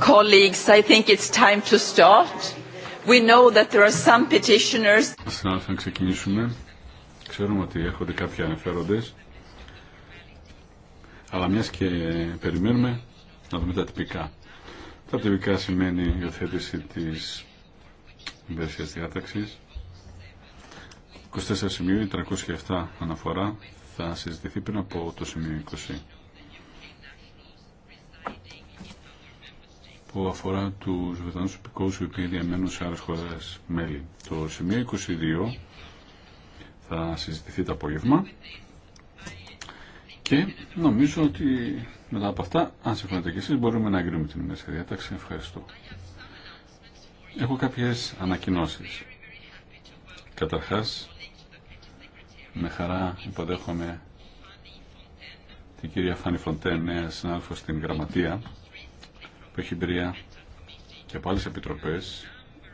Colleagues, I think it's time to start. We know that there are some petitioners. Συνάδελφοι, να ξεκινήσουμε. Ξέρουμε ότι έχονται κάποιοι αναφέροντες. Αλλά μια και περιμένουμε να δούμε τα τυπικά. Τα τυπικά σημαίνει η οθέτηση της υπηρεσίας διάταξη. 24 σημείο, 307 αναφορά θα συζητηθεί πριν από το σημείο 20. που αφορά του Βρετανού υπηκόου οι οποίοι διαμένουν σε άλλε χώρε μέλη. Το σημείο 22 θα συζητηθεί το απόγευμα και νομίζω ότι μετά από αυτά, αν συμφωνείτε και εσεί, μπορούμε να εγκρίνουμε την ημέρα διάταξη. Ευχαριστώ. Έχω κάποιε ανακοινώσει καταρχά, με χαρά υποδέχομαι την κυρία Φάνη Φροντέ, νέα συνάδελφο στην Γραμματεία, που έχει και από άλλες επιτροπές,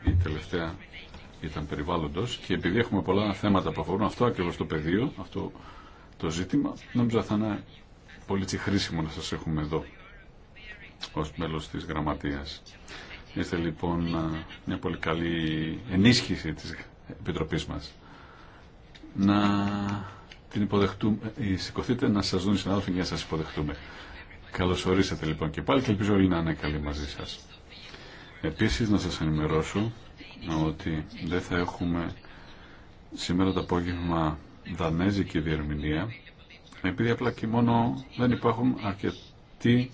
η τελευταία ήταν περιβάλλοντος και επειδή έχουμε πολλά θέματα που αφορούν αυτό ακριβώς το πεδίο, αυτό το ζήτημα, νομίζω θα είναι πολύ χρήσιμο να σας έχουμε εδώ ως μέλος της γραμματείας. Είστε λοιπόν μια πολύ καλή ενίσχυση της Επιτροπής μας. Να την υποδεχτούμε, ε, ε, σηκωθείτε να σας δουν οι συνάδελφοι για να σας υποδεχτούμε. Καλώς ορίσατε λοιπόν και πάλι και ελπίζω όλοι να είναι καλοί μαζί σας. Επίσης να σας ενημερώσω ότι δεν θα έχουμε σήμερα το απόγευμα δανέζικη διερμηνία επειδή απλά και μόνο δεν υπάρχουν αρκετοί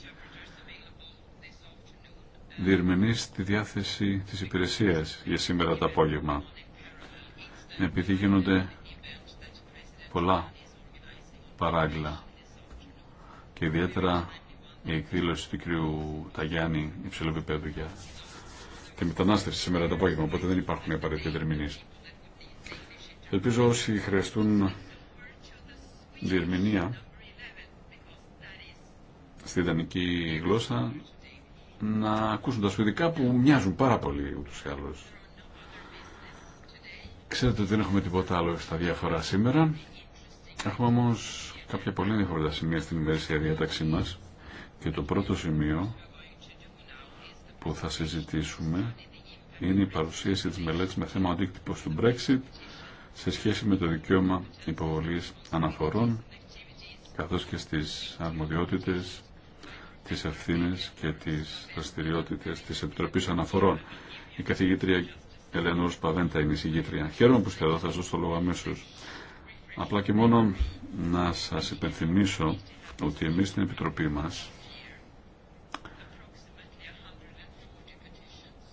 διερμηνείς στη διάθεση της υπηρεσίας για σήμερα το απόγευμα επειδή γίνονται πολλά παράγγλα και ιδιαίτερα η εκδήλωση του κ. Ταγιάννη υψηλό επίπεδο για τη μετανάστευση σήμερα το απόγευμα, οπότε δεν υπάρχουν απαραίτητε διερμηνεί. Ελπίζω όσοι χρειαστούν διερμηνία στη ιδανική γλώσσα να ακούσουν τα σουηδικά που μοιάζουν πάρα πολύ ούτω ή άλλως. Ξέρετε ότι δεν έχουμε τίποτα άλλο στα διάφορα σήμερα. Έχουμε όμω κάποια πολύ ενδιαφέροντα σημεία στην ημερήσια διάταξή μας. Και το πρώτο σημείο που θα συζητήσουμε είναι η παρουσίαση της μελέτης με θέμα αντίκτυπος του Brexit σε σχέση με το δικαίωμα υποβολής αναφορών καθώς και στις αρμοδιότητες, τις ευθύνε και τις δραστηριότητε της Επιτροπής Αναφορών. Η καθηγήτρια Ελενόρ Σπαβέντα είναι η συγγήτρια. Χαίρομαι που είστε εδώ, θα σας το λόγο αμέσω. Απλά και μόνο να σας υπενθυμίσω ότι εμείς στην Επιτροπή μας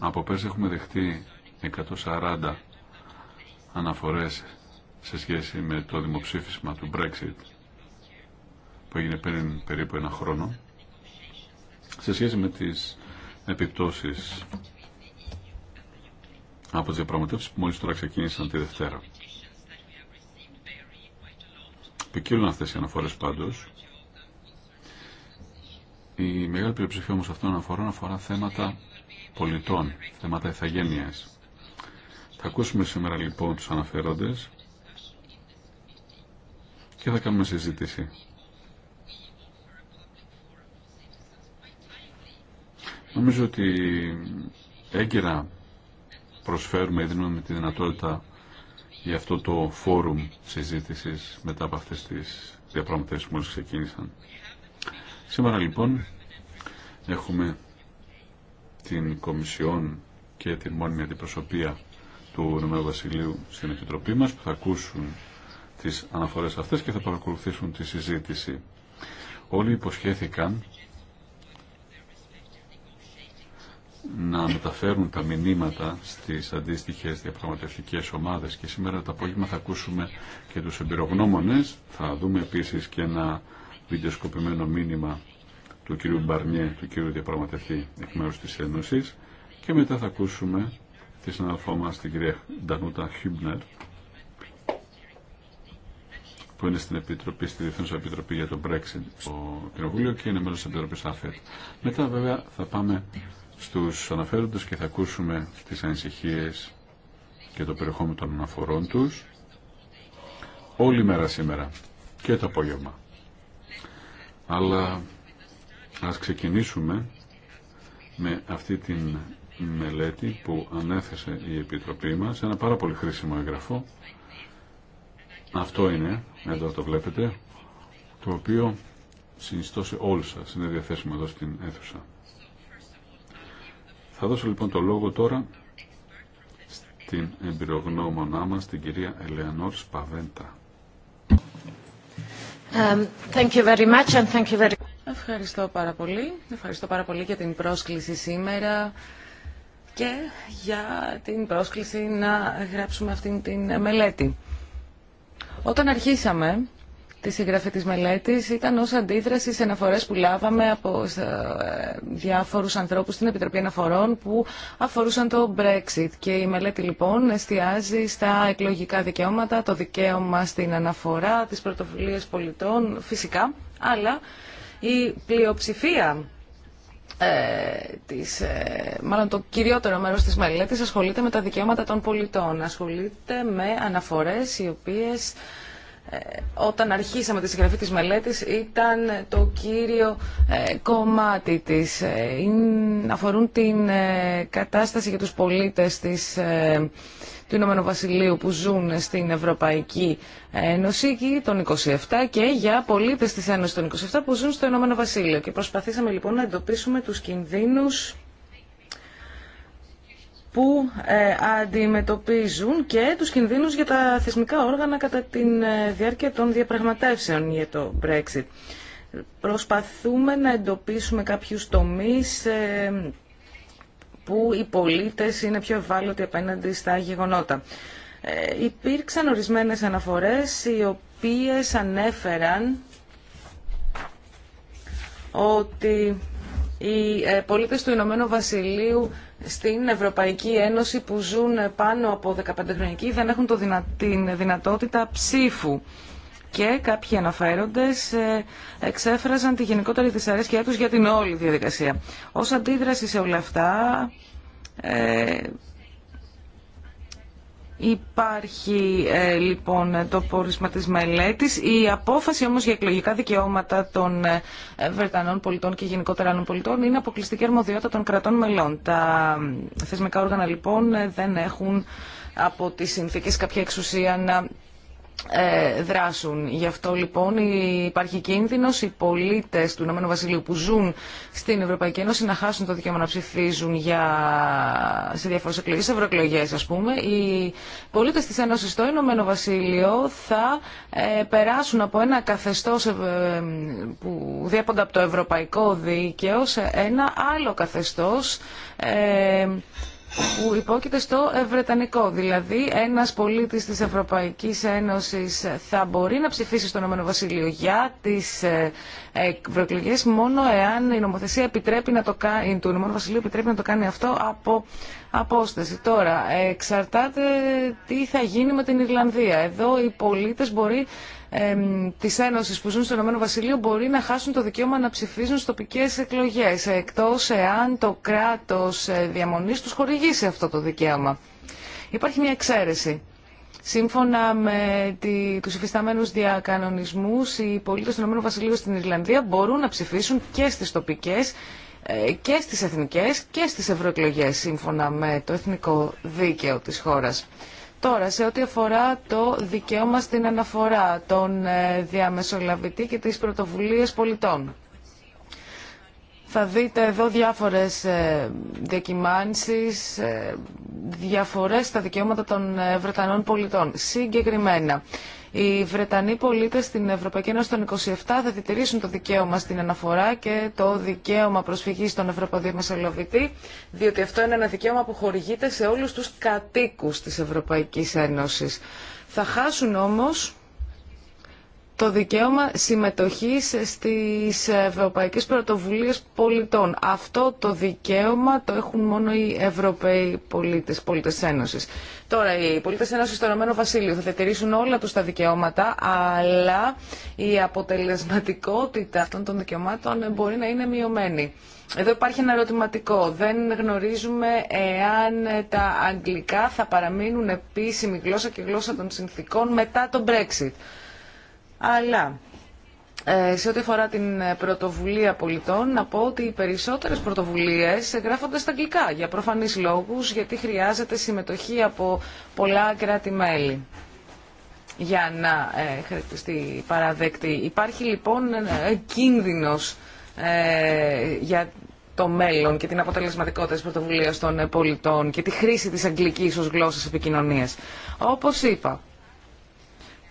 Από πέρσι έχουμε δεχτεί 140 αναφορές σε σχέση με το δημοψήφισμα του Brexit που έγινε πριν περίπου ένα χρόνο σε σχέση με τις επιπτώσεις από τις διαπραγματεύσεις που μόλις τώρα ξεκίνησαν τη Δευτέρα. Ποικίλουν αυτές οι αναφορές πάντως. Η μεγάλη πλειοψηφία όμως αυτών αναφορών αφορά θέματα πολιτών, θέματα ηθαγένειας. Θα ακούσουμε σήμερα λοιπόν τους αναφέροντες και θα κάνουμε συζήτηση. Νομίζω ότι έγκαιρα προσφέρουμε ή δίνουμε τη δυνατότητα για αυτό το φόρουμ συζήτησης μετά από αυτές τις διαπραγματεύσεις που μόλις ξεκίνησαν. Σήμερα λοιπόν έχουμε την Κομισιόν και την μόνιμη αντιπροσωπεία του Ηνωμένου Βασιλείου στην Επιτροπή μας που θα ακούσουν τις αναφορές αυτές και θα παρακολουθήσουν τη συζήτηση. Όλοι υποσχέθηκαν να μεταφέρουν τα μηνύματα στις αντίστοιχες διαπραγματευτικές ομάδες και σήμερα το απόγευμα θα ακούσουμε και τους εμπειρογνώμονες, θα δούμε επίσης και ένα βιντεοσκοπημένο μήνυμα του κ. Μπαρνιέ, του κυρίου Διαπραγματευτή εκ μέρου τη Ένωση, και μετά θα ακούσουμε τη συναδελφό μα την κυρία Ντανούτα Χιμπνερ που είναι στην Επιτροπή, στη Διεθνή Επιτροπή για το Brexit στο Κοινοβούλιο και είναι μέλο τη Επιτροπής ΑΦΕΤ. Μετά βέβαια θα πάμε στου αναφέροντε και θα ακούσουμε τι ανησυχίε και το περιεχόμενο των αναφορών του. όλη μέρα σήμερα και το απόγευμα. Αλλά Ας ξεκινήσουμε με αυτή την μελέτη που ανέθεσε η Επιτροπή μας, ένα πάρα πολύ χρήσιμο εγγραφό. Αυτό είναι, εδώ το βλέπετε, το οποίο συνιστώ σε όλους σας, είναι διαθέσιμο εδώ στην αίθουσα. Θα δώσω λοιπόν το λόγο τώρα στην εμπειρογνώμονά μας, την κυρία Ελεανόρ Σπαβέντα. Um, thank you very much Ευχαριστώ πάρα πολύ. Ευχαριστώ πάρα πολύ για την πρόσκληση σήμερα και για την πρόσκληση να γράψουμε αυτήν την μελέτη. Όταν αρχίσαμε τη συγγραφή της μελέτης ήταν ως αντίδραση σε αναφορές που λάβαμε από ε, διάφορους ανθρώπους στην Επιτροπή Αναφορών που αφορούσαν το Brexit και η μελέτη λοιπόν εστιάζει στα εκλογικά δικαιώματα, το δικαίωμα στην αναφορά, τις πρωτοβουλίες πολιτών φυσικά, αλλά η πλειοψηφία ε, της, ε, μάλλον το κυριότερο μέρος της μελέτης ασχολείται με τα δικαιώματα των πολιτών. Ασχολείται με αναφορές οι οποίες ε, όταν αρχίσαμε τη συγγραφή της μελέτης ήταν το κύριο κομμάτι της. αφορούν την κατάσταση για τους πολίτες της του Ηνωμένου Βασιλείου που ζουν στην Ευρωπαϊκή Ένωση και των και για πολίτε τη Ένωση των 27 που ζουν στο Ηνωμένο Βασίλειο. Και προσπαθήσαμε λοιπόν να εντοπίσουμε του κινδύνου που ε, αντιμετωπίζουν και τους κινδύνους για τα θεσμικά όργανα κατά τη ε, διάρκεια των διαπραγματεύσεων για το Brexit. Προσπαθούμε να εντοπίσουμε κάποιους τομείς ε, που οι πολίτες είναι πιο ευάλωτοι απέναντι στα γεγονότα. Ε, υπήρξαν ορισμένες αναφορές οι οποίες ανέφεραν ότι οι ε, πολίτες του Ηνωμένου Βασιλείου στην Ευρωπαϊκή Ένωση που ζουν πάνω από 15 χρονικοί δεν έχουν το δυνα... την δυνατότητα ψήφου και κάποιοι αναφέροντε ε, εξέφραζαν τη γενικότερη δυσαρέσκειά τους για την όλη διαδικασία. Ω αντίδραση σε όλα αυτά ε, υπάρχει ε, λοιπόν το πόρισμα της μελέτης. Η απόφαση όμως για εκλογικά δικαιώματα των ε, Βρετανών πολιτών και γενικότερα άλλων πολιτών είναι αποκλειστική αρμοδιότητα των κρατών μελών. Τα θεσμικά όργανα λοιπόν δεν έχουν από τις συνθήκες κάποια εξουσία να ε, δράσουν. Γι' αυτό λοιπόν υπάρχει κίνδυνος οι πολίτες του Ηνωμένου Βασιλείου που ζουν στην Ευρωπαϊκή Ένωση να χάσουν το δικαίωμα να ψηφίζουν για... σε διάφορες εκλογές, σε ευρωεκλογές ας πούμε. Οι πολίτες της Ένωσης στο Ηνωμένο Βασίλειο θα ε, περάσουν από ένα καθεστώς ε, που διέπονται από το ευρωπαϊκό δίκαιο σε ένα άλλο καθεστώς που υπόκειται στο Βρετανικό. Δηλαδή, ένας πολίτης της Ευρωπαϊκής Ένωσης θα μπορεί να ψηφίσει στον Ηνωμένο Βασίλειο για ε, ε, προεκλογέ μόνο εάν η νομοθεσία επιτρέπει να το κάνει, του Ηνωμένου Βασιλείου επιτρέπει να το κάνει αυτό από απόσταση. Τώρα, εξαρτάται τι θα γίνει με την Ιρλανδία. Εδώ οι πολίτε μπορεί ε, τη Ένωση που ζουν στο Ηνωμένο Βασιλείο μπορεί να χάσουν το δικαίωμα να ψηφίζουν στι τοπικέ εκλογέ, εκτό εάν το κράτο ε, διαμονή του χορηγήσει αυτό το δικαίωμα. Υπάρχει μια εξαίρεση Σύμφωνα με του τους υφιστάμενους διακανονισμούς, οι πολίτε του ΗΠΑ στην Ιρλανδία μπορούν να ψηφίσουν και στις τοπικές ε, και στις εθνικές και στις ευρωεκλογέ σύμφωνα με το εθνικό δίκαιο της χώρας. Τώρα, σε ό,τι αφορά το δικαίωμα στην αναφορά των ε, διαμεσολαβητή και τις πρωτοβουλίες πολιτών. Θα δείτε εδώ διάφορες ε, διακυμάνσεις, ε, διαφορές στα δικαιώματα των ε, Βρετανών πολιτών. Συγκεκριμένα, οι Βρετανοί πολίτες στην Ευρωπαϊκή Ένωση των 27 θα διτηρήσουν το δικαίωμα στην αναφορά και το δικαίωμα προσφυγής στον Ευρωπαϊκό Μεσολαβητή, διότι αυτό είναι ένα δικαίωμα που χορηγείται σε όλους τους κατοίκους της Ευρωπαϊκής Ένωσης. Θα χάσουν όμως το δικαίωμα συμμετοχής στις ευρωπαϊκές πρωτοβουλίες πολιτών. Αυτό το δικαίωμα το έχουν μόνο οι Ευρωπαίοι πολίτες, πολίτες Ένωσης. Τώρα, οι πολίτες Ένωσης στο Ηνωμένο Βασίλειο θα διατηρήσουν όλα τους τα δικαιώματα, αλλά η αποτελεσματικότητα αυτών των δικαιωμάτων μπορεί να είναι μειωμένη. Εδώ υπάρχει ένα ερωτηματικό. Δεν γνωρίζουμε εάν τα αγγλικά θα παραμείνουν επίσημη γλώσσα και γλώσσα των συνθήκων μετά το Brexit. Αλλά ε, σε ό,τι αφορά την πρωτοβουλία πολιτών, να πω ότι οι περισσότερες πρωτοβουλίες γράφονται στα αγγλικά για προφανείς λόγους, γιατί χρειάζεται συμμετοχή από πολλά κράτη-μέλη για να ε, χαρακτηριστεί παραδέκτη. Υπάρχει λοιπόν ε, κίνδυνος ε, για το μέλλον και την αποτελεσματικότητα της πρωτοβουλίας των πολιτών και τη χρήση της αγγλικής ως γλώσσας επικοινωνίας. Όπως είπα,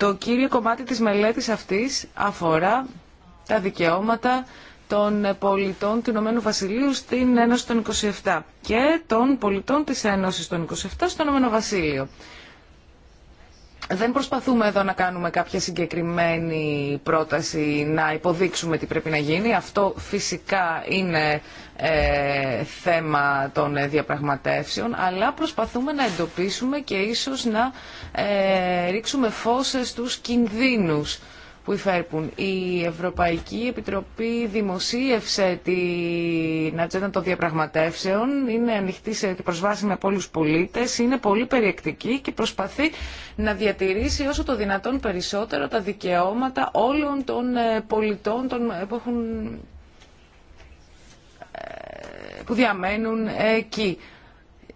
το κύριο κομμάτι της μελέτης αυτής αφορά τα δικαιώματα των πολιτών του Ηνωμένου Βασιλείου στην Ένωση των 27 και των πολιτών της Ένωσης των 27 στο Ηνωμένο Βασίλειο δεν προσπαθούμε εδώ να κάνουμε κάποια συγκεκριμένη πρόταση, να υποδείξουμε τι πρέπει να γίνει. Αυτό φυσικά είναι ε, θέμα των ε, διαπραγματεύσεων, αλλά προσπαθούμε να εντοπίσουμε και ίσως να ε, ρίξουμε φως στους κινδύνους που υφέρπουν. Η Ευρωπαϊκή Επιτροπή δημοσίευσε την ατζέντα των διαπραγματεύσεων, είναι ανοιχτή σε προσβάσιμη με όλου του πολίτες, είναι πολύ περιεκτική και προσπαθεί να διατηρήσει όσο το δυνατόν περισσότερο τα δικαιώματα όλων των ε, πολιτών ε, που, έχουν, ε, που διαμένουν εκεί.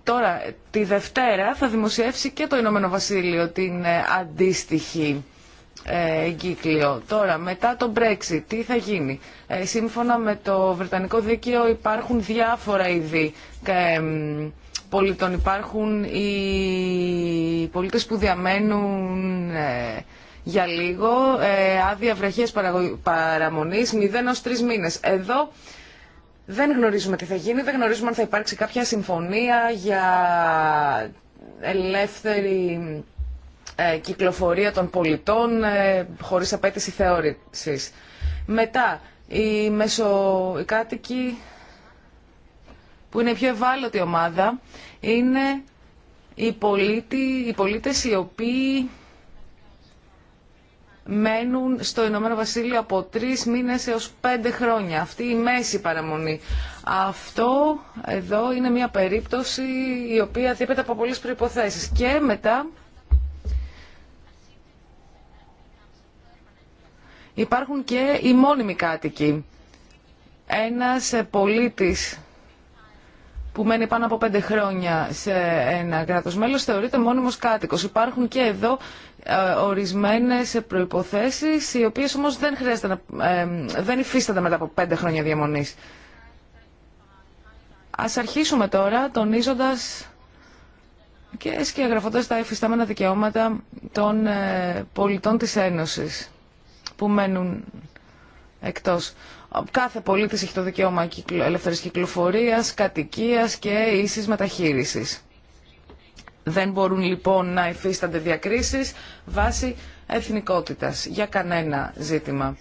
Τώρα, τη Δευτέρα θα δημοσιεύσει και το Ηνωμένο Βασίλειο την αντίστοιχη ε, εγκύκλιο. Τώρα, μετά το Brexit, τι θα γίνει. Ε, σύμφωνα με το Βρετανικό Δίκαιο υπάρχουν διάφορα είδη ε, πολιτών. Υπάρχουν οι πολίτες που διαμένουν για λίγο, άδεια βραχίας παραμονής, 0 έως 3 μήνες. Εδώ δεν γνωρίζουμε τι θα γίνει, δεν γνωρίζουμε αν θα υπάρξει κάποια συμφωνία για ελεύθερη ε, κυκλοφορία των πολιτών ε, χωρίς απέτηση θεώρησης. Μετά, οι μεσοκάτοικοι που είναι η πιο ευάλωτη ομάδα είναι οι, πολίτη, οι πολίτες οι οποίοι μένουν στο Ηνωμένο Βασίλειο από τρεις μήνες έως πέντε χρόνια. Αυτή η μέση παραμονή. Αυτό εδώ είναι μια περίπτωση η οποία δίπεται από πολλές προϋποθέσεις. Και μετά Υπάρχουν και οι μόνιμοι κάτοικοι. Ένας πολίτης που μένει πάνω από πέντε χρόνια σε ένα κράτος μέλος θεωρείται μόνιμος κάτοικος. Υπάρχουν και εδώ ε, ορισμένες προϋποθέσεις οι οποίες όμως δεν, χρειάζεται να, ε, δεν υφίστανται μετά από πέντε χρόνια διαμονής. Ας αρχίσουμε τώρα τονίζοντας και σκιαγραφώντας τα εφιστάμενα δικαιώματα των ε, πολιτών της Ένωσης που μένουν εκτός. Κάθε πολίτης έχει το δικαίωμα ελεύθερης κυκλοφορίας, κατοικίας και ίσης μεταχείρισης. Δεν μπορούν λοιπόν να υφίστανται διακρίσεις βάσει εθνικότητας για κανένα ζήτημα.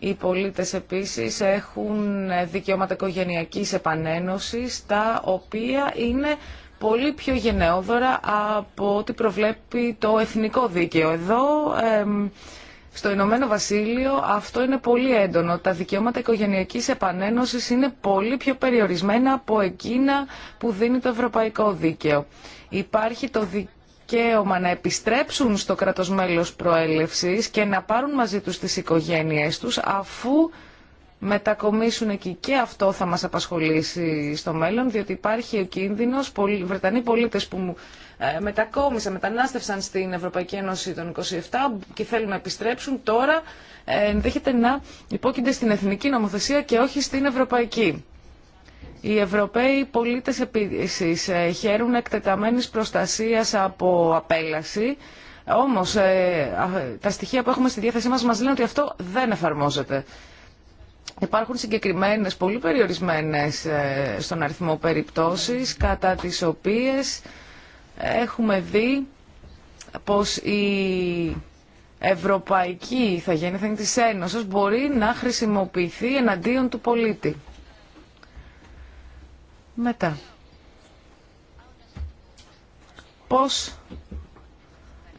Οι πολίτες επίσης έχουν δικαιώματα οικογενειακής επανένωσης, τα οποία είναι πολύ πιο γενναιόδωρα από ό,τι προβλέπει το εθνικό δίκαιο. Εδώ στο Ηνωμένο Βασίλειο αυτό είναι πολύ έντονο. Τα δικαιώματα οικογενειακής επανένωσης είναι πολύ πιο περιορισμένα από εκείνα που δίνει το ευρωπαϊκό δίκαιο. Υπάρχει το δικαίωμα να επιστρέψουν στο κράτος μέλος προέλευσης και να πάρουν μαζί τους τις οικογένειές τους αφού μετακομίσουν εκεί και αυτό θα μας απασχολήσει στο μέλλον διότι υπάρχει ο κίνδυνος Βρετανοί πολίτες που ε, μετακόμισαν, μετανάστευσαν στην Ευρωπαϊκή Ένωση των 27 και θέλουν να επιστρέψουν, τώρα ε, ενδέχεται να υπόκεινται στην εθνική νομοθεσία και όχι στην ευρωπαϊκή. Οι Ευρωπαίοι πολίτες επίσης ε, χαίρουν εκτεταμένης προστασίας από απέλαση, όμως τα στοιχεία που έχουμε στη διάθεσή μας μας λένε ότι αυτό δεν εφαρμόζεται. Υπάρχουν συγκεκριμένες, πολύ περιορισμένες στον αριθμό περιπτώσεις, κατά τις οποίες έχουμε δει πως η ευρωπαϊκή θα είναι της Ένωσης μπορεί να χρησιμοποιηθεί εναντίον του πολίτη. Μετά. Πώς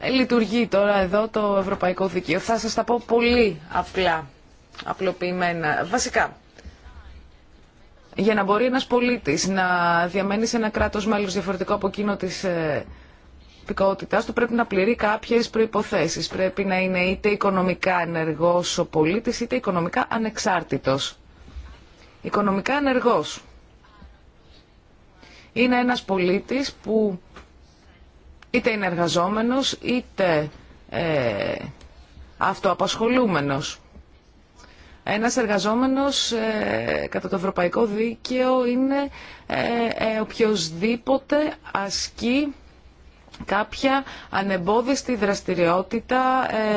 λειτουργεί τώρα εδώ το ευρωπαϊκό δικείο. Θα σας τα πω πολύ απλά, απλοποιημένα. Βασικά, για να μπορεί ένας πολίτης να διαμένει σε ένα κράτος μέλος διαφορετικό από εκείνο της επικότητάς του πρέπει να πληρεί κάποιες προϋποθέσεις. Πρέπει να είναι είτε οικονομικά ενεργός ο πολίτης είτε οικονομικά ανεξάρτητος. Οικονομικά ενεργός. Είναι ένας πολίτης που είτε είναι εργαζόμενος είτε ε, αυτοαπασχολούμενος. Ένας εργαζόμενος ε, κατά το ευρωπαϊκό δίκαιο είναι ε, ε, οποιοδήποτε ασκεί κάποια ανεμπόδιστη δραστηριότητα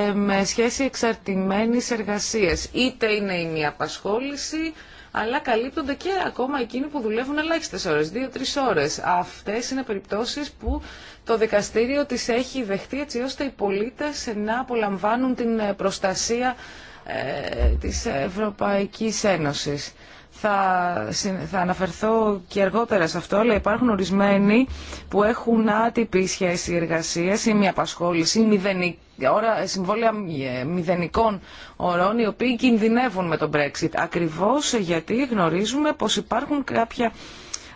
ε, με σχέση εξαρτημένης εργασίας. Είτε είναι η μία απασχόληση, αλλά καλύπτονται και ακόμα εκείνοι που δουλεύουν ελάχιστε ώρε, δύο-τρει ώρε. Αυτέ είναι περιπτώσει που το δικαστήριο τις έχει δεχτεί έτσι ώστε οι πολίτε να απολαμβάνουν την ε, προστασία ε, της Ευρωπαϊκής Ένωσης. Θα, θα αναφερθώ και αργότερα σε αυτό, αλλά υπάρχουν ορισμένοι που έχουν άτυπη σχέση εργασία ή μια απασχόληση, ώρα, συμβόλαια ε, μηδενικών ορών, οι οποίοι κινδυνεύουν με τον Brexit. Ακριβώς γιατί γνωρίζουμε πως υπάρχουν κάποια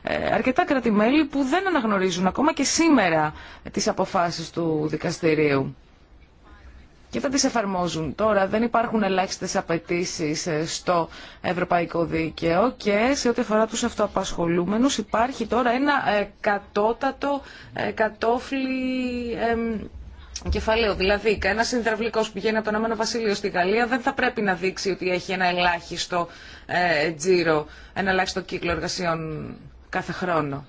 ε, αρκετά κρατημέλη που δεν αναγνωρίζουν ακόμα και σήμερα τις αποφάσεις του δικαστηρίου και δεν τις εφαρμόζουν. Τώρα δεν υπάρχουν ελάχιστες απαιτήσεις ε, στο ευρωπαϊκό δίκαιο και σε ό,τι αφορά τους αυτοαπασχολούμενους υπάρχει τώρα ένα ε, κατώτατο ε, κατόφλι κεφαλαίο. Δηλαδή, κανένα συνδραυλικό που πηγαίνει από το Ηνωμένο Βασίλειο στη Γαλλία δεν θα πρέπει να δείξει ότι έχει ένα ελάχιστο ε, τζίρο, ένα ελάχιστο κύκλο εργασιών κάθε χρόνο.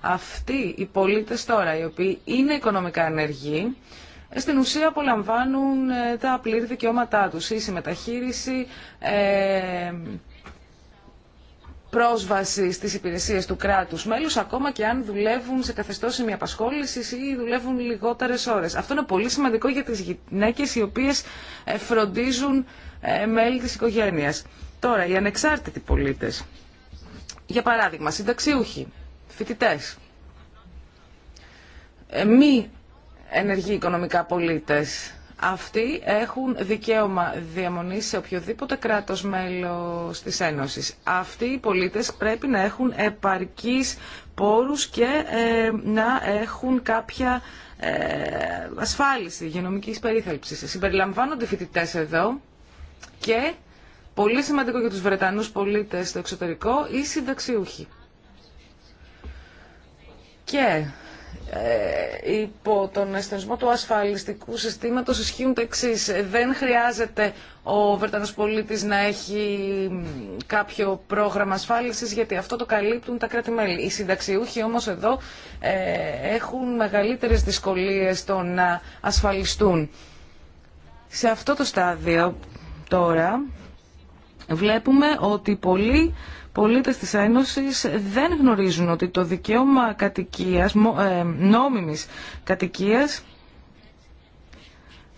Αυτοί οι πολίτες τώρα, οι οποίοι είναι οικονομικά ενεργοί, στην ουσία απολαμβάνουν ε, τα πλήρη δικαιώματά τους. Η μεταχείριση, ε, πρόσβαση στις υπηρεσίες του κράτους μέλους, ακόμα και αν δουλεύουν σε καθεστώς απασχόληση ή δουλεύουν λιγότερες ώρες. Αυτό είναι πολύ σημαντικό για τις γυναίκες οι οποίες ε, φροντίζουν μέλη της οικογένειας. Τώρα, οι ανεξάρτητοι πολίτες, για παράδειγμα, συνταξιούχοι, φοιτητές, μη ενεργοί οικονομικά πολίτες. Αυτοί έχουν δικαίωμα διαμονής σε οποιοδήποτε κράτος μέλος της Ένωσης. Αυτοί οι πολίτες πρέπει να έχουν επαρκείς πόρους και ε, να έχουν κάποια ε, ασφάλιση γενομικής περίθαλψης. Συμπεριλαμβάνονται φοιτητέ εδώ και, πολύ σημαντικό για τους Βρετανούς πολίτες στο εξωτερικό, οι συνταξιούχοι. Και ε, υπό τον αισθενισμό του ασφαλιστικού συστήματος ισχύουν τα εξή. Δεν χρειάζεται ο Βρετανός πολίτης να έχει κάποιο πρόγραμμα ασφάλισης γιατί αυτό το καλύπτουν τα κράτη-μέλη. Οι συνταξιούχοι όμως εδώ ε, έχουν μεγαλύτερες δυσκολίες στο να ασφαλιστούν. Σε αυτό το στάδιο τώρα βλέπουμε ότι πολλοί πολίτες της Ένωσης δεν γνωρίζουν ότι το δικαίωμα κατοικίας, ε, νόμιμης κατοικίας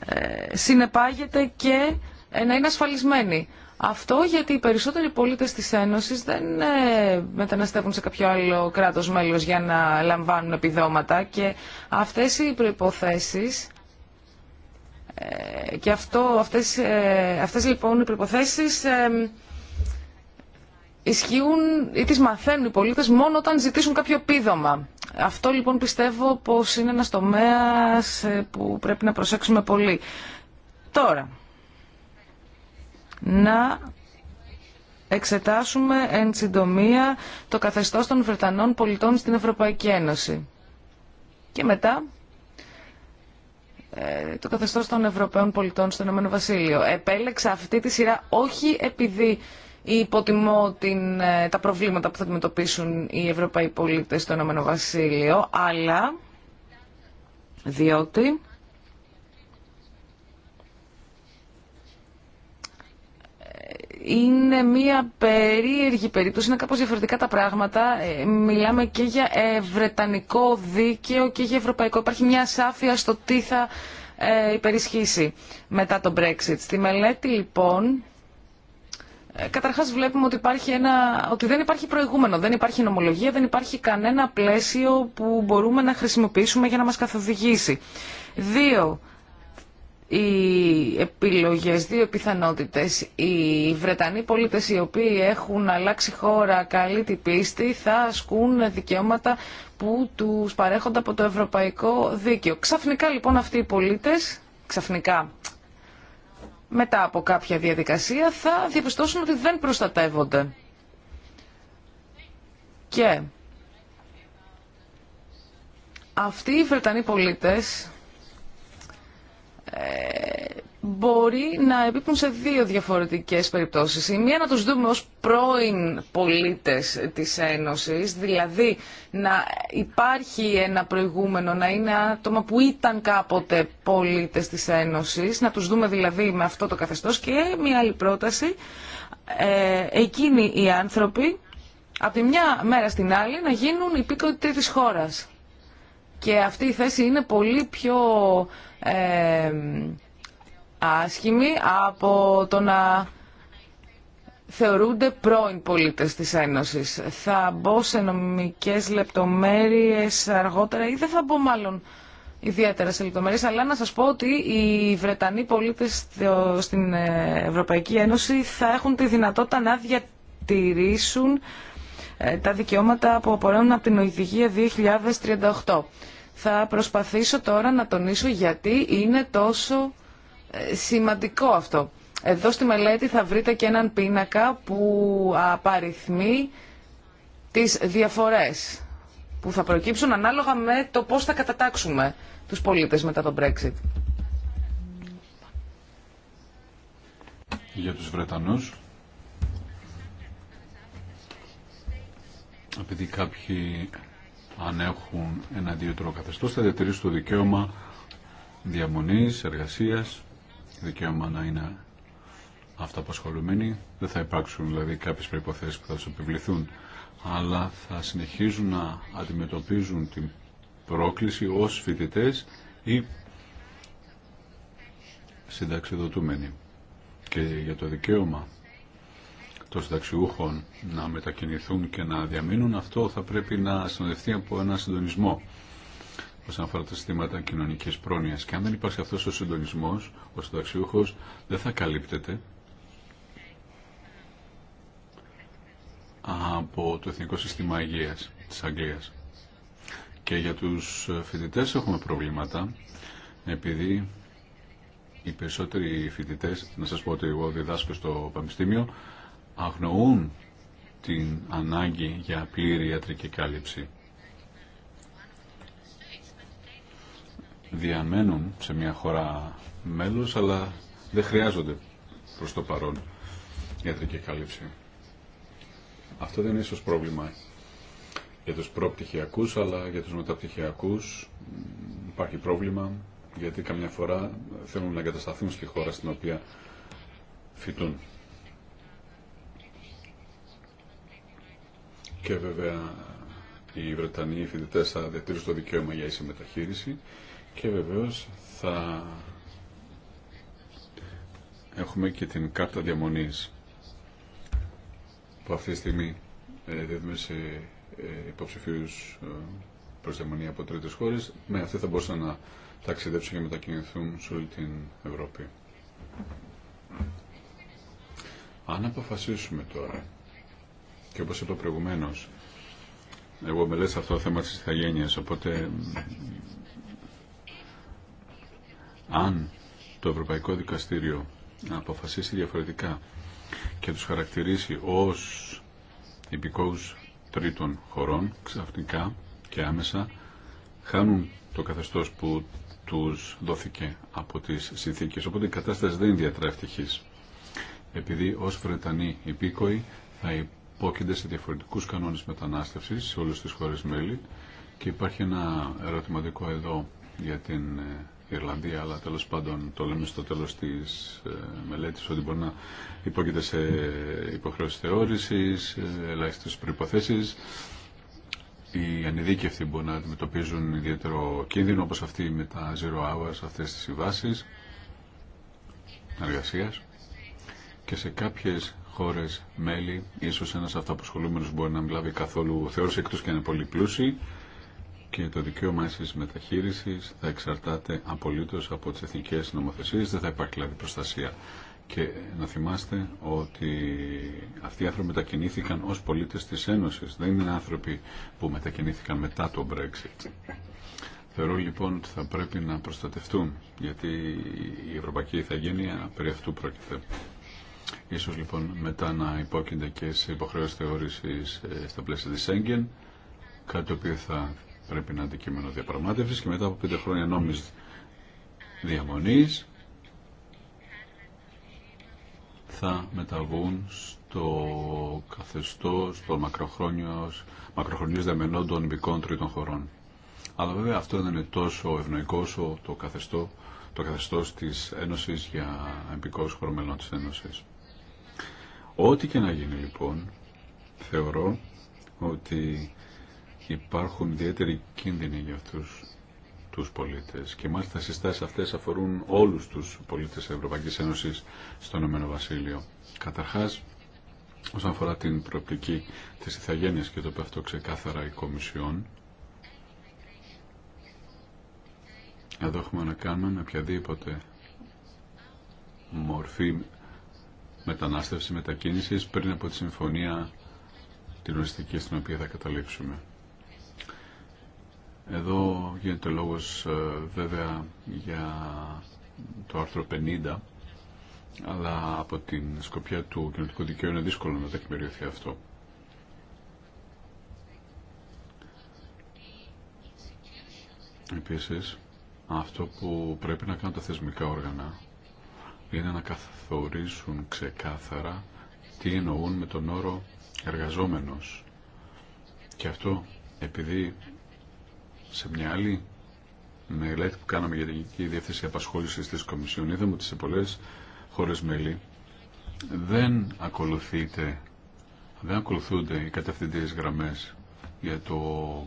ε, συνεπάγεται και να είναι ασφαλισμένοι. Αυτό γιατί οι περισσότεροι πολίτες της Ένωσης δεν ε, μεταναστεύουν σε κάποιο άλλο κράτος μέλος για να λαμβάνουν επιδόματα και αυτές οι προϋποθέσεις ε, και αυτό, αυτές, ε, αυτές λοιπόν οι προϋποθέσεις ε, ισχύουν ή τις μαθαίνουν οι πολίτες μόνο όταν ζητήσουν κάποιο πίδωμα. Αυτό λοιπόν πιστεύω πως είναι ένας τομέας που πρέπει να προσέξουμε πολύ. Τώρα, να εξετάσουμε εν συντομία το καθεστώς των Βρετανών πολιτών στην Ευρωπαϊκή Ένωση. Και μετά ε, το καθεστώ των Ευρωπαίων πολιτών στο Ηνωμένο Βασίλειο. Επέλεξα αυτή τη σειρά όχι επειδή υποτιμώ την, ε, τα προβλήματα που θα αντιμετωπίσουν οι Ευρωπαίοι πολίτες στο Ηνωμένο Βασίλειο, αλλά διότι είναι μια περίεργη περίπτωση, είναι κάπως διαφορετικά τα πράγματα. Ε, μιλάμε και για βρετανικό δίκαιο και για ευρωπαϊκό. Υπάρχει μια σάφια στο τι θα ε, υπερισχύσει μετά το Brexit. Στη μελέτη λοιπόν... Ε, καταρχάς βλέπουμε ότι, υπάρχει ένα, ότι δεν υπάρχει προηγούμενο, δεν υπάρχει νομολογία, δεν υπάρχει κανένα πλαίσιο που μπορούμε να χρησιμοποιήσουμε για να μας καθοδηγήσει. Δύο, οι επιλογές, δύο πιθανότητες. Οι Βρετανοί πολίτες οι οποίοι έχουν αλλάξει χώρα καλή την πίστη θα ασκούν δικαιώματα που τους παρέχονται από το ευρωπαϊκό δίκαιο. Ξαφνικά λοιπόν αυτοί οι πολίτες, ξαφνικά μετά από κάποια διαδικασία θα διαπιστώσουν ότι δεν προστατεύονται. Και αυτοί οι Βρετανοί πολίτες μπορεί να επίπτουν σε δύο διαφορετικές περιπτώσεις. Η μία να τους δούμε ως πρώην πολίτες της Ένωσης, δηλαδή να υπάρχει ένα προηγούμενο, να είναι άτομα που ήταν κάποτε πολίτες της Ένωσης, να τους δούμε δηλαδή με αυτό το καθεστώς και μια άλλη πρόταση, ε, εκείνοι οι άνθρωποι από τη μια μέρα στην άλλη να γίνουν υπήκοοι της χώρας. Και αυτή η θέση είναι πολύ πιο άσχημοι από το να θεωρούνται πρώην πολίτες της Ένωσης. Θα μπω σε νομικές λεπτομέρειες αργότερα ή δεν θα μπω μάλλον ιδιαίτερα σε λεπτομέρειες, αλλά να σας πω ότι οι Βρετανοί πολίτες στην ε, Ευρωπαϊκή Ένωση θα έχουν τη δυνατότητα να διατηρήσουν ε, τα δικαιώματα που απορρέουν από την Οδηγία 2038. Θα προσπαθήσω τώρα να τονίσω γιατί είναι τόσο ε, σημαντικό αυτό. Εδώ στη μελέτη θα βρείτε και έναν πίνακα που απαριθμεί τις διαφορές που θα προκύψουν ανάλογα με το πώς θα κατατάξουμε τους πολίτες μετά τον Brexit. Για τους Βρετανούς, επειδή κάποιοι αν έχουν ένα ιδιαίτερο καθεστώς θα διατηρήσουν το δικαίωμα διαμονής, εργασίας, δικαίωμα να είναι αυταπασχολουμένοι. Δεν θα υπάρξουν δηλαδή κάποιες προϋποθέσεις που θα τους επιβληθούν, αλλά θα συνεχίζουν να αντιμετωπίζουν την πρόκληση ως φοιτητέ ή συνταξιδοτούμενοι. Και για το δικαίωμα των συνταξιούχων να μετακινηθούν και να διαμείνουν, αυτό θα πρέπει να συνοδευτεί από ένα συντονισμό όσον αφορά τα συστήματα κοινωνική πρόνοια. Και αν δεν υπάρχει αυτό ο συντονισμό, ο συνταξιούχο δεν θα καλύπτεται από το Εθνικό Σύστημα Υγεία τη Αγγλία. Και για του φοιτητέ έχουμε προβλήματα, επειδή οι περισσότεροι φοιτητέ, να σα πω ότι εγώ διδάσκω στο Πανεπιστήμιο, αγνοούν την ανάγκη για πλήρη ιατρική κάλυψη. Διαμένουν σε μια χώρα μέλος, αλλά δεν χρειάζονται προς το παρόν ιατρική κάλυψη. Αυτό δεν είναι ίσως πρόβλημα για τους προπτυχιακούς, αλλά για τους μεταπτυχιακούς υπάρχει πρόβλημα, γιατί καμιά φορά θέλουν να εγκατασταθούν στη χώρα στην οποία φοιτούν. και βέβαια οι Βρετανοί φοιτητέ θα διατηρήσουν το δικαίωμα για ίση μεταχείριση και βεβαίω θα έχουμε και την κάρτα διαμονής που αυτή τη στιγμή ε, δίδουμε σε ε, υποψηφίους ε, προς διαμονή από τρίτες χώρες. Με ναι, αυτή θα μπορούσαν να ταξιδέψουν και μετακινηθούν σε όλη την Ευρώπη. Αν αποφασίσουμε τώρα και όπως είπα προηγουμένω, εγώ μελέτησα αυτό το θέμα της ηθαγένειας, οπότε αν το Ευρωπαϊκό Δικαστήριο αποφασίσει διαφορετικά και τους χαρακτηρίσει ως υπηκόους τρίτων χωρών, ξαφνικά και άμεσα, χάνουν το καθεστώς που τους δόθηκε από τις συνθήκες. Οπότε η κατάσταση δεν είναι διατρά Επειδή ως Βρετανοί υπήκοοι θα υπόκεινται σε διαφορετικού κανόνες μετανάστευση σε όλε τι χώρε μέλη και υπάρχει ένα ερωτηματικό εδώ για την ε, Ιρλανδία, αλλά τέλος πάντων το λέμε στο τέλος τη ε, μελέτη, ότι μπορεί να υπόκειται σε υποχρεώσει θεώρηση, ε, ελάχιστε προποθέσει. Οι ανειδίκευτοι μπορεί να αντιμετωπίζουν ιδιαίτερο κίνδυνο, όπως αυτή με τα zero hours, αυτές τις συμβάσει εργασία. Και σε κάποιες Χώρε μέλη, ίσως ένας αυτοαποσχολούμενο μπορεί να μην λάβει καθόλου θεώρηση εκτό και να είναι πολύ πλούσιοι και το δικαίωμα τη μεταχείρισης θα εξαρτάται απολύτω από τι εθνικέ νομοθεσίε, δεν θα υπάρχει δηλαδή προστασία. Και να θυμάστε ότι αυτοί οι άνθρωποι μετακινήθηκαν ω πολίτε τη Ένωση. Δεν είναι άνθρωποι που μετακινήθηκαν μετά το Brexit. Θεωρώ λοιπόν ότι θα πρέπει να προστατευτούν, γιατί η Ευρωπαϊκή Ιθαγένεια περί αυτού πρόκειται. Ίσως λοιπόν μετά να υπόκεινται και σε υποχρεώσεις θεώρησης ε, στα πλαίσια της Σέγγεν, κάτι το οποίο θα πρέπει να είναι αντικείμενο διαπραγμάτευσης και μετά από πέντε χρόνια νόμις διαμονής θα μεταβούν στο καθεστώς των μακροχρονίων δεμενών των υπηκών τρίτων χωρών. Αλλά βέβαια αυτό δεν είναι τόσο ευνοϊκό όσο το καθεστώ το καθεστώς της Ένωσης για εμπικός χωρομελών της Ένωσης. Ό,τι και να γίνει λοιπόν, θεωρώ ότι υπάρχουν ιδιαίτεροι κίνδυνοι για αυτούς τους πολίτες και μάλιστα συστάσεις αυτές αφορούν όλους τους πολίτες Ευρωπαϊκής Ένωσης στον Ηνωμένο Βασίλειο. Καταρχάς, όσον αφορά την προοπτική της Ιθαγένειας και το οποίο αυτό ξεκάθαρα η Κομισιόν, εδώ έχουμε να κάνουμε οποιαδήποτε μορφή μετανάστευση, μετακίνηση πριν από τη συμφωνία την οριστική στην οποία θα καταλήξουμε. Εδώ γίνεται λόγος ε, βέβαια για το άρθρο 50 αλλά από την σκοπιά του κοινωνικού δικαίου είναι δύσκολο να τεκμηριωθεί αυτό. Επίσης, αυτό που πρέπει να κάνουν τα θεσμικά όργανα είναι να καθορίσουν ξεκάθαρα τι εννοούν με τον όρο εργαζόμενος. Και αυτό επειδή σε μια άλλη μελέτη που κάναμε για την Γενική Διεύθυνση Απασχόληση τη Κομισιόν είδαμε ότι σε πολλέ χώρε μέλη δεν δεν ακολουθούνται οι κατευθυντήριες γραμμές για το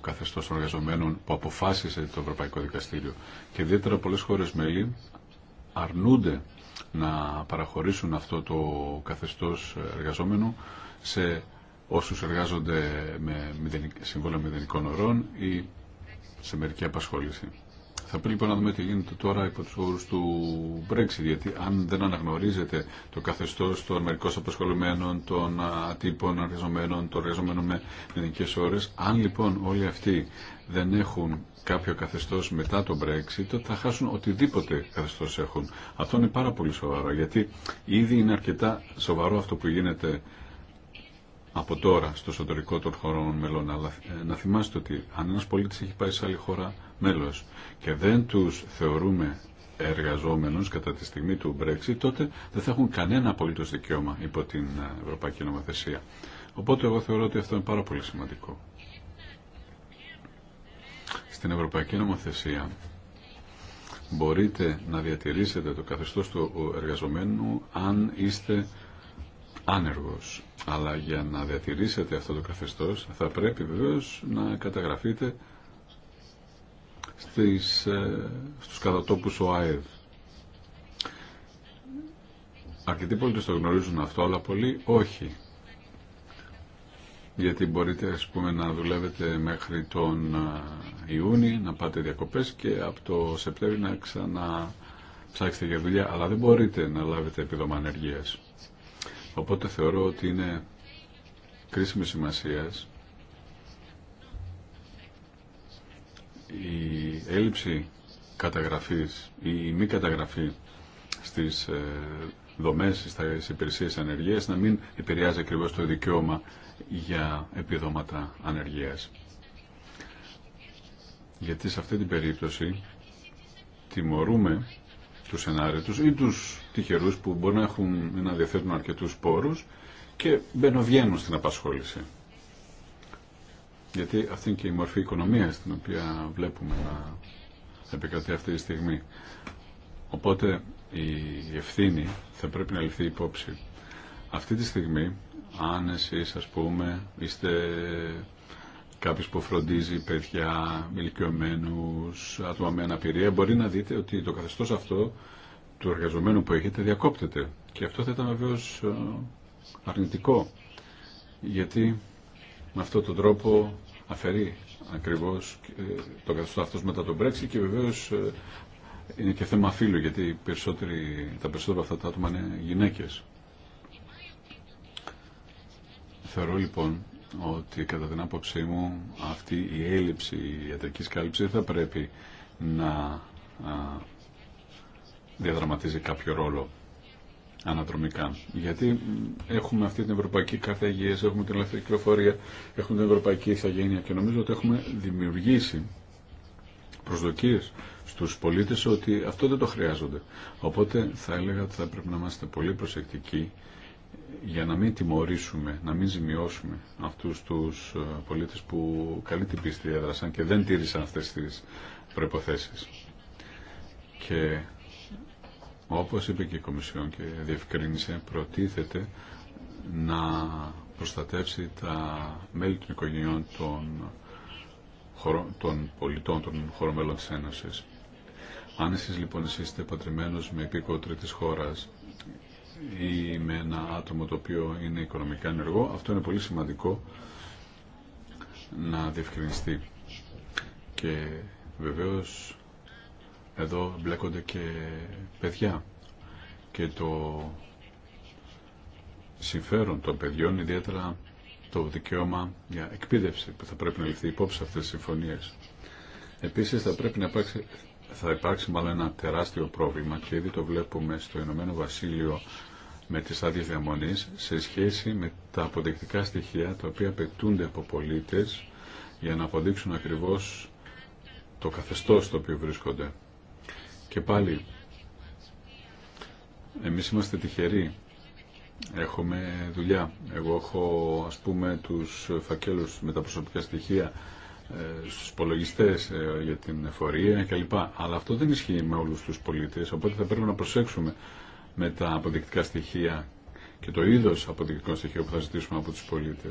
καθεστώς των εργαζομένων που αποφάσισε το Ευρωπαϊκό Δικαστήριο. Και ιδιαίτερα πολλές χώρες μέλη αρνούνται να παραχωρήσουν αυτό το καθεστώς εργαζόμενου σε όσους εργάζονται με συμβόλαιο μηδενικών ωρών ή σε μερική απασχόληση. Θα πρέπει λοιπόν να δούμε τι γίνεται τώρα υπό του όρου του Brexit, γιατί αν δεν αναγνωρίζεται το καθεστώς των μερικώς απασχολημένων, των ατύπων εργαζομένων, των εργαζομένων με μηδενικές ώρες, αν λοιπόν όλοι αυτοί δεν έχουν κάποιο καθεστώ μετά το Brexit θα χάσουν οτιδήποτε καθεστώ έχουν. Αυτό είναι πάρα πολύ σοβαρό γιατί ήδη είναι αρκετά σοβαρό αυτό που γίνεται από τώρα στο εσωτερικό των χωρών μελών. Αλλά ε, να θυμάστε ότι αν ένας πολίτης έχει πάει σε άλλη χώρα μέλο και δεν τους θεωρούμε εργαζόμενους κατά τη στιγμή του Brexit, τότε δεν θα έχουν κανένα απολύτω δικαίωμα υπό την ε, Ευρωπαϊκή Νομοθεσία. Οπότε εγώ θεωρώ ότι αυτό είναι πάρα πολύ σημαντικό στην Ευρωπαϊκή Νομοθεσία μπορείτε να διατηρήσετε το καθεστώς του εργαζομένου αν είστε άνεργος. Αλλά για να διατηρήσετε αυτό το καθεστώς θα πρέπει βεβαίως να καταγραφείτε στις, ε, στους κατατόπους ΟΑΕΔ. Αρκετοί πολίτες το γνωρίζουν αυτό, αλλά πολλοί όχι γιατί μπορείτε ας πούμε, να δουλεύετε μέχρι τον Ιούνιο, να πάτε διακοπές και από το Σεπτέμβριο να ξαναψάξετε για δουλειά, αλλά δεν μπορείτε να λάβετε επίδομα Οπότε θεωρώ ότι είναι κρίσιμη σημασία η έλλειψη καταγραφής ή η μη καταγραφή στις ε, δομές, στις υπηρεσίες ανεργίας να μην επηρεάζει ακριβώς το δικαίωμα για επιδόματα ανεργίας. Γιατί σε αυτή την περίπτωση τιμωρούμε τους ενάρετους ή τους τυχερούς που μπορεί να, έχουν, να διαθέτουν αρκετούς πόρους και μπαινοβγαίνουν στην απασχόληση. Γιατί αυτή είναι και η μορφή οικονομίας την οποία βλέπουμε να επικρατεί αυτή τη στιγμή. Οπότε η ευθύνη θα πρέπει να ληφθεί υπόψη. Αυτή τη στιγμή αν α πούμε είστε κάποιος που φροντίζει παιδιά, ηλικιωμένου, άτομα με αναπηρία, μπορεί να δείτε ότι το καθεστώς αυτό του εργαζομένου που έχετε διακόπτεται. Και αυτό θα ήταν βεβαίω ε, αρνητικό, γιατί με αυτόν τον τρόπο αφαιρεί ακριβώς ε, το καθεστώς αυτός μετά τον Brexit και βεβαίως ε, είναι και θέμα φύλου, γιατί περισσότεροι, τα περισσότερα από αυτά τα άτομα είναι γυναίκες. Θεωρώ λοιπόν ότι κατά την άποψή μου αυτή η έλλειψη η ιατρικής κάλυψης θα πρέπει να διαδραματίζει κάποιο ρόλο αναδρομικά. Γιατί έχουμε αυτή την Ευρωπαϊκή Κάρτα Υγείας, έχουμε την ελεύθερη κυκλοφορία, έχουμε την Ευρωπαϊκή Ιθαγένεια και νομίζω ότι έχουμε δημιουργήσει προσδοκίες στους πολίτες ότι αυτό δεν το χρειάζονται. Οπότε θα έλεγα ότι θα πρέπει να είμαστε πολύ προσεκτικοί για να μην τιμωρήσουμε, να μην ζημιώσουμε αυτούς τους ε, πολίτες που καλή την πίστη έδρασαν και δεν τήρησαν αυτές τις προϋποθέσεις. Και όπως είπε και η Κομισιόν και διευκρίνησε, προτίθεται να προστατεύσει τα μέλη των οικογενειών των, πολιτών των χωρομελων τη της Αν εσείς λοιπόν εσείς είστε πατριμένος με υπήκο της χώρας ή με ένα άτομο το οποίο είναι οικονομικά ενεργό. Αυτό είναι πολύ σημαντικό να διευκρινιστεί. Και βεβαίως εδώ μπλέκονται και παιδιά και το συμφέρον των παιδιών, ιδιαίτερα το δικαίωμα για εκπαίδευση που θα πρέπει να ληφθεί υπόψη αυτές τις συμφωνίες. Επίσης θα πρέπει να υπάρξει, θα υπάρξει μάλλον ένα τεράστιο πρόβλημα και ήδη το βλέπουμε στο Ηνωμένο Βασίλειο με τις άδειε διαμονής σε σχέση με τα αποδεκτικά στοιχεία τα οποία απαιτούνται από πολίτες για να αποδείξουν ακριβώς το καθεστώς στο οποίο βρίσκονται. Και πάλι, εμείς είμαστε τυχεροί. Έχουμε δουλειά. Εγώ έχω, ας πούμε, τους φακέλους με τα προσωπικά στοιχεία ε, στους υπολογιστές ε, για την εφορία κλπ. Αλλά αυτό δεν ισχύει με όλους τους πολίτες, οπότε θα πρέπει να προσέξουμε με τα αποδεικτικά στοιχεία και το είδο αποδεικτικών στοιχείων που θα ζητήσουμε από του πολίτε.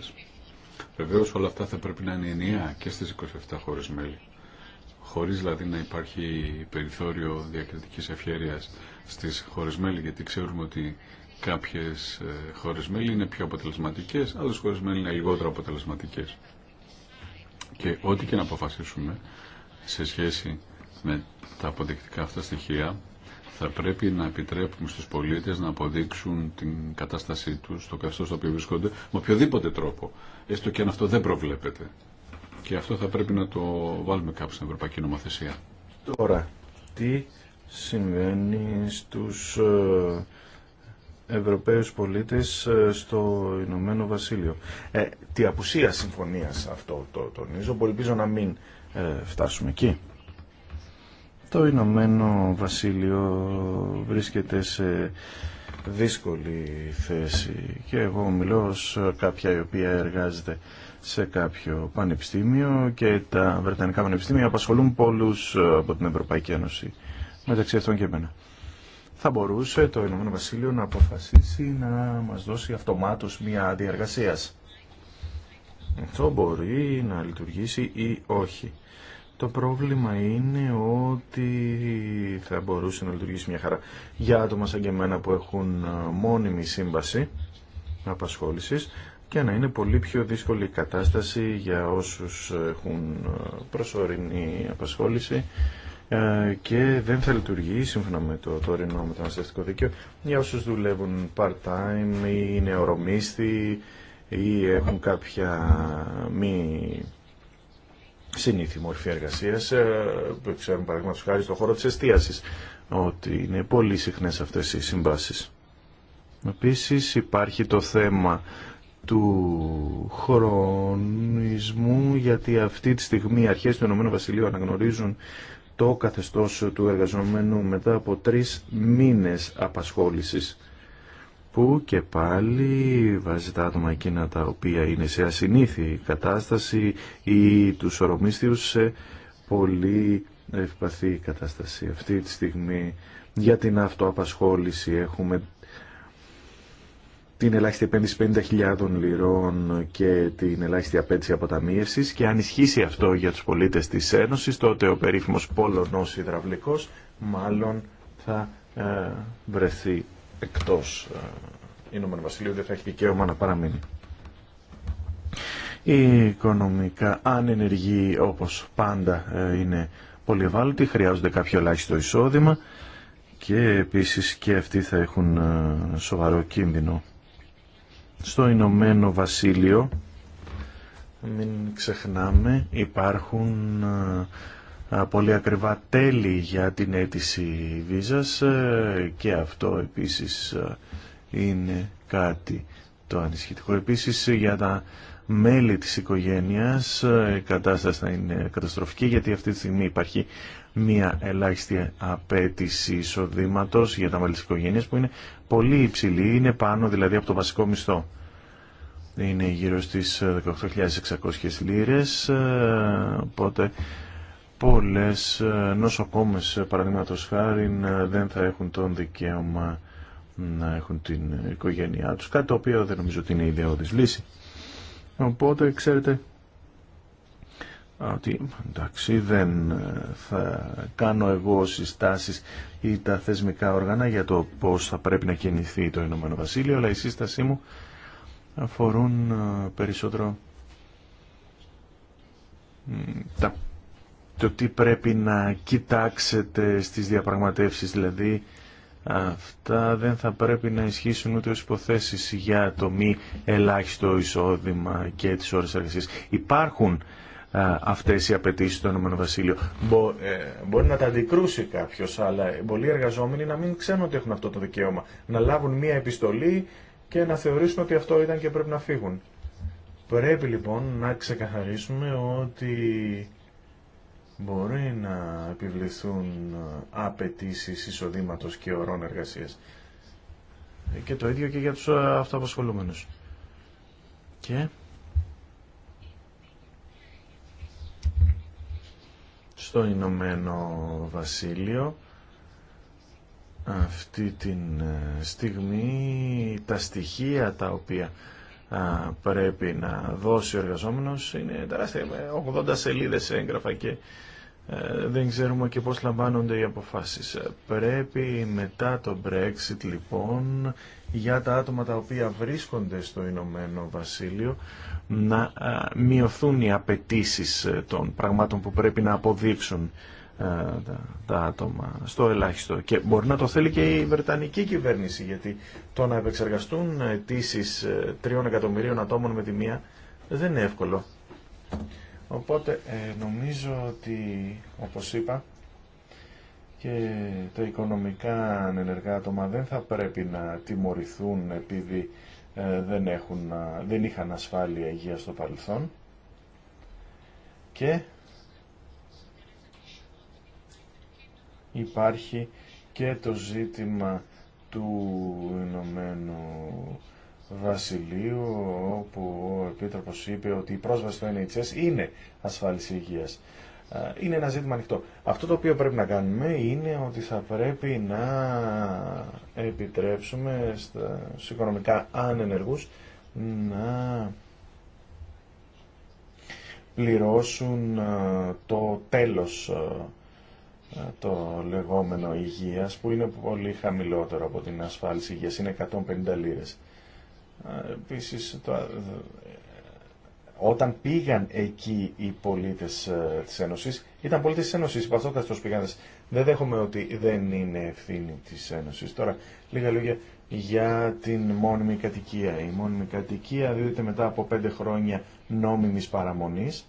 Βεβαίω όλα αυτά θα πρέπει να είναι ενιαία και στι 27 χώρε μέλη. χωρί δηλαδή να υπάρχει περιθώριο διακριτική ευχέρεια στι χωρε μέλη, γιατί ξέρουμε ότι κάποιε ε, χωρε μέλη είναι πιο αποτελεσματικέ, άλλε χώρε μέλη είναι λιγότερο αποτελεσματικέ. Και ό,τι και να αποφασίσουμε σε σχέση με τα αποδεικτικά αυτά στοιχεία θα πρέπει να επιτρέπουμε στους πολίτες να αποδείξουν την κατάστασή τους στο καθεστώς στο οποίο βρίσκονται με οποιοδήποτε τρόπο, έστω και αν αυτό δεν προβλέπεται. Και αυτό θα πρέπει να το βάλουμε κάπου στην Ευρωπαϊκή Νομοθεσία. Τώρα, τι συμβαίνει στους ε, Ευρωπαίους πολίτες ε, στο Ηνωμένο Βασίλειο. Ε, τη απουσία συμφωνίας αυτό το τονίζω, ελπίζω να μην ε, φτάσουμε εκεί. Το Ηνωμένο Βασίλειο βρίσκεται σε δύσκολη θέση και εγώ μιλώ ως κάποια η οποία εργάζεται σε κάποιο πανεπιστήμιο και τα Βρετανικά πανεπιστήμια απασχολούν πολλούς από την Ευρωπαϊκή Ένωση, μεταξύ αυτών και εμένα. Θα μπορούσε το Ηνωμένο Βασίλειο να αποφασίσει να μας δώσει αυτομάτως μια εργασίας. Αυτό μπορεί να λειτουργήσει ή όχι. Το πρόβλημα είναι ότι θα μπορούσε να λειτουργήσει μια χαρά για άτομα σαν και εμένα που έχουν ε, μόνιμη σύμβαση απασχόλησης και να είναι πολύ πιο δύσκολη η κατάσταση για όσους έχουν ε, προσωρινή απασχόληση ε, και δεν θα λειτουργεί σύμφωνα με το τωρινό μεταναστευτικό δίκαιο για όσους δουλεύουν part-time ή είναι ορομίστη ή έχουν κάποια μη συνήθι μορφή εργασία. Ε, που ξέρουμε παραδείγματο χάρη στον χώρο τη εστίαση ότι είναι πολύ συχνέ αυτέ οι συμβάσει. Επίση υπάρχει το θέμα του χρονισμού γιατί αυτή τη στιγμή οι αρχές του ΕΒ αναγνωρίζουν το καθεστώς του εργαζομένου μετά από τρεις μήνες απασχόλησης που και πάλι βάζει τα άτομα εκείνα τα οποία είναι σε ασυνήθη κατάσταση ή του ορομίστιους σε πολύ ευπαθή κατάσταση. Αυτή τη στιγμή για την αυτοαπασχόληση έχουμε την ελάχιστη επένδυση 50.000 λιρών και την ελάχιστη απέτηση αποταμίευσης και αν ισχύσει αυτό για τους πολίτες της Ένωσης τότε ο περίφημος πόλωνος υδραυλικός μάλλον θα ε, βρεθεί εκτός ε, Ηνωμένου Βασιλείου δεν θα έχει δικαίωμα να παραμείνει. Οι οικονομικά ανενεργοί όπως πάντα ε, είναι πολύ ευάλωτοι, χρειάζονται κάποιο ελάχιστο εισόδημα και επίσης και αυτοί θα έχουν ε, σοβαρό κίνδυνο. Στο Ηνωμένο Βασίλειο, μην ξεχνάμε, υπάρχουν πολύ ακριβά τέλη για την αίτηση βίζας ε, και αυτό επίσης ε, είναι κάτι το ανησυχητικό. Επίσης ε, για τα μέλη της οικογένειας η κατάσταση θα είναι καταστροφική γιατί αυτή τη στιγμή υπάρχει μια ελάχιστη απέτηση εισοδήματο για τα μέλη της οικογένειας που είναι πολύ υψηλή, είναι πάνω δηλαδή από το βασικό μισθό. Είναι γύρω στις 18.600 λίρες, οπότε πολλές ε, νοσοκόμες ε, παραδείγματος χάρη ε, δεν θα έχουν τον δικαίωμα να έχουν την οικογένειά τους κάτι το οποίο δεν νομίζω ότι είναι ιδεώδης λύση οπότε ξέρετε ότι εντάξει δεν θα κάνω εγώ συστάσεις ή τα θεσμικά όργανα για το πώς θα πρέπει να κινηθεί το Ηνωμένο Βασίλειο αλλά η σύστασή μου αφορούν περισσότερο τα το τι πρέπει να κοιτάξετε στις διαπραγματεύσεις, δηλαδή αυτά δεν θα πρέπει να ισχύσουν ούτε ως υποθέσεις για το μη ελάχιστο εισόδημα και τις ώρες εργασίας. Υπάρχουν α, αυτές οι απαιτήσει στο ΕΒ. Βασίλειο. Μπο, ε, μπορεί να τα αντικρούσει κάποιος, αλλά πολλοί εργαζόμενοι να μην ξέρουν ότι έχουν αυτό το δικαίωμα. Να λάβουν μία επιστολή και να θεωρήσουν ότι αυτό ήταν και πρέπει να φύγουν. Πρέπει λοιπόν να ξεκαθαρίσουμε ότι μπορεί να επιβληθούν απαιτήσει εισοδήματος και ωρών εργασίας. Ε, και το ίδιο και για τους ε, αυτοαπασχολούμενους. Και... Στο Ηνωμένο Βασίλειο αυτή τη ε, στιγμή τα στοιχεία τα οποία πρέπει να δώσει ο εργαζόμενος είναι τεράστια, 80 σελίδες έγγραφα και ε, δεν ξέρουμε και πώς λαμβάνονται οι αποφάσεις. Πρέπει μετά το Brexit λοιπόν για τα άτομα τα οποία βρίσκονται στο Ηνωμένο Βασίλειο να μειωθούν οι απαιτήσει των πραγμάτων που πρέπει να αποδείξουν ε, τα, τα άτομα στο ελάχιστο. Και μπορεί να το θέλει και η Βρετανική κυβέρνηση, γιατί το να επεξεργαστούν αιτήσει ε, τριών εκατομμυρίων ατόμων με τη μία δεν είναι εύκολο. Οπότε ε, νομίζω ότι, όπως είπα, και τα οικονομικά ανενεργά άτομα δεν θα πρέπει να τιμωρηθούν επειδή δεν, έχουν, δεν είχαν ασφάλεια υγεία στο παρελθόν. Και υπάρχει και το ζήτημα του Ηνωμένου Βασιλείου όπου ο Επίτροπος είπε ότι η πρόσβαση στο NHS είναι ασφάλιση υγείας. Είναι ένα ζήτημα ανοιχτό. Αυτό το οποίο πρέπει να κάνουμε είναι ότι θα πρέπει να επιτρέψουμε στους οικονομικά ανενεργούς να πληρώσουν το τέλος το λεγόμενο υγείας που είναι πολύ χαμηλότερο από την ασφάλιση υγείας, είναι 150 λίρες. Ε, επίσης, το, ε, όταν πήγαν εκεί οι πολίτες ε, της Ένωσης, ήταν πολίτες της Ένωσης, υπαθόκαστος πήγαν Δεν δέχομαι ότι δεν είναι ευθύνη της Ένωση. Τώρα, λίγα λόγια για την μόνιμη κατοικία. Η μόνιμη κατοικία δίδεται μετά από πέντε χρόνια νόμιμης παραμονής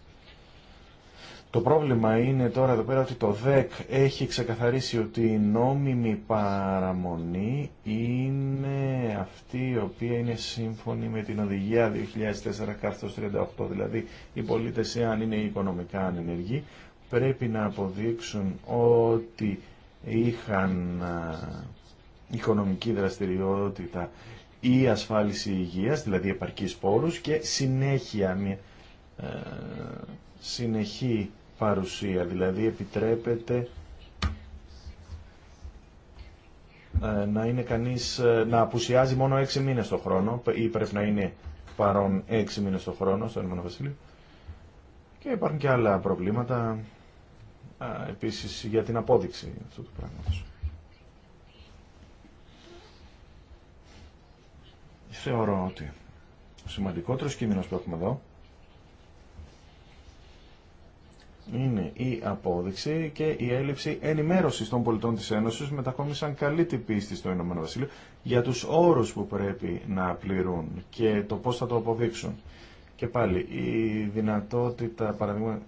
το πρόβλημα είναι τώρα εδώ πέρα ότι το ΔΕΚ έχει ξεκαθαρίσει ότι η νόμιμη παραμονή είναι αυτή η οποία είναι σύμφωνη με την οδηγία 2004-38, δηλαδή οι πολίτες εάν είναι οικονομικά ανενεργοί πρέπει να αποδείξουν ότι είχαν οικονομική δραστηριότητα ή ασφάλιση υγείας, δηλαδή επαρκής πόρους και συνέχεια μια ε, συνεχή παρουσία. Δηλαδή επιτρέπεται ε, να είναι κανείς, ε, να απουσιάζει μόνο έξι μήνες το χρόνο ή πρέπει να είναι παρόν έξι μήνες το χρόνο στο Ηνωμένο Βασίλειο. Και υπάρχουν και άλλα προβλήματα ε, επίσης για την απόδειξη αυτού του πράγματος. Θεωρώ ότι ο σημαντικότερος κίνδυνος που έχουμε εδώ είναι η απόδειξη και η έλλειψη ενημέρωσης των πολιτών της Ένωση μετακόμισαν καλή την πίστη στο Ηνωμένο Βασίλειο για τους όρου που πρέπει να πληρούν και το πώ θα το αποδείξουν. Και πάλι, η δυνατότητα, παραδείγμα,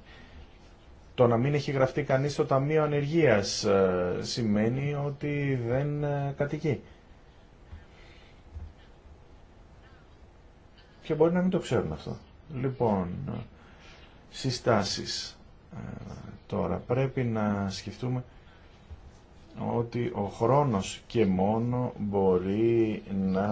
το να μην έχει γραφτεί κανείς στο Ταμείο ανεργία ε, σημαίνει ότι δεν ε, κατοικεί. Και μπορεί να μην το ξέρουν αυτό. Λοιπόν, συστάσεις. Ε, τώρα. Πρέπει να σκεφτούμε ότι ο χρόνος και μόνο μπορεί να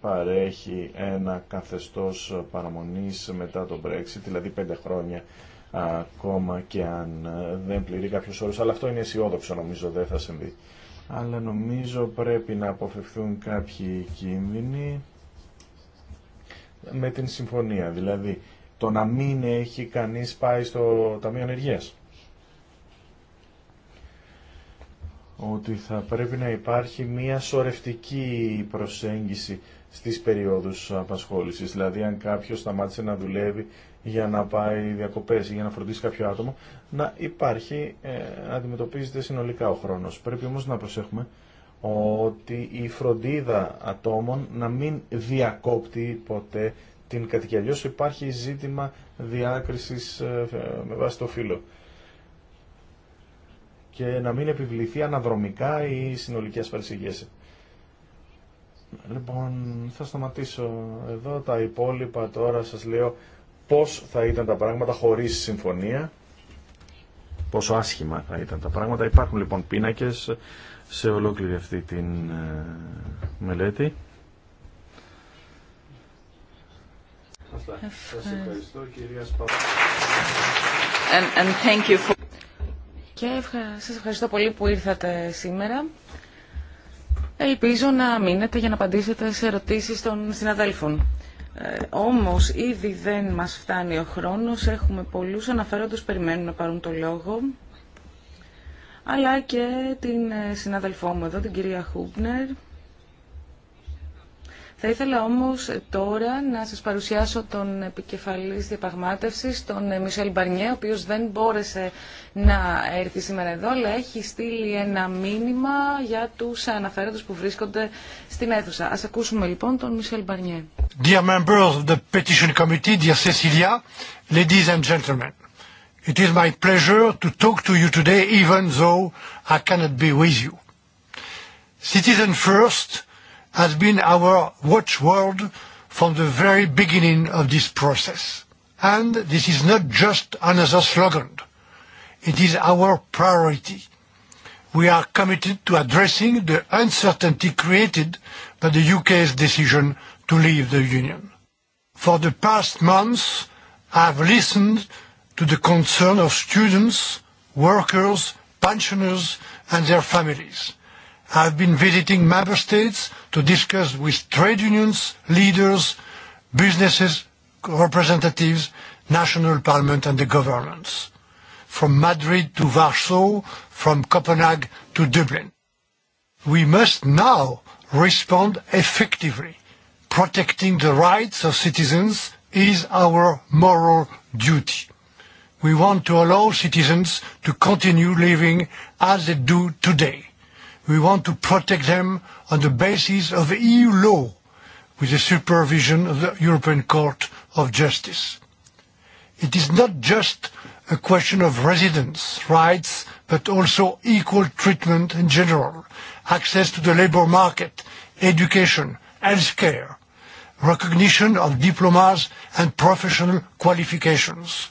παρέχει ένα καθεστώς παραμονής μετά το Brexit, δηλαδή πέντε χρόνια ακόμα και αν δεν πληρεί κάποιος όρους, αλλά αυτό είναι αισιόδοξο νομίζω δεν θα συμβεί. Αλλά νομίζω πρέπει να αποφευθούν κάποιοι κίνδυνοι με την συμφωνία, δηλαδή το να μην έχει κανείς πάει στο Ταμείο Ενεργείας. Ότι θα πρέπει να υπάρχει μία σορευτική προσέγγιση στις περιόδους απασχόλησης. Δηλαδή αν κάποιος σταμάτησε να δουλεύει για να πάει διακοπές ή για να φροντίσει κάποιο άτομο, να υπάρχει, να ε, αντιμετωπίζεται συνολικά ο χρόνος. Πρέπει όμως να προσέχουμε ότι η φροντίδα ατόμων να μην διακόπτει ποτέ την κατοικία. υπάρχει ζήτημα διάκρισης ε, με βάση το φύλλο και να μην επιβληθεί αναδρομικά η συνολική ασφαλιστική Λοιπόν, θα σταματήσω εδώ. Τα υπόλοιπα τώρα σας λέω πώς θα ήταν τα πράγματα χωρίς συμφωνία. Πόσο άσχημα θα ήταν τα πράγματα. Υπάρχουν λοιπόν πίνακες σε ολόκληρη αυτή την ε, μελέτη. Και σας ευχαριστώ πολύ που ήρθατε σήμερα. Ελπίζω να μείνετε για να απαντήσετε σε ερωτήσεις των συναδέλφων. Ε, όμως ήδη δεν μας φτάνει ο χρόνος, έχουμε πολλούς αναφέροντες περιμένουν να πάρουν το λόγο, αλλά και την ε, συναδελφό μου εδώ, την κυρία Χούμπνερ, θα ήθελα όμως τώρα να σας παρουσιάσω τον επικεφαλής διαπραγμάτευσης, τον ε, Μισελ Μπαρνιέ, ο οποίος δεν μπόρεσε να έρθει σήμερα εδώ, αλλά έχει στείλει ένα μήνυμα για τους αναφέροντες που βρίσκονται στην αίθουσα. Ας ακούσουμε λοιπόν τον Μισελ Μπαρνιέ. Dear members of the Petition Committee, dear Cecilia, ladies and gentlemen, it is my pleasure to talk to you today even though I cannot be with you. Citizen first, has been our watchword from the very beginning of this process. And this is not just another slogan. It is our priority. We are committed to addressing the uncertainty created by the UK's decision to leave the Union. For the past months, I have listened to the concern of students, workers, pensioners and their families. I have been visiting member states to discuss with trade unions, leaders, businesses, representatives, national parliament and the governments, from Madrid to Warsaw, from Copenhagen to Dublin. We must now respond effectively. Protecting the rights of citizens is our moral duty. We want to allow citizens to continue living as they do today we want to protect them on the basis of EU law with the supervision of the European Court of Justice. It is not just a question of residence rights, but also equal treatment in general, access to the labour market, education, healthcare, recognition of diplomas and professional qualifications,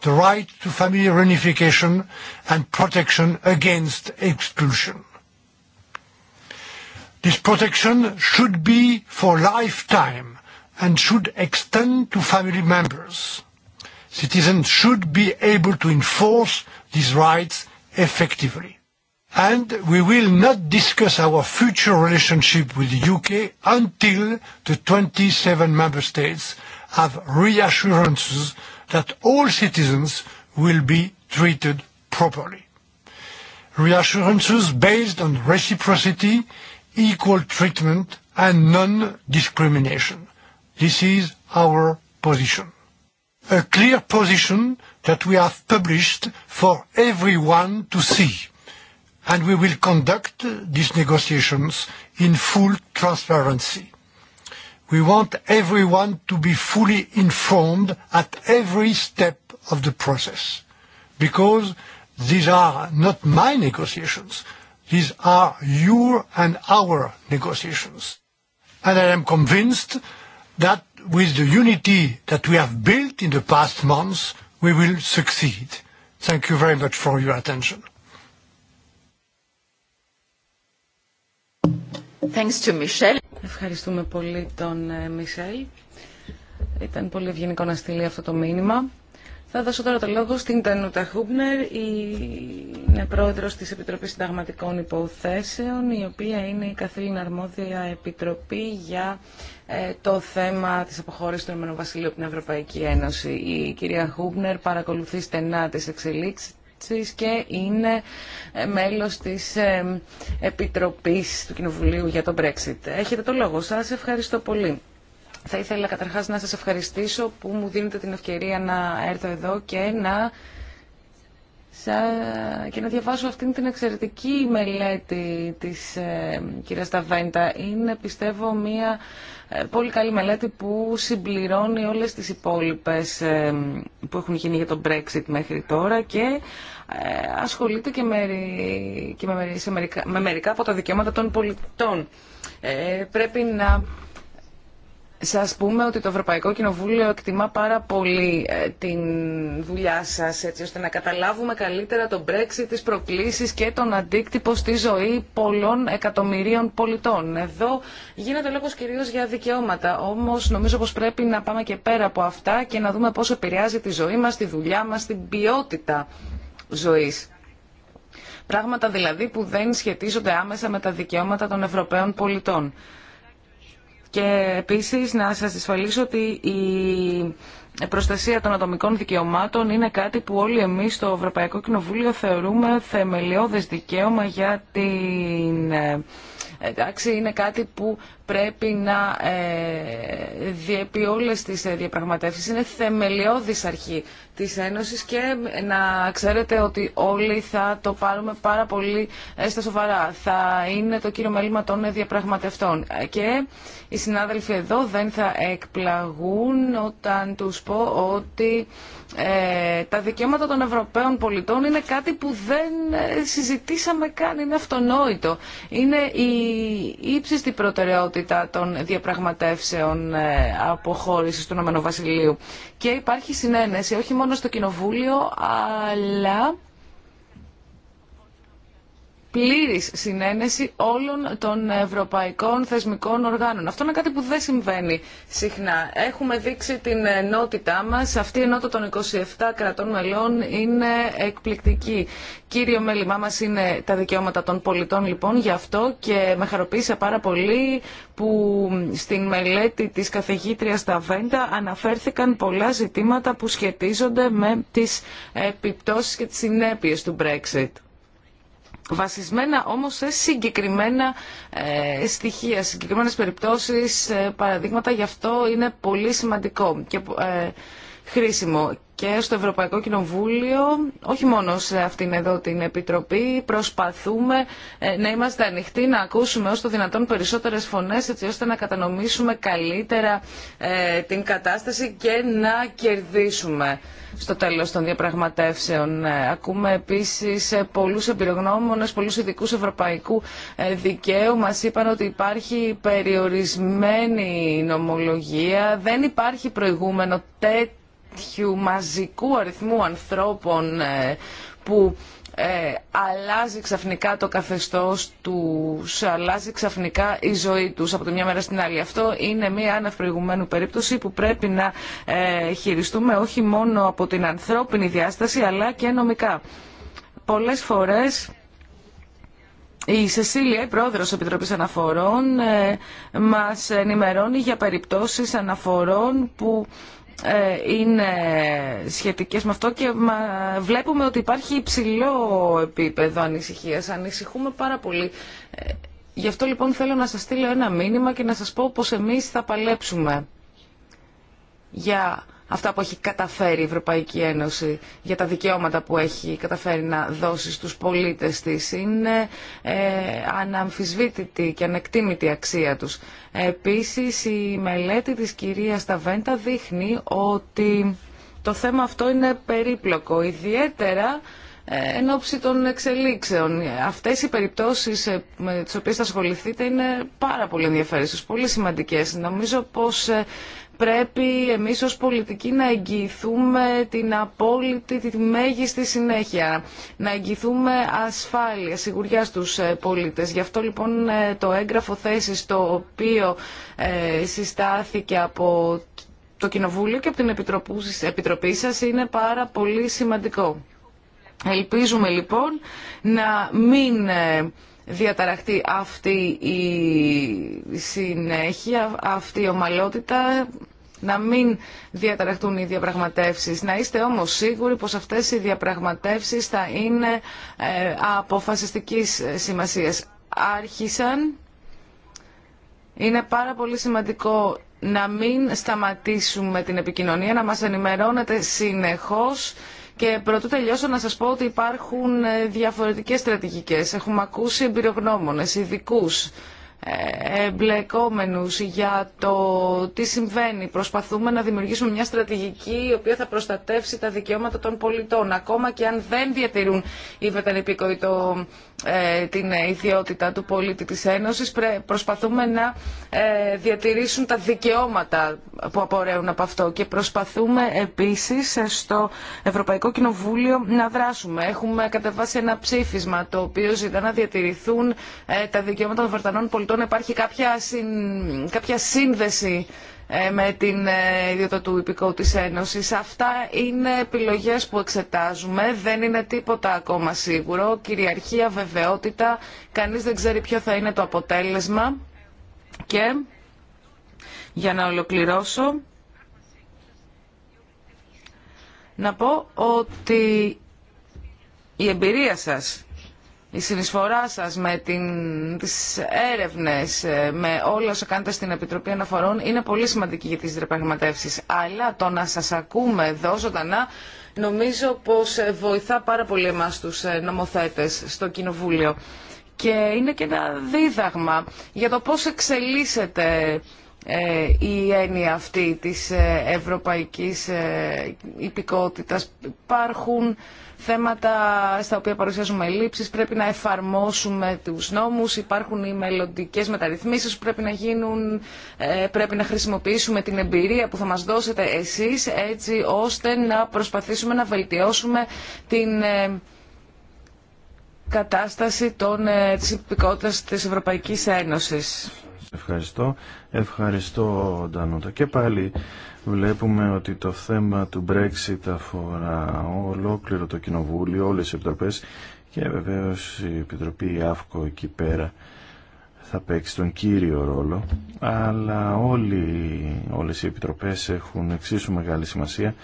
the right to family reunification and protection against expulsion. This protection should be for lifetime and should extend to family members. Citizens should be able to enforce these rights effectively. And we will not discuss our future relationship with the UK until the 27 member states have reassurances that all citizens will be treated properly. Reassurances based on reciprocity equal treatment and non-discrimination. This is our position. A clear position that we have published for everyone to see. And we will conduct these negotiations in full transparency. We want everyone to be fully informed at every step of the process. Because these are not my negotiations. These are your and our negotiations. And I am convinced that with the unity that we have built in the past months, we will succeed. Thank you very much for your attention. Thanks to Michel. Ευχαριστούμε πολύ τον Μισελ. Ήταν πολύ ευγενικό να στείλει αυτό το μήνυμα. Θα δώσω τώρα το λόγο στην Τανούτα Χούμπνερ, η είναι πρόεδρος της Επιτροπής Συνταγματικών Υποθέσεων, η οποία είναι η καθήλυνα αρμόδια επιτροπή για ε, το θέμα της αποχώρησης του ΕΒ από την Ευρωπαϊκή Ένωση. Η κυρία Χούμπνερ παρακολουθεί στενά τις εξελίξεις και είναι ε, μέλος της ε, Επιτροπής του Κοινοβουλίου για τον Brexit. Έχετε το λόγο σας. Ευχαριστώ πολύ. Θα ήθελα καταρχάς να σας ευχαριστήσω που μου δίνετε την ευκαιρία να έρθω εδώ και να, και να διαβάσω αυτήν την εξαιρετική μελέτη της ε, κυρίας Ταβέντα. Είναι, πιστεύω, μια ε, πολύ καλή μελέτη που συμπληρώνει όλες τις υπόλοιπες ε, που έχουν γίνει για τον Brexit μέχρι τώρα και ε, ασχολείται και, με, και με, μερικά, με μερικά από τα δικαιώματα των πολιτών. Ε, πρέπει να σας πούμε ότι το Ευρωπαϊκό Κοινοβούλιο εκτιμά πάρα πολύ ε, την δουλειά σας έτσι ώστε να καταλάβουμε καλύτερα τον Brexit, τις προκλήσεις και τον αντίκτυπο στη ζωή πολλών εκατομμυρίων πολιτών. Εδώ γίνεται λόγος κυρίως για δικαιώματα, όμως νομίζω πως πρέπει να πάμε και πέρα από αυτά και να δούμε πώς επηρεάζει τη ζωή μας, τη δουλειά μας, την ποιότητα ζωής. Πράγματα δηλαδή που δεν σχετίζονται άμεσα με τα δικαιώματα των Ευρωπαίων πολιτών. Και επίσης να σας ασφαλίσω ότι η προστασία των ατομικών δικαιωμάτων είναι κάτι που όλοι εμείς στο Ευρωπαϊκό Κοινοβούλιο θεωρούμε θεμελιώδες δικαίωμα για την... Ε, εντάξει, είναι κάτι που πρέπει να ε, διέπει όλες τις ε, διαπραγματεύσεις. Είναι θεμελιώδης αρχή της Ένωσης και να ξέρετε ότι όλοι θα το πάρουμε πάρα πολύ ε, στα σοβαρά. Θα είναι το κύριο μέλημα των διαπραγματευτών. Και οι συνάδελφοι εδώ δεν θα εκπλαγούν όταν τους πω ότι ε, τα δικαιώματα των Ευρωπαίων πολιτών είναι κάτι που δεν ε, συζητήσαμε καν, είναι αυτονόητο. Είναι η ύψιστη προτεραιότητα των διαπραγματεύσεων αποχώρησης του Βασιλείου. Και υπάρχει συνένεση όχι μόνο στο Κοινοβούλιο, αλλά πλήρης συνένεση όλων των ευρωπαϊκών θεσμικών οργάνων. Αυτό είναι κάτι που δεν συμβαίνει συχνά. Έχουμε δείξει την ενότητά μας. Αυτή η ενότητα των 27 κρατών μελών είναι εκπληκτική. Κύριο μέλημά μας είναι τα δικαιώματα των πολιτών λοιπόν γι' αυτό και με χαροποίησε πάρα πολύ που στην μελέτη της καθηγήτριας τα Βέντα αναφέρθηκαν πολλά ζητήματα που σχετίζονται με τις επιπτώσεις και τις συνέπειες του Brexit βασισμένα όμως σε συγκεκριμένα ε, στοιχεία, συγκεκριμένες περιπτώσεις, ε, παραδείγματα. Γι' αυτό είναι πολύ σημαντικό. Ε, χρήσιμο και στο Ευρωπαϊκό Κοινοβούλιο, όχι μόνο σε αυτήν εδώ την Επιτροπή, προσπαθούμε ε, να είμαστε ανοιχτοί, να ακούσουμε όσο το δυνατόν περισσότερες φωνές, έτσι ώστε να κατανομήσουμε καλύτερα ε, την κατάσταση και να κερδίσουμε στο τέλος των διαπραγματεύσεων. Ε, ακούμε επίσης πολλούς εμπειρογνώμονες, πολλούς ειδικού ευρωπαϊκού δικαίου. Μας είπαν ότι υπάρχει περιορισμένη νομολογία, δεν υπάρχει προηγούμενο τέτοιο τέτοιου μαζικού αριθμού ανθρώπων ε, που ε, αλλάζει ξαφνικά το καθεστώς του αλλάζει ξαφνικά η ζωή τους από τη μια μέρα στην άλλη. Αυτό είναι μια αναφρηγουμένου περίπτωση που πρέπει να ε, χειριστούμε όχι μόνο από την ανθρώπινη διάσταση αλλά και νομικά. Πολλές φορές η Σεσίλια, η πρόεδρος Επιτροπής Αναφορών, ε, μας ενημερώνει για περιπτώσεις αναφορών που ε, είναι σχετικές με αυτό και βλέπουμε ότι υπάρχει υψηλό επίπεδο ανησυχίας. Ανησυχούμε πάρα πολύ. Ε, γι' αυτό λοιπόν θέλω να σας στείλω ένα μήνυμα και να σας πω πως εμείς θα παλέψουμε για αυτά που έχει καταφέρει η Ευρωπαϊκή Ένωση για τα δικαιώματα που έχει καταφέρει να δώσει στους πολίτες της. Είναι ε, αναμφισβήτητη και ανεκτήμητη αξία τους. Επίσης, η μελέτη της κυρίας Σταβέντα δείχνει ότι το θέμα αυτό είναι περίπλοκο, ιδιαίτερα ε, εν ώψη των εξελίξεων. Αυτές οι περιπτώσεις ε, με τις οποίες θα ασχοληθείτε είναι πάρα πολύ ενδιαφέρουσες, πολύ σημαντικές. Νομίζω πως ε, πρέπει εμείς ως πολιτικοί να εγγυηθούμε την απόλυτη, τη μέγιστη συνέχεια, να εγγυηθούμε ασφάλεια, σιγουριά στους ε, πολίτες. Γι' αυτό λοιπόν ε, το έγγραφο θέσης το οποίο ε, συστάθηκε από το Κοινοβούλιο και από την Επιτροπή σας είναι πάρα πολύ σημαντικό. Ελπίζουμε λοιπόν να μην διαταραχτεί αυτή η συνέχεια, αυτή η ομαλότητα να μην διαταραχτούν οι διαπραγματεύσεις. Να είστε όμως σίγουροι πως αυτές οι διαπραγματεύσεις θα είναι ε, αποφασιστικής σημασίας. Άρχισαν. Είναι πάρα πολύ σημαντικό να μην σταματήσουμε την επικοινωνία, να μας ενημερώνετε συνεχώς και πρωτού τελειώσω να σας πω ότι υπάρχουν ε, διαφορετικές στρατηγικές. Έχουμε ακούσει εμπειρογνώμονες, ειδικού ε, εμπλεκόμενους για το τι συμβαίνει. Προσπαθούμε να δημιουργήσουμε μια στρατηγική η οποία θα προστατεύσει τα δικαιώματα των πολιτών, ακόμα και αν δεν διατηρούν οι Βρετανοί το ε, την ιδιότητα του πολίτη της Ένωσης προσπαθούμε να ε, διατηρήσουν τα δικαιώματα που απορρέουν από αυτό και προσπαθούμε επίσης ε, στο Ευρωπαϊκό Κοινοβούλιο να δράσουμε. Έχουμε κατεβάσει ένα ψήφισμα το οποίο ζητά να διατηρηθούν τα δικαιώματα των βερτανών πολιτών. Υπάρχει κάποια σύνδεση ε, με την ε, ιδιότητα του υπηκόου της Ένωσης. Αυτά είναι επιλογές που εξετάζουμε, δεν είναι τίποτα ακόμα σίγουρο. Κυριαρχία, βεβαιότητα, κανείς δεν ξέρει ποιο θα είναι το αποτέλεσμα. Και για να ολοκληρώσω, να πω ότι η εμπειρία σας η συνεισφορά σας με την, τις έρευνες, ε, με όλα όσα κάνετε στην Επιτροπή Αναφορών είναι πολύ σημαντική για τις διαπραγματεύσεις. Αλλά το να σας ακούμε εδώ ζωντανά νομίζω πως ε, βοηθά πάρα πολύ εμάς τους ε, νομοθέτες στο Κοινοβούλιο. Και είναι και ένα δίδαγμα για το πώς εξελίσσεται ε, η έννοια αυτή της ε, ευρωπαϊκής ε, υπηκότητας. Υπάρχουν θέματα στα οποία παρουσιάζουμε ελλείψεις, πρέπει να εφαρμόσουμε τους νόμους, υπάρχουν οι μελλοντικές μεταρρυθμίσεις που πρέπει να γίνουν, πρέπει να χρησιμοποιήσουμε την εμπειρία που θα μας δώσετε εσείς έτσι ώστε να προσπαθήσουμε να βελτιώσουμε την κατάσταση των, της υπηκότητας της Ευρωπαϊκής Ένωσης. Ευχαριστώ. Ευχαριστώ, Ντανούτα. Και πάλι βλέπουμε ότι το θέμα του Brexit αφορά ολόκληρο το Κοινοβούλιο, όλες οι επιτροπές και βεβαίως η Επιτροπή ΑΦΚΟ εκεί πέρα θα παίξει τον κύριο ρόλο, αλλά όλοι, όλες οι επιτροπές έχουν εξίσου μεγάλη σημασία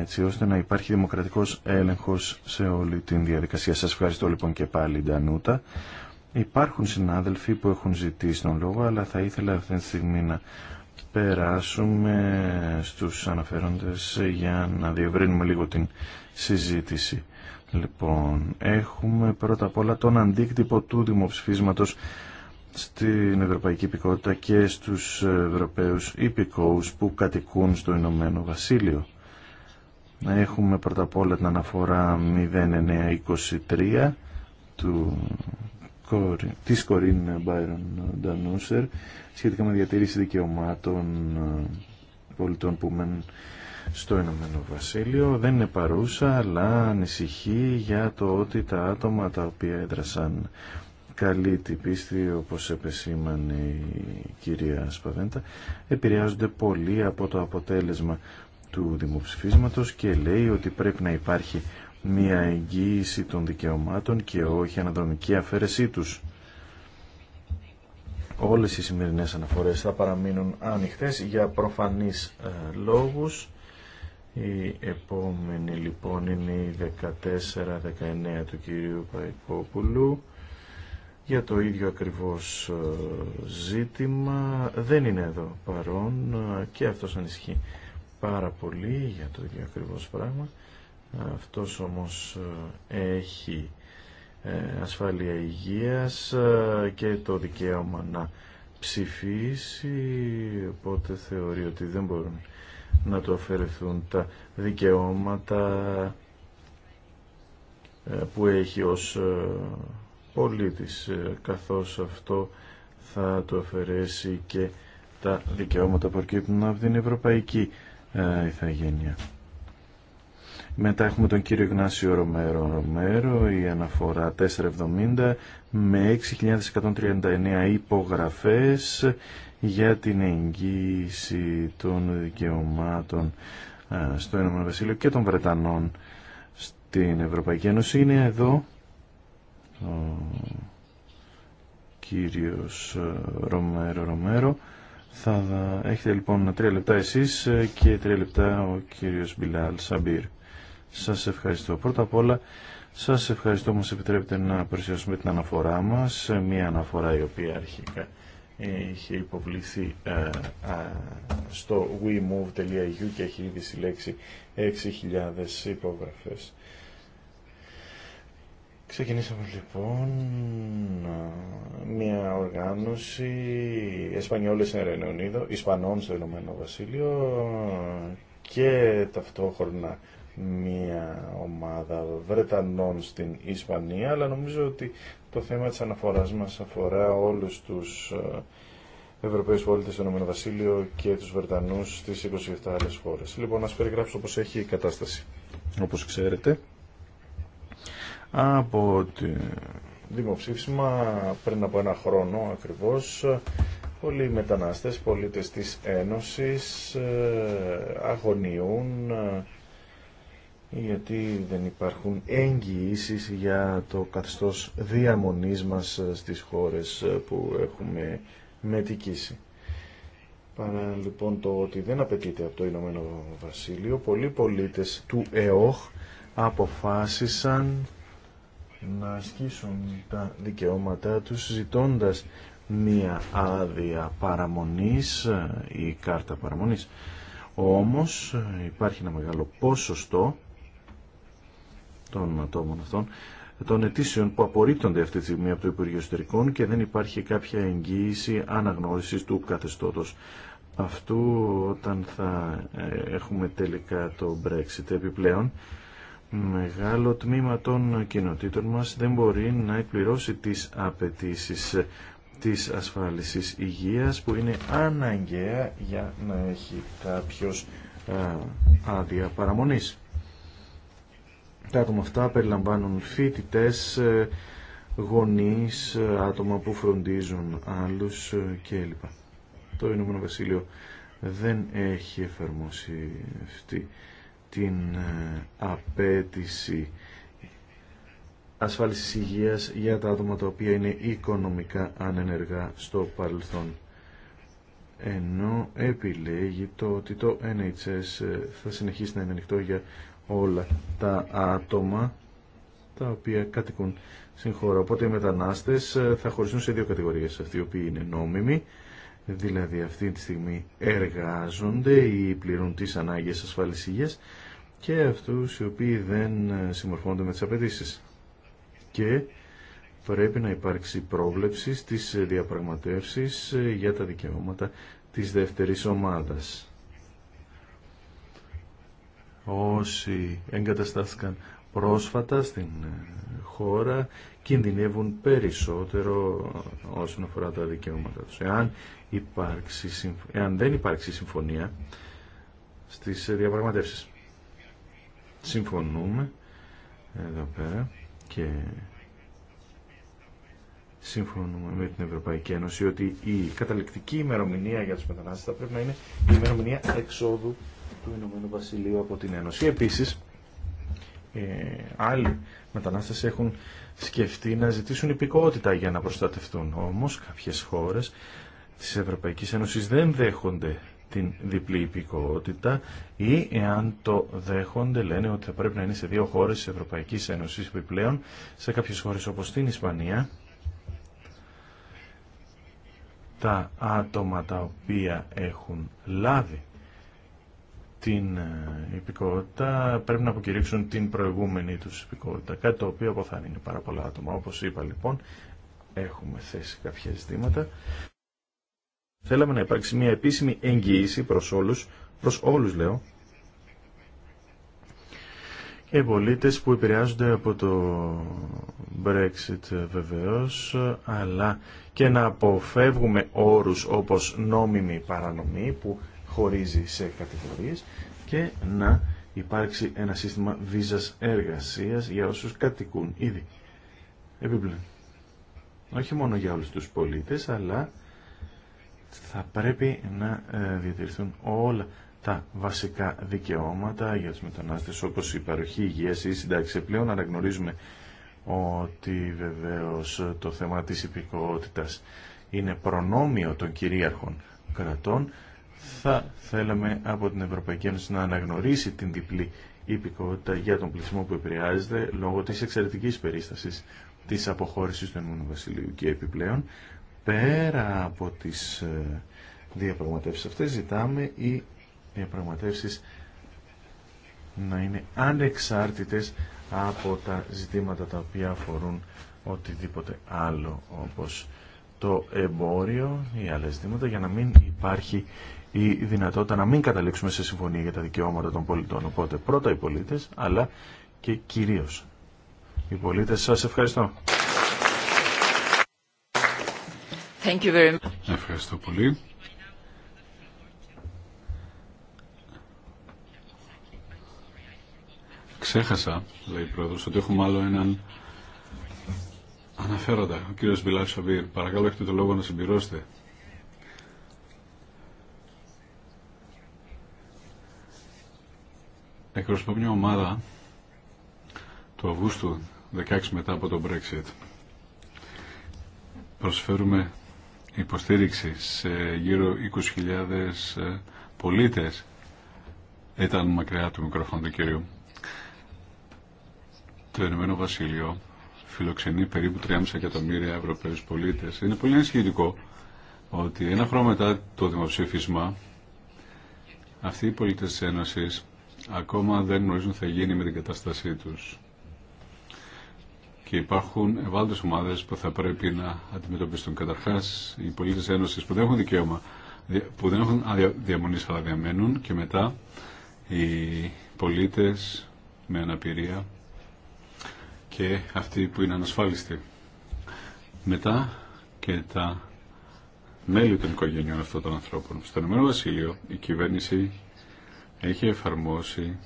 έτσι ώστε να υπάρχει δημοκρατικός έλεγχος σε όλη την διαδικασία. Σας ευχαριστώ λοιπόν και πάλι Ντανούτα. Υπάρχουν συνάδελφοι που έχουν ζητήσει τον λόγο, αλλά θα ήθελα αυτή τη στιγμή να περάσουμε στους αναφέροντες για να διευρύνουμε λίγο την συζήτηση. Λοιπόν, έχουμε πρώτα απ' όλα τον αντίκτυπο του δημοψηφίσματος στην ευρωπαϊκή υπηκότητα και στους ευρωπαίους υπηκόους που κατοικούν στο Ηνωμένο Βασίλειο. Έχουμε πρώτα απ' όλα την αναφορά 0923 του τη Κορίν Μπάιρον Ντανούσερ σχετικά με διατήρηση δικαιωμάτων ε, πολιτών που μένουν στο Ηνωμένο Βασίλειο. Δεν είναι παρούσα, αλλά ανησυχεί για το ότι τα άτομα τα οποία έδρασαν καλή την πίστη, όπως επεσήμανε η κυρία Σπαβέντα, επηρεάζονται πολύ από το αποτέλεσμα του δημοψηφίσματος και λέει ότι πρέπει να υπάρχει μια εγγύηση των δικαιωμάτων και όχι αναδρομική αφαίρεσή τους. Όλες οι σημερινές αναφορές θα παραμείνουν ανοιχτές για προφανείς ε, λόγους. Η επόμενη λοιπόν είναι η 14-19 του κυρίου Παϊκόπουλου για το ίδιο ακριβώς ε, ζήτημα. Δεν είναι εδώ παρόν ε, και αυτός ανησυχεί πάρα πολύ για το ίδιο ακριβώς πράγμα. Αυτός όμως ε, έχει ε, ασφάλεια υγείας ε, και το δικαίωμα να ψηφίσει, οπότε θεωρεί ότι δεν μπορούν να του αφαιρεθούν τα δικαιώματα που έχει ως πολίτης, καθώς αυτό θα του αφαιρέσει και τα δικαιώματα που προκύπτουν από την ευρωπαϊκή ηθαγένεια. Μετά έχουμε τον κύριο Γνάσιο Ρομέρο Ρομέρο, η αναφορά 470 με 6.139 υπογραφές για την εγγύηση των δικαιωμάτων στο Ηνωμένο Βασίλειο και των Βρετανών στην Ευρωπαϊκή Ένωση. Είναι εδώ ο κύριος Ρομέρο Ρομέρο. Θα έχετε λοιπόν τρία λεπτά εσείς και τρία λεπτά ο κύριος Μπιλάλ Σαμπίρ. Σας ευχαριστώ. Πρώτα απ' όλα, σας ευχαριστώ που μας επιτρέπετε να παρουσιάσουμε την αναφορά μας, μια αναφορά η οποία αρχικά είχε υποβληθεί ε, στο wemove.eu και έχει ήδη συλλέξει 6.000 υπογραφές. Ξεκινήσαμε λοιπόν μια οργάνωση Εσπανιόλες Ερενεωνίδο, Ισπανών στο Ηνωμένο Βασίλειο και ταυτόχρονα μια ομάδα Βρετανών στην Ισπανία, αλλά νομίζω ότι το θέμα της αναφοράς μας αφορά όλους τους ε, Ευρωπαίους πολίτες του και τους Βρετανούς στις 27 άλλες χώρες. Λοιπόν, ας περιγράψω πώς έχει η κατάσταση. Όπως ξέρετε, από το δημοψήφισμα πριν από ένα χρόνο ακριβώς, πολλοί μετανάστες, πολίτες της Ένωσης ε, αγωνιούν ε, γιατί δεν υπάρχουν εγγυήσει για το καθεστώς διαμονής μας στις χώρες που έχουμε μετικήσει. Παρά λοιπόν το ότι δεν απαιτείται από το Ηνωμένο Βασίλειο, πολλοί πολίτες του ΕΟΧ αποφάσισαν να ασκήσουν τα δικαιώματά τους ζητώντας μία άδεια παραμονής ή ε, κάρτα παραμονής. Όμως ε, υπάρχει ένα μεγάλο ποσοστό των ατόμων αυτών των αιτήσεων που απορρίπτονται αυτή τη στιγμή από το Υπουργείο Εσωτερικών και δεν υπάρχει κάποια εγγύηση αναγνώρισης του καθεστώτος αυτού όταν θα ε, έχουμε τελικά το Brexit επιπλέον. Μεγάλο τμήμα των κοινοτήτων μας δεν μπορεί να εκπληρώσει τις απαιτήσει της ασφάλισης υγείας που είναι αναγκαία για να έχει κάποιος ε, άδεια παραμονής. Τα άτομα αυτά περιλαμβάνουν φοιτητέ, ε, γονείς, ε, άτομα που φροντίζουν άλλους ε, κλπ. Το Ηνωμένο Βασίλειο δεν έχει εφαρμόσει αυτή την απέτηση ασφάλισης υγείας για τα άτομα τα οποία είναι οικονομικά ανενεργά στο παρελθόν ενώ επιλέγει το ότι το NHS θα συνεχίσει να είναι ανοιχτό για όλα τα άτομα τα οποία κατοικούν στην χώρα. Οπότε οι μετανάστες ε, θα χωριστούν σε δύο κατηγορίες. Αυτοί οι οποίοι είναι νόμιμοι, δηλαδή αυτή τη στιγμή εργάζονται ή πληρούν τις ανάγκες ασφάλισης υγείας και αυτούς οι οποίοι δεν ε, συμμορφώνονται με τις απαιτήσει. Και πρέπει να υπάρξει πρόβλεψη στις διαπραγματεύσεις ε, για τα δικαιώματα της δεύτερης ομάδας όσοι εγκαταστάθηκαν πρόσφατα στην ε, χώρα κινδυνεύουν περισσότερο όσον αφορά τα δικαιώματα τους. Εάν, υπάρξει, εάν δεν υπάρξει συμφωνία στις διαπραγματεύσεις. Συμφωνούμε εδώ πέρα και συμφωνούμε με την Ευρωπαϊκή Ένωση ότι η καταληκτική ημερομηνία για τους μετανάστες θα πρέπει να είναι η ημερομηνία εξόδου του Ηνωμένου Βασιλείου από την Ένωση. Επίσης, ε, άλλοι μετανάστες έχουν σκεφτεί να ζητήσουν υπηκότητα για να προστατευτούν. Όμως κάποιες χώρες της Ευρωπαϊκής Ένωσης δεν δέχονται την διπλή υπηκότητα ή εάν το δέχονται λένε ότι θα πρέπει να είναι σε δύο χώρες της Ευρωπαϊκής Ένωσης επιπλέον σε κάποιες χώρες όπως την Ισπανία τα άτομα τα οποία έχουν λάβει την ε, υπηκότητα πρέπει να αποκηρύξουν την προηγούμενη τους υπηκότητα. Κάτι το οποίο είναι πάρα πολλά άτομα. Όπως είπα λοιπόν, έχουμε θέσει κάποια ζητήματα. Θέλαμε να υπάρξει μια επίσημη εγγυήση προς όλους, προς όλους λέω, οι πολίτε που επηρεάζονται από το Brexit ε, βεβαίως, αλλά και να αποφεύγουμε όρους όπως νόμιμη παρανομή που χωρίζει σε κατηγορίες και να υπάρξει ένα σύστημα βίζας εργασίας για όσους κατοικούν ήδη. Επιπλέον, όχι μόνο για όλους τους πολίτες, αλλά θα πρέπει να ε, διατηρηθούν όλα τα βασικά δικαιώματα για τους μετανάστες όπως η παροχή υγείας ή η συντάξη. Πλέον αναγνωρίζουμε ότι βεβαίως το θέμα της υπηκότητας είναι προνόμιο των κυρίαρχων κρατών θα θέλαμε από την Ευρωπαϊκή Ένωση να αναγνωρίσει την διπλή υπηκότητα για τον πληθυσμό που επηρεάζεται λόγω της εξαιρετικής περίστασης της αποχώρησης του Ενμούνου Βασιλείου και επιπλέον πέρα από τις ε, διαπραγματεύσεις αυτές ζητάμε οι διαπραγματεύσεις να είναι ανεξάρτητες από τα ζητήματα τα οποία αφορούν οτιδήποτε άλλο όπως το εμπόριο ή άλλα ζητήματα για να μην υπάρχει η δυνατότητα να μην καταλήξουμε σε συμφωνία για τα δικαιώματα των πολιτών. Οπότε πρώτα οι πολίτες, αλλά και κυρίως οι πολίτες. Σας ευχαριστώ. Thank you very much. Ευχαριστώ πολύ. Ξέχασα, λέει η Πρόεδρος, ότι έχουμε άλλο έναν αναφέροντα, ο κύριος Μπιλάρ Σαβίρ. Παρακαλώ έχετε το λόγο να συμπληρώσετε. εκπροσωπώ μια ομάδα του Αυγούστου 16 μετά από το Brexit. Προσφέρουμε υποστήριξη σε γύρω 20.000 ε, πολίτες ήταν μακριά του μικρόφωνο του κυρίου. Το Ενωμένο Βασίλειο φιλοξενεί περίπου 3,5 εκατομμύρια Ευρωπαίους πολίτες. Είναι πολύ ενισχυτικό ότι ένα χρόνο μετά το δημοψήφισμα αυτοί οι πολίτες της Ένωσης ακόμα δεν γνωρίζουν τι θα γίνει με την κατάστασή του. Και υπάρχουν ευάλωτε ομάδε που θα πρέπει να αντιμετωπιστούν. Καταρχάς, οι πολίτε Ένωση που δεν έχουν δικαίωμα, που δεν έχουν διαμονή αλλά διαμένουν και μετά οι πολίτες με αναπηρία και αυτοί που είναι ανασφάλιστοι. Μετά και τα μέλη των οικογενειών αυτών των ανθρώπων. Στον Ηνωμένο Βασίλειο η κυβέρνηση έχει εφαρμόσει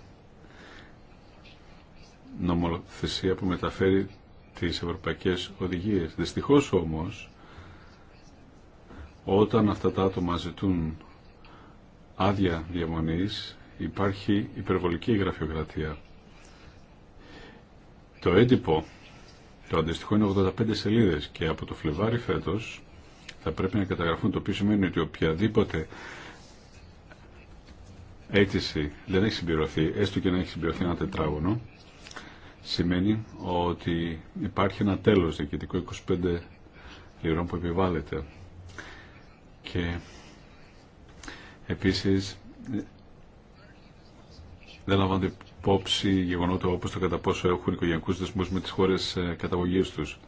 νομοθεσία που μεταφέρει τις ευρωπαϊκές οδηγίες. Δυστυχώς όμως, όταν αυτά τα άτομα ζητούν άδεια διαμονής, υπάρχει υπερβολική γραφειοκρατία. Το έντυπο, το αντιστοιχό είναι 85 σελίδες και από το Φλεβάρι φέτος θα πρέπει να καταγραφούν το οποίο σημαίνει ότι οποιαδήποτε αίτηση δεν έχει συμπληρωθεί, έστω και να έχει συμπληρωθεί ένα τετράγωνο, σημαίνει ότι υπάρχει ένα τέλος διοικητικό 25 λιρών που επιβάλλεται. Και επίσης δεν λαμβάνεται υπόψη γεγονότα όπως το κατά πόσο έχουν οικογενειακούς δεσμούς με τις χώρες ε, καταγωγής τους.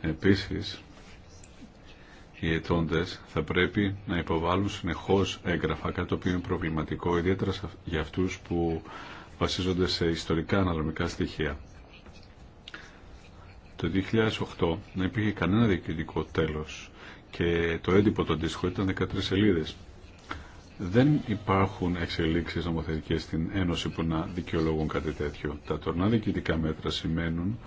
Επίσης, οι ετώντε θα πρέπει να υποβάλουν συνεχώς έγγραφα, κάτι το οποίο είναι προβληματικό, ιδιαίτερα για αυτούς που βασίζονται σε ιστορικά αναλογικά στοιχεία. Το 2008 δεν υπήρχε κανένα διοικητικό τέλος και το έντυπο το αντίστοιχο ήταν 13 σελίδε. Δεν υπάρχουν εξελίξεις νομοθετικέ στην Ένωση που να δικαιολογούν κάτι τέτοιο. Τα τωρινά διοικητικά μέτρα σημαίνουν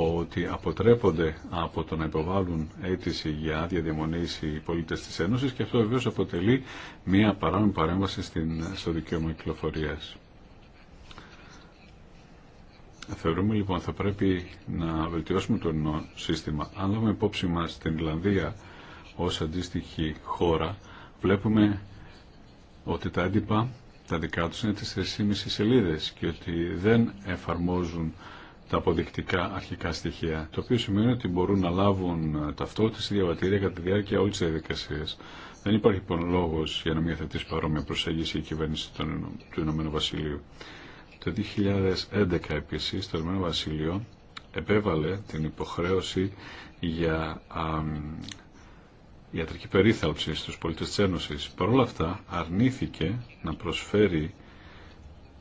ότι αποτρέπονται από το να υποβάλουν αίτηση για άδεια διαμονής οι πολίτες της Ένωσης και αυτό βεβαίως αποτελεί μια παράνομη παρέμβαση στην, στο δικαίωμα κυκλοφορία. Θεωρούμε λοιπόν θα πρέπει να βελτιώσουμε το σύστημα. Αν δούμε υπόψη μα την Ιρλανδία ως αντίστοιχη χώρα, βλέπουμε ότι τα έντυπα τα δικά του είναι τις 3,5 σελίδες και ότι δεν εφαρμόζουν τα αποδεικτικά αρχικά στοιχεία, το οποίο σημαίνει ότι μπορούν να λάβουν ε, ταυτότητα στη διαβατήρια κατά τη διάρκεια όλη τη διαδικασία. Δεν υπάρχει λοιπόν λόγο για να μην θετήσει παρόμοια προσέγγιση η κυβέρνηση του Ηνωμένου Βασιλείου. Το 2011 επίση το Ηνωμένο Βασίλειο επέβαλε την υποχρέωση για α, ιατρική περίθαλψη στους πολίτες της Ένωσης. Παρ' όλα αυτά αρνήθηκε να προσφέρει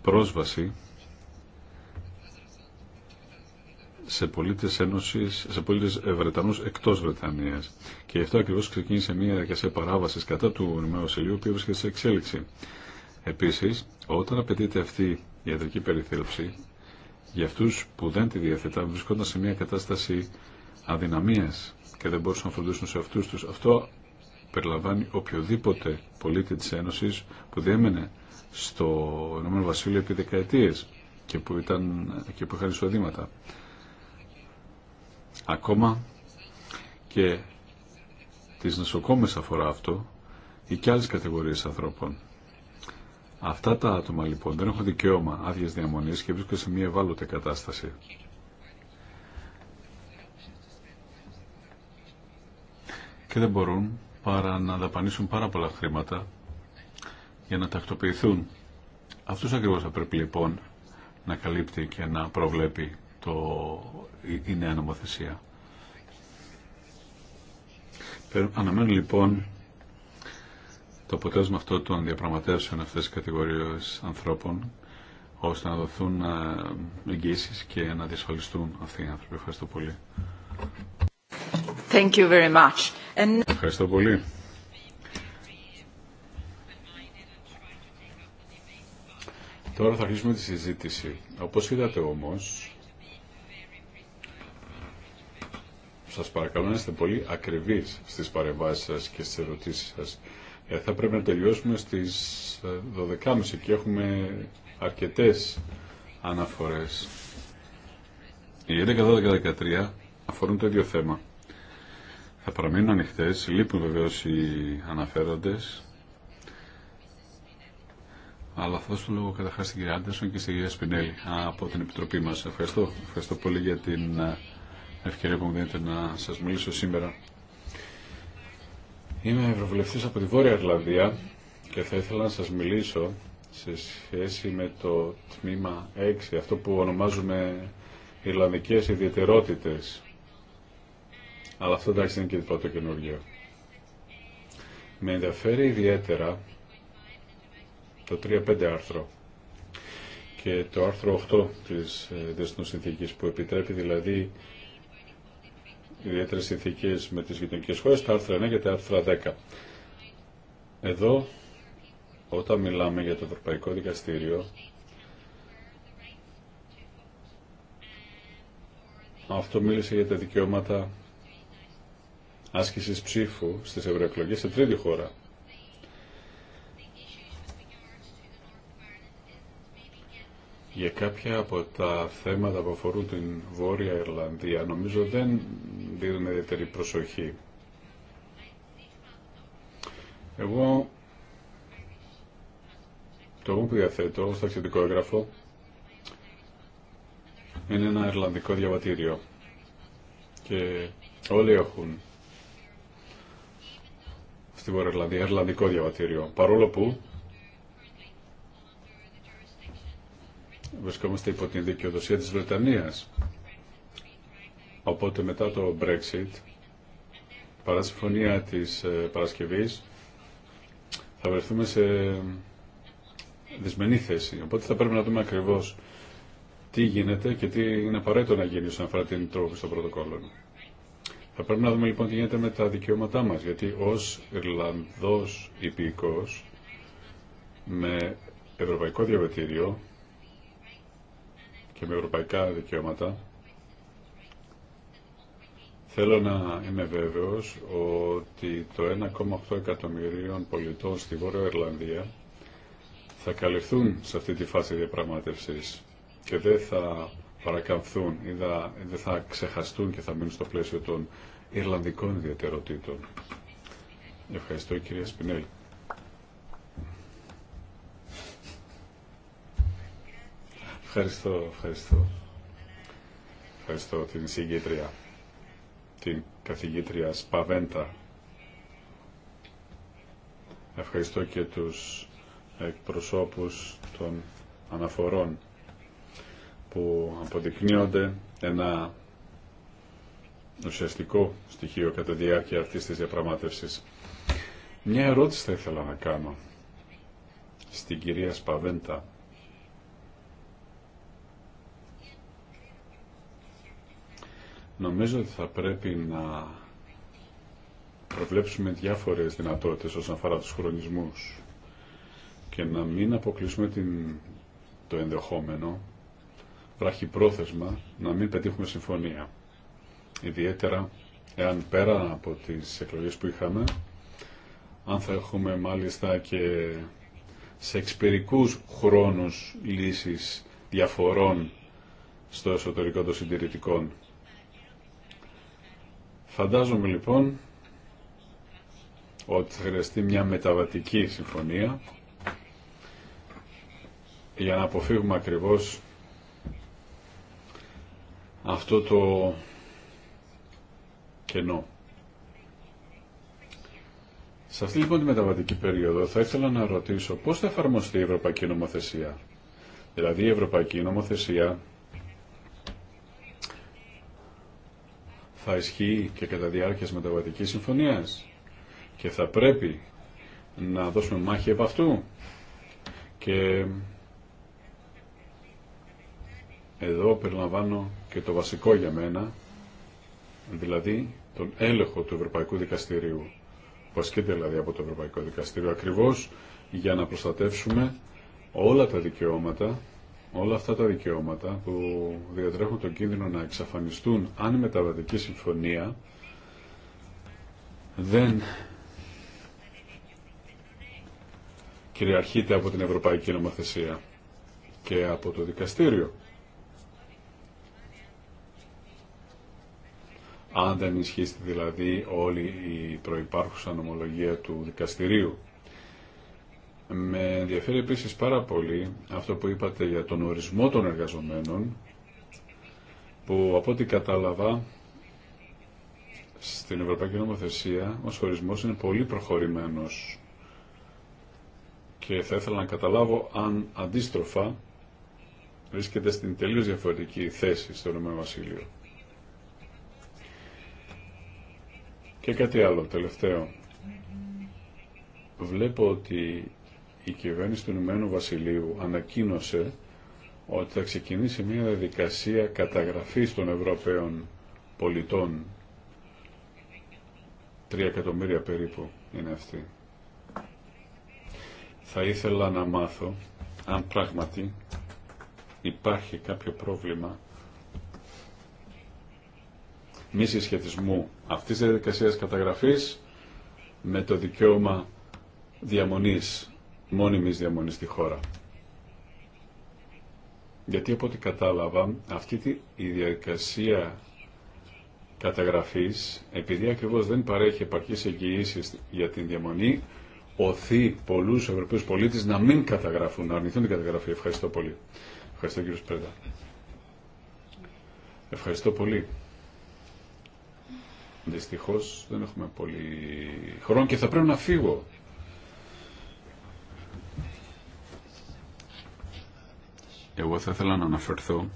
πρόσβαση σε πολίτε ένωσης, σε πολίτες Βρετανούς εκτός Βρετανίας. Και γι' αυτό ακριβώς ξεκίνησε μια διαδικασία παράβαση κατά του Ηνωμένου Βασιλείου, που έβρισκε σε εξέλιξη. Επίσης, όταν απαιτείται αυτή η ιατρική περιθέλψη, για αυτούς που δεν τη διαθέταν, βρισκόταν σε μια κατάσταση αδυναμίας και δεν μπορούσαν να φροντίσουν σε αυτούς τους. Αυτό περιλαμβάνει οποιοδήποτε πολίτη τη Ένωσης που διέμενε στο Ηνωμένο Βασίλειο επί δεκαετίες και που, ήταν, και που είχαν εισοδήματα. Ακόμα και τις νοσοκόμες αφορά αυτό ή και άλλες κατηγορίες ανθρώπων. Αυτά τα άτομα λοιπόν δεν έχουν δικαίωμα άδειε διαμονή και βρίσκονται σε μια ευάλωτη κατάσταση. Και δεν μπορούν παρά να δαπανίσουν πάρα πολλά χρήματα για να τακτοποιηθούν. Αυτούς ακριβώς θα πρέπει λοιπόν να καλύπτει και να προβλέπει το, η νέα νομοθεσία. Αναμένω λοιπόν το αποτέλεσμα αυτό των διαπραγματεύσεων αυτές τις κατηγορίες ανθρώπων ώστε να δοθούν ε, εγγύσει και να διασφαλιστούν αυτοί οι άνθρωποι. Ευχαριστώ πολύ. Thank you very much. Ευχαριστώ πολύ. Τώρα θα αρχίσουμε τη συζήτηση. Όπως είδατε όμως, Σας παρακαλώ να είστε πολύ ακριβείς στις παρεμβάσεις σας και στις ερωτήσεις σας. Ε, θα πρέπει να τελειώσουμε στις 12.30 ε, και έχουμε αρκετές αναφορές. Οι 11, αφορούν το ίδιο θέμα. Θα παραμείνουν ανοιχτέ. Λείπουν βεβαίω οι αναφέροντε. Αλλά θα δώσω λόγο καταρχά στην κυρία Άντερσον και στην κυρία Σπινέλη από την Επιτροπή μα. Ευχαριστώ. Ευχαριστώ πολύ για την ε, ευκαιρία που μου δίνετε να σας μιλήσω σήμερα. Είμαι ευρωβουλευτής από τη Βόρεια Ιρλανδία και θα ήθελα να σας μιλήσω σε σχέση με το τμήμα 6, αυτό που ονομάζουμε Ιρλανδικές ιδιαιτερότητες. Αλλά αυτό εντάξει είναι και το καινούργιο. Με ενδιαφέρει ιδιαίτερα το 3-5 άρθρο και το άρθρο 8 ε, της Διεθνούς Συνθήκης που επιτρέπει δηλαδή Ιδιαίτερε συνθήκε με τις γειτονικέ χώρε τα άρθρα 9 και τα άρθρα 10. Εδώ, όταν μιλάμε για το Ευρωπαϊκό Δικαστήριο, αυτό μίλησε για τα δικαιώματα άσκηση ψήφου στις ευρωεκλογέ σε τρίτη χώρα. Για κάποια από τα θέματα που αφορούν την Βόρεια Ιρλανδία νομίζω δεν δίνουν ιδιαίτερη προσοχή. Εγώ το που διαθέτω στο ταξιδικό έγγραφο είναι ένα Ιρλανδικό διαβατήριο και όλοι έχουν στη Βόρεια Ιρλανδία Ιρλανδικό διαβατήριο παρόλο που βρισκόμαστε υπό την δικαιοδοσία της Βρετανίας. Οπότε μετά το Brexit, παρά συμφωνία της ε, Παρασκευής, θα βρεθούμε σε δυσμενή θέση. Οπότε θα πρέπει να δούμε ακριβώς τι γίνεται και τι είναι απαραίτητο να γίνει όσον αφορά την τρόπο στο πρωτοκόλλο. Θα πρέπει να δούμε λοιπόν τι γίνεται με τα δικαιώματά μας, γιατί ως Ιρλανδός υπηκός με ευρωπαϊκό διαβατήριο και με ευρωπαϊκά δικαιώματα, θέλω να είμαι βέβαιος ότι το 1,8 εκατομμυρίων πολιτών στη Βόρεια Ιρλανδία θα καλυφθούν σε αυτή τη φάση διαπραγμάτευσης και δεν θα παρακαμφθούν ή δεν θα ξεχαστούν και θα μείνουν στο πλαίσιο των Ιρλανδικών ιδιαιτεροτήτων. Ευχαριστώ κυρία Σπινέλη. Ευχαριστώ, ευχαριστώ. Ευχαριστώ την συγκήτρια, την καθηγήτρια Σπαβέντα. Ευχαριστώ και τους εκπροσώπους των αναφορών που αποδεικνύονται ένα ουσιαστικό στοιχείο κατά τη διάρκεια αυτής της διαπραγμάτευσης. Μια ερώτηση θα ήθελα να κάνω στην κυρία Σπαβέντα. Νομίζω ότι θα πρέπει να προβλέψουμε διάφορες δυνατότητες όσον αφορά τους χρονισμούς και να μην αποκλείσουμε την, το ενδεχόμενο βραχυπρόθεσμα να μην πετύχουμε συμφωνία. Ιδιαίτερα εάν πέρα από τις εκλογές που είχαμε, αν θα έχουμε μάλιστα και σε εξπερικούς χρόνους λύσεις διαφορών στο εσωτερικό των συντηρητικών Φαντάζομαι λοιπόν ότι θα χρειαστεί μια μεταβατική συμφωνία για να αποφύγουμε ακριβώς αυτό το κενό. Σε αυτή λοιπόν τη μεταβατική περίοδο θα ήθελα να ρωτήσω πώς θα εφαρμοστεί η Ευρωπαϊκή Νομοθεσία. Δηλαδή η Ευρωπαϊκή Νομοθεσία θα ισχύει και κατά διάρκεια μεταβατική συμφωνίας και θα πρέπει να δώσουμε μάχη επ' αυτού και εδώ περιλαμβάνω και το βασικό για μένα δηλαδή τον έλεγχο του Ευρωπαϊκού Δικαστηρίου που ασκείται δηλαδή από το Ευρωπαϊκό Δικαστήριο ακριβώς για να προστατεύσουμε όλα τα δικαιώματα όλα αυτά τα δικαιώματα που διατρέχουν τον κίνδυνο να εξαφανιστούν αν η μεταβατική συμφωνία δεν κυριαρχείται από την Ευρωπαϊκή Νομοθεσία και από το Δικαστήριο. Αν δεν ισχύσει δηλαδή όλη η προϋπάρχουσα νομολογία του Δικαστηρίου με ενδιαφέρει επίσης πάρα πολύ αυτό που είπατε για τον ορισμό των εργαζομένων που από ό,τι κατάλαβα στην Ευρωπαϊκή Νομοθεσία ο ορισμός είναι πολύ προχωρημένος και θα ήθελα να καταλάβω αν αντίστροφα βρίσκεται στην τελείως διαφορετική θέση στο Ρωμαίο Βασίλειο. Και κάτι άλλο τελευταίο. Βλέπω ότι η κυβέρνηση του Ηνωμένου Βασιλείου ανακοίνωσε ότι θα ξεκινήσει μια διαδικασία καταγραφής των Ευρωπαίων πολιτών. Τρία εκατομμύρια περίπου είναι αυτή Θα ήθελα να μάθω αν πράγματι υπάρχει κάποιο πρόβλημα μη συσχετισμού αυτής της διαδικασίας καταγραφής με το δικαίωμα διαμονής μόνιμης διαμονής στη χώρα. Γιατί από ό,τι κατάλαβα, αυτή η διαδικασία καταγραφής, επειδή ακριβώς δεν παρέχει επαρκείς εγγυήσεις για την διαμονή, οθεί πολλούς Ευρωπαίους πολίτες να μην καταγραφούν, να αρνηθούν την καταγραφή. Ευχαριστώ πολύ. Ευχαριστώ κύριο Σπρέντα. Ευχαριστώ πολύ. Δυστυχώς δεν έχουμε πολύ χρόνο και θα πρέπει να φύγω. Εγώ θα ήθελα να αναφερθώ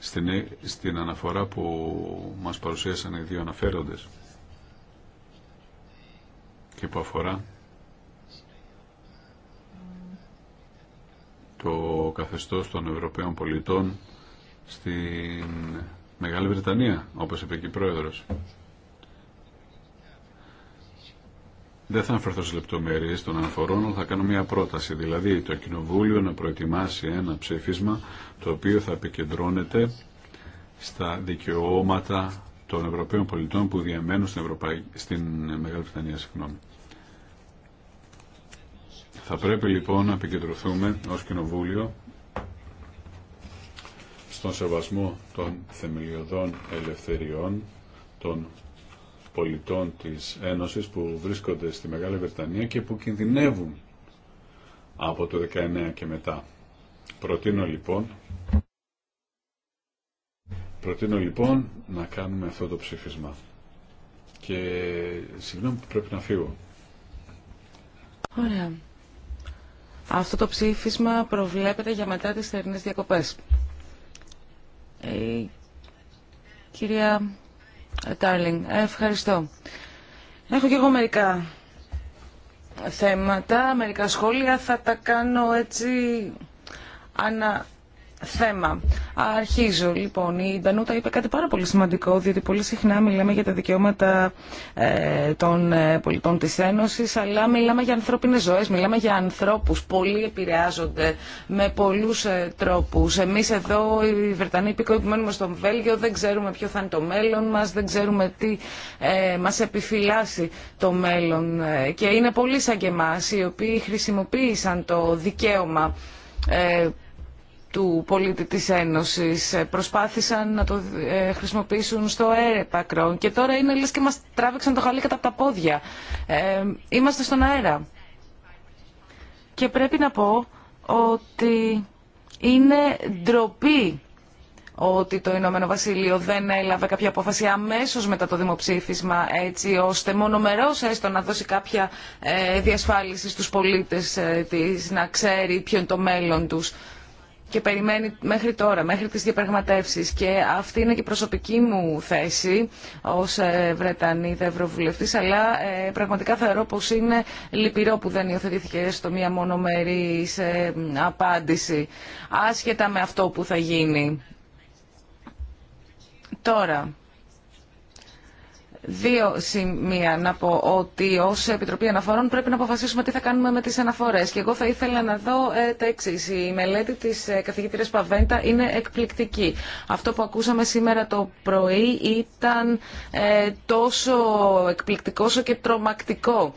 στην, στην αναφορά που μας παρουσίασαν οι δύο αναφέροντες και που αφορά το καθεστώς των Ευρωπαίων πολιτών στην Μεγάλη Βρετανία, όπως είπε και η Πρόεδρος. Δεν θα αναφερθώ σε λεπτομέρειε των αναφορών, θα κάνω μια πρόταση. Δηλαδή, το Κοινοβούλιο να προετοιμάσει ένα ψήφισμα το οποίο θα επικεντρώνεται στα δικαιώματα των Ευρωπαίων πολιτών που διαμένουν στην, στην Μεγάλη Βρετανία. Συγγνώμη. Θα πρέπει λοιπόν να επικεντρωθούμε ως Κοινοβούλιο στον σεβασμό των θεμελιωδών ελευθεριών των πολιτών της Ένωσης που βρίσκονται στη Μεγάλη Βρετανία και που κινδυνεύουν από το 19 και μετά. Προτείνω λοιπόν, προτείνω λοιπόν να κάνουμε αυτό το ψήφισμα. Και συγγνώμη που πρέπει να φύγω. Ωραία. Αυτό το ψήφισμα προβλέπεται για μετά τις θερινές διακοπές. Ε, κυρία Τάρλινγκ. Ε, ε, ευχαριστώ. Έχω και εγώ μερικά θέματα, μερικά σχόλια. Θα τα κάνω έτσι ανα θέμα. Αρχίζω λοιπόν. Η Ντανούτα είπε κάτι πάρα πολύ σημαντικό, διότι πολύ συχνά μιλάμε για τα δικαιώματα ε, των ε, πολιτών της Ένωσης, αλλά μιλάμε για ανθρώπινες ζωές, μιλάμε για ανθρώπους. Πολλοί επηρεάζονται με πολλούς ε, τρόπους. Εμείς εδώ οι Βρετανοί που μένουμε στο Βέλγιο, δεν ξέρουμε ποιο θα είναι το μέλλον μας, δεν ξέρουμε τι ε, μας επιφυλάσσει το μέλλον. Ε, και είναι πολλοί σαν και εμάς, οι οποίοι χρησιμοποίησαν το δικαίωμα του πολίτη της Ένωσης. Προσπάθησαν να το ε, χρησιμοποιήσουν στο ΕΡΕΠΑΚΡΟΝ και τώρα είναι λες και μας τράβηξαν το χαλί κατά τα πόδια. Ε, είμαστε στον αέρα. Και πρέπει να πω ότι είναι ντροπή ότι το Ηνωμένο Βασίλειο δεν έλαβε κάποια απόφαση αμέσως μετά το δημοψήφισμα έτσι ώστε μονομερός έστω να δώσει κάποια ε, διασφάλιση στους πολίτες ε, της, να ξέρει ποιο είναι το μέλλον τους και περιμένει μέχρι τώρα, μέχρι τις διαπραγματεύσεις και αυτή είναι και η προσωπική μου θέση ως ε, Βρετανίδα Ευρωβουλευτής αλλά ε, πραγματικά θεωρώ πως είναι λυπηρό που δεν υιοθετήθηκε στο μία μονομερή σε απάντηση άσχετα με αυτό που θα γίνει. Τώρα, δύο σημεία να πω ότι ω Επιτροπή Αναφορών πρέπει να αποφασίσουμε τι θα κάνουμε με τι αναφορέ. Και εγώ θα ήθελα να δω ε, τα εξή. Η μελέτη τη ε, καθηγήτρια Παβέντα είναι εκπληκτική. Αυτό που ακούσαμε σήμερα το πρωί ήταν ε, τόσο εκπληκτικό όσο και τρομακτικό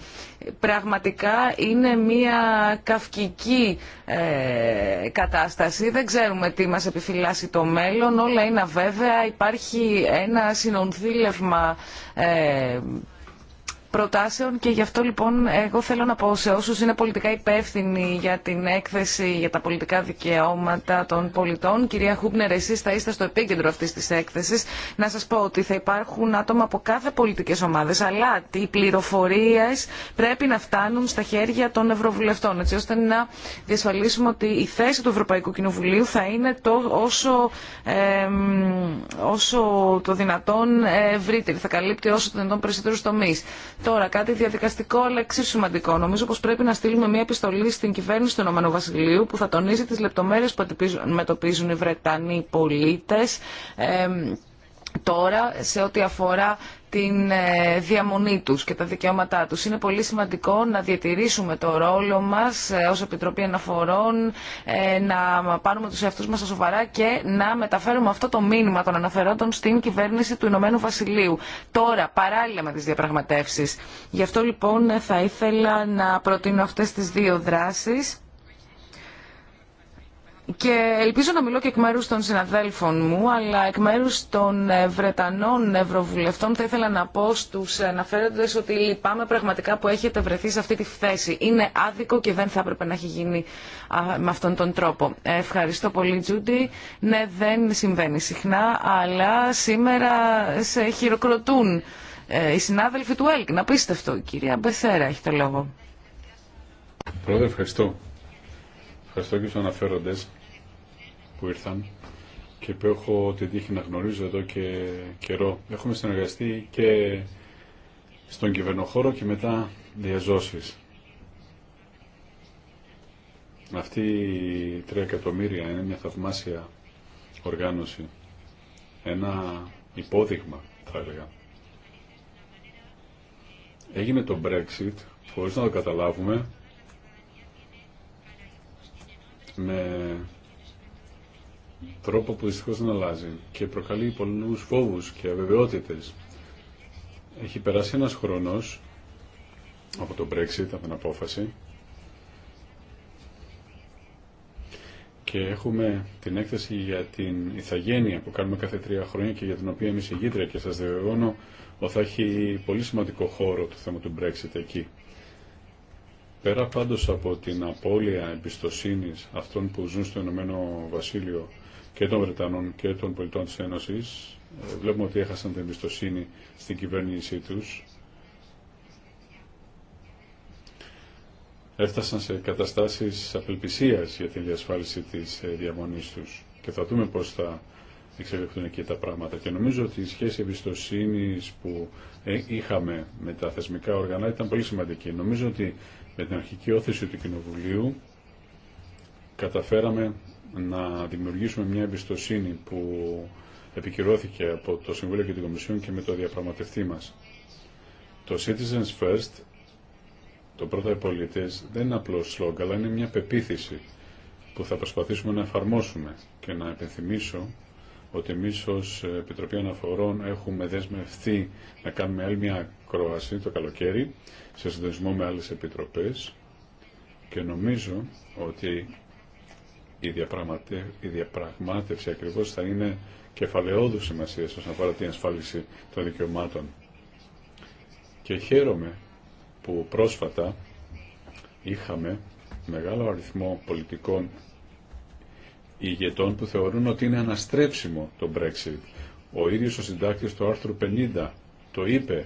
πραγματικά είναι μια καυκική ε, κατάσταση. Δεν ξέρουμε τι μας επιφυλάσσει το μέλλον, όλα είναι αβέβαια. Υπάρχει ένα συνονθήλευμα ε, προτάσεων και γι' αυτό λοιπόν εγώ θέλω να πω σε όσους είναι πολιτικά υπεύθυνοι για την έκθεση για τα πολιτικά δικαιώματα των πολιτών, κυρία Χούμπνερ εσείς θα είστε στο επίκεντρο αυτής της έκθεσης, να σας πω ότι θα υπάρχουν άτομα από κάθε πολιτικές ομάδες, αλλά οι πληροφορίες πρέπει να φτάνουν στα χέρια των ευρωβουλευτών, έτσι ώστε να διασφαλίσουμε ότι η θέση του Ευρωπαϊκού Κοινοβουλίου θα είναι το όσο, όσο το δυνατόν ευρύτερη, θα καλύπτει όσο το δυνατόν περισσότερου τομείς. Τώρα, κάτι διαδικαστικό αλλά εξίσου σημαντικό. Νομίζω πω πρέπει να στείλουμε μια επιστολή στην κυβέρνηση του Ηνωμένου Βασιλείου που θα τονίζει τι λεπτομέρειε που αντιμετωπίζουν οι Βρετανοί πολίτε τώρα σε ό,τι αφορά την ε, διαμονή τους και τα δικαιώματά τους. Είναι πολύ σημαντικό να διατηρήσουμε το ρόλο μας ε, ως Επιτροπή Αναφορών, ε, να πάρουμε τους εαυτούς μας στα σοβαρά και να μεταφέρουμε αυτό το μήνυμα των αναφερόντων στην κυβέρνηση του Ηνωμένου Βασιλείου. Τώρα, παράλληλα με τις διαπραγματεύσεις. Γι' αυτό λοιπόν θα ήθελα να προτείνω αυτές τις δύο δράσεις και ελπίζω να μιλώ και εκ μέρου των συναδέλφων μου, αλλά εκ μέρου των ε, Βρετανών Ευρωβουλευτών θα ήθελα να πω στου αναφέροντε ότι λυπάμαι πραγματικά που έχετε βρεθεί σε αυτή τη θέση. Είναι άδικο και δεν θα έπρεπε να έχει γίνει με αυτόν τον τρόπο. Ε, ευχαριστώ πολύ Τζούντι. Ναι, δεν συμβαίνει συχνά, αλλά σήμερα σε χειροκροτούν ε, οι συνάδελφοι του ΕΛΚ. Να πείστε αυτό. Κυρία Μπεσέρα έχει το λόγο. Πρόεδρε, ευχαριστώ. Ευχαριστώ και του αναφέροντε που ήρθαν και που έχω την τύχη να γνωρίζω εδώ και καιρό. Έχουμε συνεργαστεί και στον κυβερνοχώρο και μετά διαζώσεις. Αυτή η 3 εκατομμύρια είναι μια θαυμάσια οργάνωση. Ένα υπόδειγμα θα έλεγα. Έγινε το Brexit, χωρίς να το καταλάβουμε, με τρόπο που δυστυχώς δεν αλλάζει και προκαλεί πολλούς φόβους και αβεβαιότητες. Έχει περάσει ένας χρόνος από το Brexit, από την απόφαση και έχουμε την έκθεση για την ηθαγένεια που κάνουμε κάθε τρία χρόνια και για την οποία είμαι συγγήτρια και σας διαβεβαιώνω ότι θα έχει πολύ σημαντικό χώρο το θέμα του Brexit εκεί. Πέρα πάντως από την απώλεια εμπιστοσύνης αυτών που ζουν στο Ηνωμένο Βασίλειο και των Βρετανών και των πολιτών της Ένωσης, βλέπουμε ότι έχασαν την εμπιστοσύνη στην κυβέρνησή τους. Έφτασαν σε καταστάσεις απελπισίας για τη διασφάλιση της ε, διαμονής τους και θα δούμε πώς θα εξελιχθούν εκεί τα πράγματα. Και νομίζω ότι η σχέση εμπιστοσύνη που ε, είχαμε με τα θεσμικά όργανα ήταν πολύ σημαντική. Νομίζω ότι με την αρχική όθηση του Κοινοβουλίου καταφέραμε να δημιουργήσουμε μια εμπιστοσύνη που επικυρώθηκε από το Συμβούλιο και την Κομισιόν και με το διαπραγματευτή μας. Το Citizens First, το πρώτο οι δεν είναι απλό σλόγγ, αλλά είναι μια πεποίθηση που θα προσπαθήσουμε να εφαρμόσουμε και να επενθυμίσω ότι εμείς ως Επιτροπή Αναφορών έχουμε δεσμευτεί να κάνουμε άλλη μια ακρόαση το καλοκαίρι σε συνδυασμό με άλλες επιτροπές και νομίζω ότι η, διαπραγματε... η διαπραγμάτευση ακριβώς θα είναι κεφαλαιόδου σημασία όσον αφορά την ασφάλιση των δικαιωμάτων. Και χαίρομαι που πρόσφατα είχαμε μεγάλο αριθμό πολιτικών ηγετών που θεωρούν ότι είναι αναστρέψιμο το Brexit. Ο ίδιος ο συντάκτης του άρθρου 50 το είπε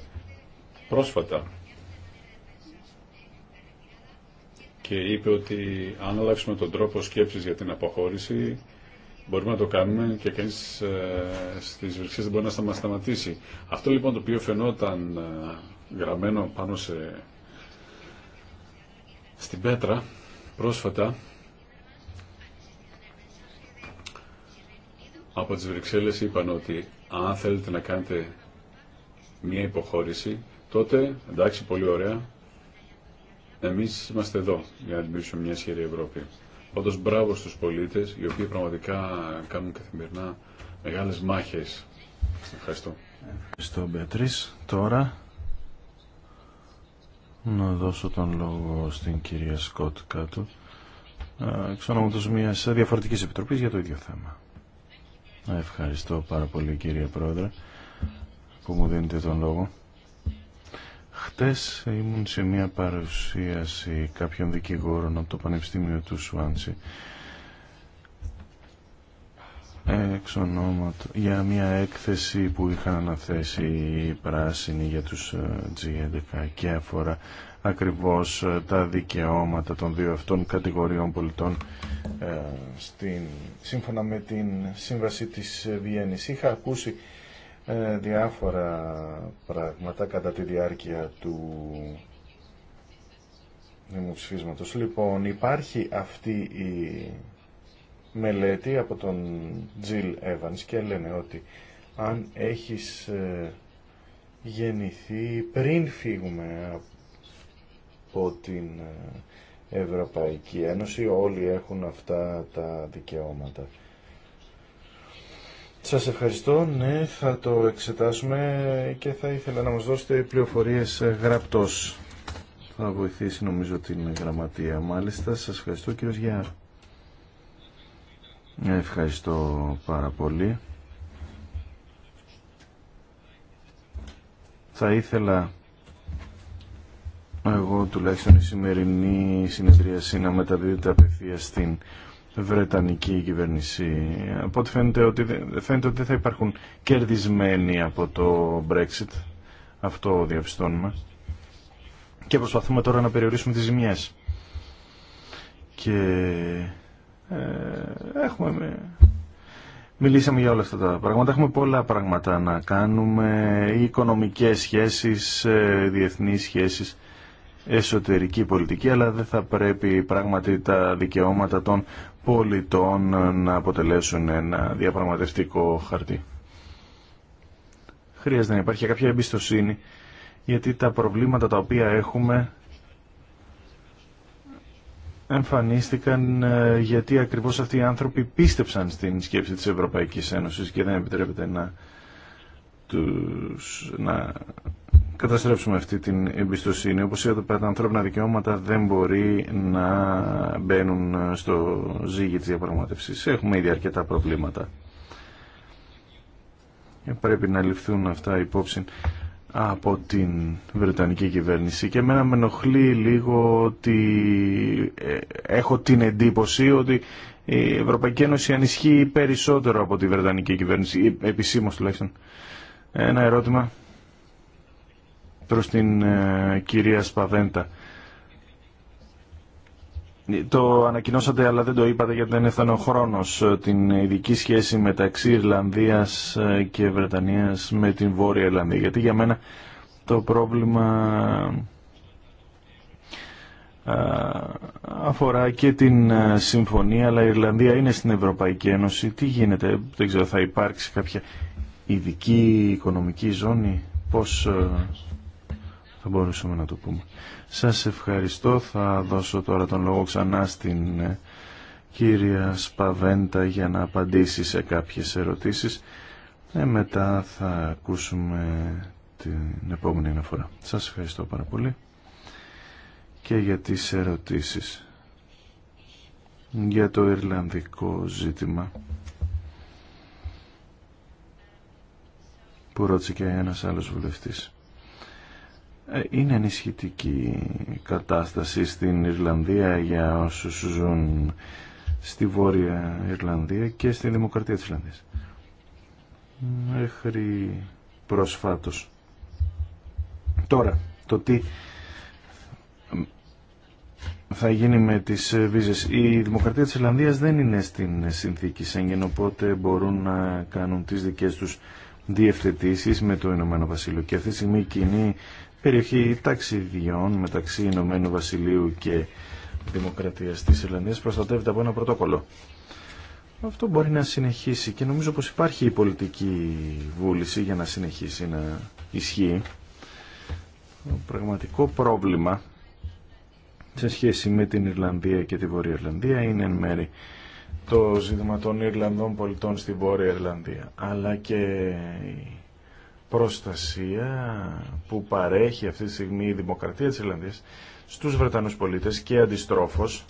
πρόσφατα και είπε ότι αν αλλάξουμε τον τρόπο σκέψης για την αποχώρηση μπορούμε να το κάνουμε και κανείς ε, στις Βρυξές δεν μπορεί να μας σταματήσει. Αυτό λοιπόν το οποίο φαινόταν ε, γραμμένο πάνω σε... στην πέτρα πρόσφατα από τις Βρυξέλλες είπαν ότι αν θέλετε να κάνετε μια υποχώρηση τότε, εντάξει, πολύ ωραία, Εμεί είμαστε εδώ για να δημιουργήσουμε μια ισχυρή Ευρώπη. Όντω μπράβο στου πολίτε οι οποίοι πραγματικά κάνουν καθημερινά μεγάλε μάχε. Ευχαριστώ. Ευχαριστώ, Μπέτρη. Τώρα να δώσω τον λόγο στην κυρία Σκότ κάτω εξ μια μια διαφορετική επιτροπή για το ίδιο θέμα. Ευχαριστώ πάρα πολύ κύριε Πρόεδρε που μου δίνετε τον λόγο. Χτες ήμουν σε μια παρουσίαση κάποιων δικηγόρων από το Πανεπιστήμιο του Σουάντσι εξ για μια έκθεση που είχαν αναθέσει οι πράσινοι για τους G11 ε, και αφορά ακριβώς ε, τα δικαιώματα των δύο αυτών κατηγοριών πολιτών ε, στην, σύμφωνα με την σύμβαση της Βιέννης. Είχα ακούσει ε, διάφορα πράγματα κατά τη διάρκεια του δημοψηφίσματος. Λοιπόν, υπάρχει αυτή η μελέτη από τον Τζιλ Evans και λένε ότι αν έχεις ε, γεννηθεί πριν φύγουμε από την ε, Ευρωπαϊκή Ένωση, όλοι έχουν αυτά τα δικαιώματα. Σας ευχαριστώ. Ναι, θα το εξετάσουμε και θα ήθελα να μας δώσετε πληροφορίες γραπτός. Θα βοηθήσει νομίζω την γραμματεία. Μάλιστα, σας ευχαριστώ κύριος Γιάρ. Ευχαριστώ πάρα πολύ. Θα ήθελα εγώ τουλάχιστον η σημερινή συνεδρίαση να μεταδίδεται απευθεία στην Βρετανική κυβέρνηση. Από ό,τι φαίνεται ότι, φαίνεται ότι δεν θα υπάρχουν κερδισμένοι από το Brexit. Αυτό διαπιστώνουμε. Και προσπαθούμε τώρα να περιορίσουμε τις ζημιές. Και ε, έχουμε... Μιλήσαμε για όλα αυτά τα πράγματα. Έχουμε πολλά πράγματα να κάνουμε. Οι οικονομικές σχέσεις, ε, διεθνείς σχέσεις εσωτερική πολιτική, αλλά δεν θα πρέπει πράγματι τα δικαιώματα των πολιτών να αποτελέσουν ένα διαπραγματευτικό χαρτί. Χρειάζεται να υπάρχει κάποια εμπιστοσύνη, γιατί τα προβλήματα τα οποία έχουμε εμφανίστηκαν ε, γιατί ακριβώς αυτοί οι άνθρωποι πίστεψαν στην σκέψη της Ευρωπαϊκής Ένωσης και δεν επιτρέπεται να τους να καταστρέψουμε αυτή την εμπιστοσύνη. Όπως είπατε, τα ανθρώπινα δικαιώματα δεν μπορεί να μπαίνουν στο ζύγι της διαπραγματευσής. Έχουμε ήδη αρκετά προβλήματα. Ε, πρέπει να ληφθούν αυτά υπόψη από την Βρετανική κυβέρνηση και εμένα με ενοχλεί λίγο ότι ε, έχω την εντύπωση ότι η Ευρωπαϊκή Ένωση ανισχύει περισσότερο από τη Βρετανική κυβέρνηση, ε, επισήμως τουλάχιστον. Ένα ερώτημα προς την ε, κυρία Σπαβέντα. Το ανακοινώσατε αλλά δεν το είπατε γιατί δεν έφτανε ο χρόνος την ειδική σχέση μεταξύ Ιρλανδίας ε, και Βρετανίας με την Βόρεια Ιρλανδία. Γιατί για μένα το πρόβλημα ε, αφορά και την συμφωνία αλλά η Ιρλανδία είναι στην Ευρωπαϊκή Ένωση. Τι γίνεται, δεν ξέρω, θα υπάρξει κάποια ειδική οικονομική ζώνη, πώς θα μπορούσαμε να το πούμε. Σας ευχαριστώ. Θα δώσω τώρα τον λόγο ξανά στην ε, κύρια Σπαβέντα για να απαντήσει σε κάποιες ερωτήσεις. Ε, μετά θα ακούσουμε την επόμενη αναφορά. Σας ευχαριστώ πάρα πολύ και για τις ερωτήσεις για το Ιρλανδικό ζήτημα που ρώτησε και ένας άλλος βουλευτής. Ε, είναι ενισχυτική η κατάσταση στην Ιρλανδία για όσους ζουν στη Βόρεια Ιρλανδία και στη Δημοκρατία της Ιρλανδίας. Μέχρι προσφάτως. Τώρα, το τι θα γίνει με τις βίζες. Η Δημοκρατία της Ιρλανδίας δεν είναι στην συνθήκη Σέγγεν, οπότε μπορούν να κάνουν τις δικές τους διευθετήσεις με το Ηνωμένο Βασίλειο. Και αυτή τη στιγμή περιοχή ταξιδιών μεταξύ Ηνωμένου Βασιλείου και Δημοκρατίας της Ιρλανδίας προστατεύεται από ένα πρωτόκολλο. Αυτό μπορεί να συνεχίσει και νομίζω πως υπάρχει η πολιτική βούληση για να συνεχίσει να ισχύει. Το πραγματικό πρόβλημα σε σχέση με την Ιρλανδία και τη Βόρεια Ιρλανδία είναι εν μέρη το ζήτημα των Ιρλανδών πολιτών στη Βόρεια Ιρλανδία αλλά και προστασία που παρέχει αυτή τη στιγμή η δημοκρατία της Ιρλανδίας στους Βρετανούς πολίτες και αντιστρόφως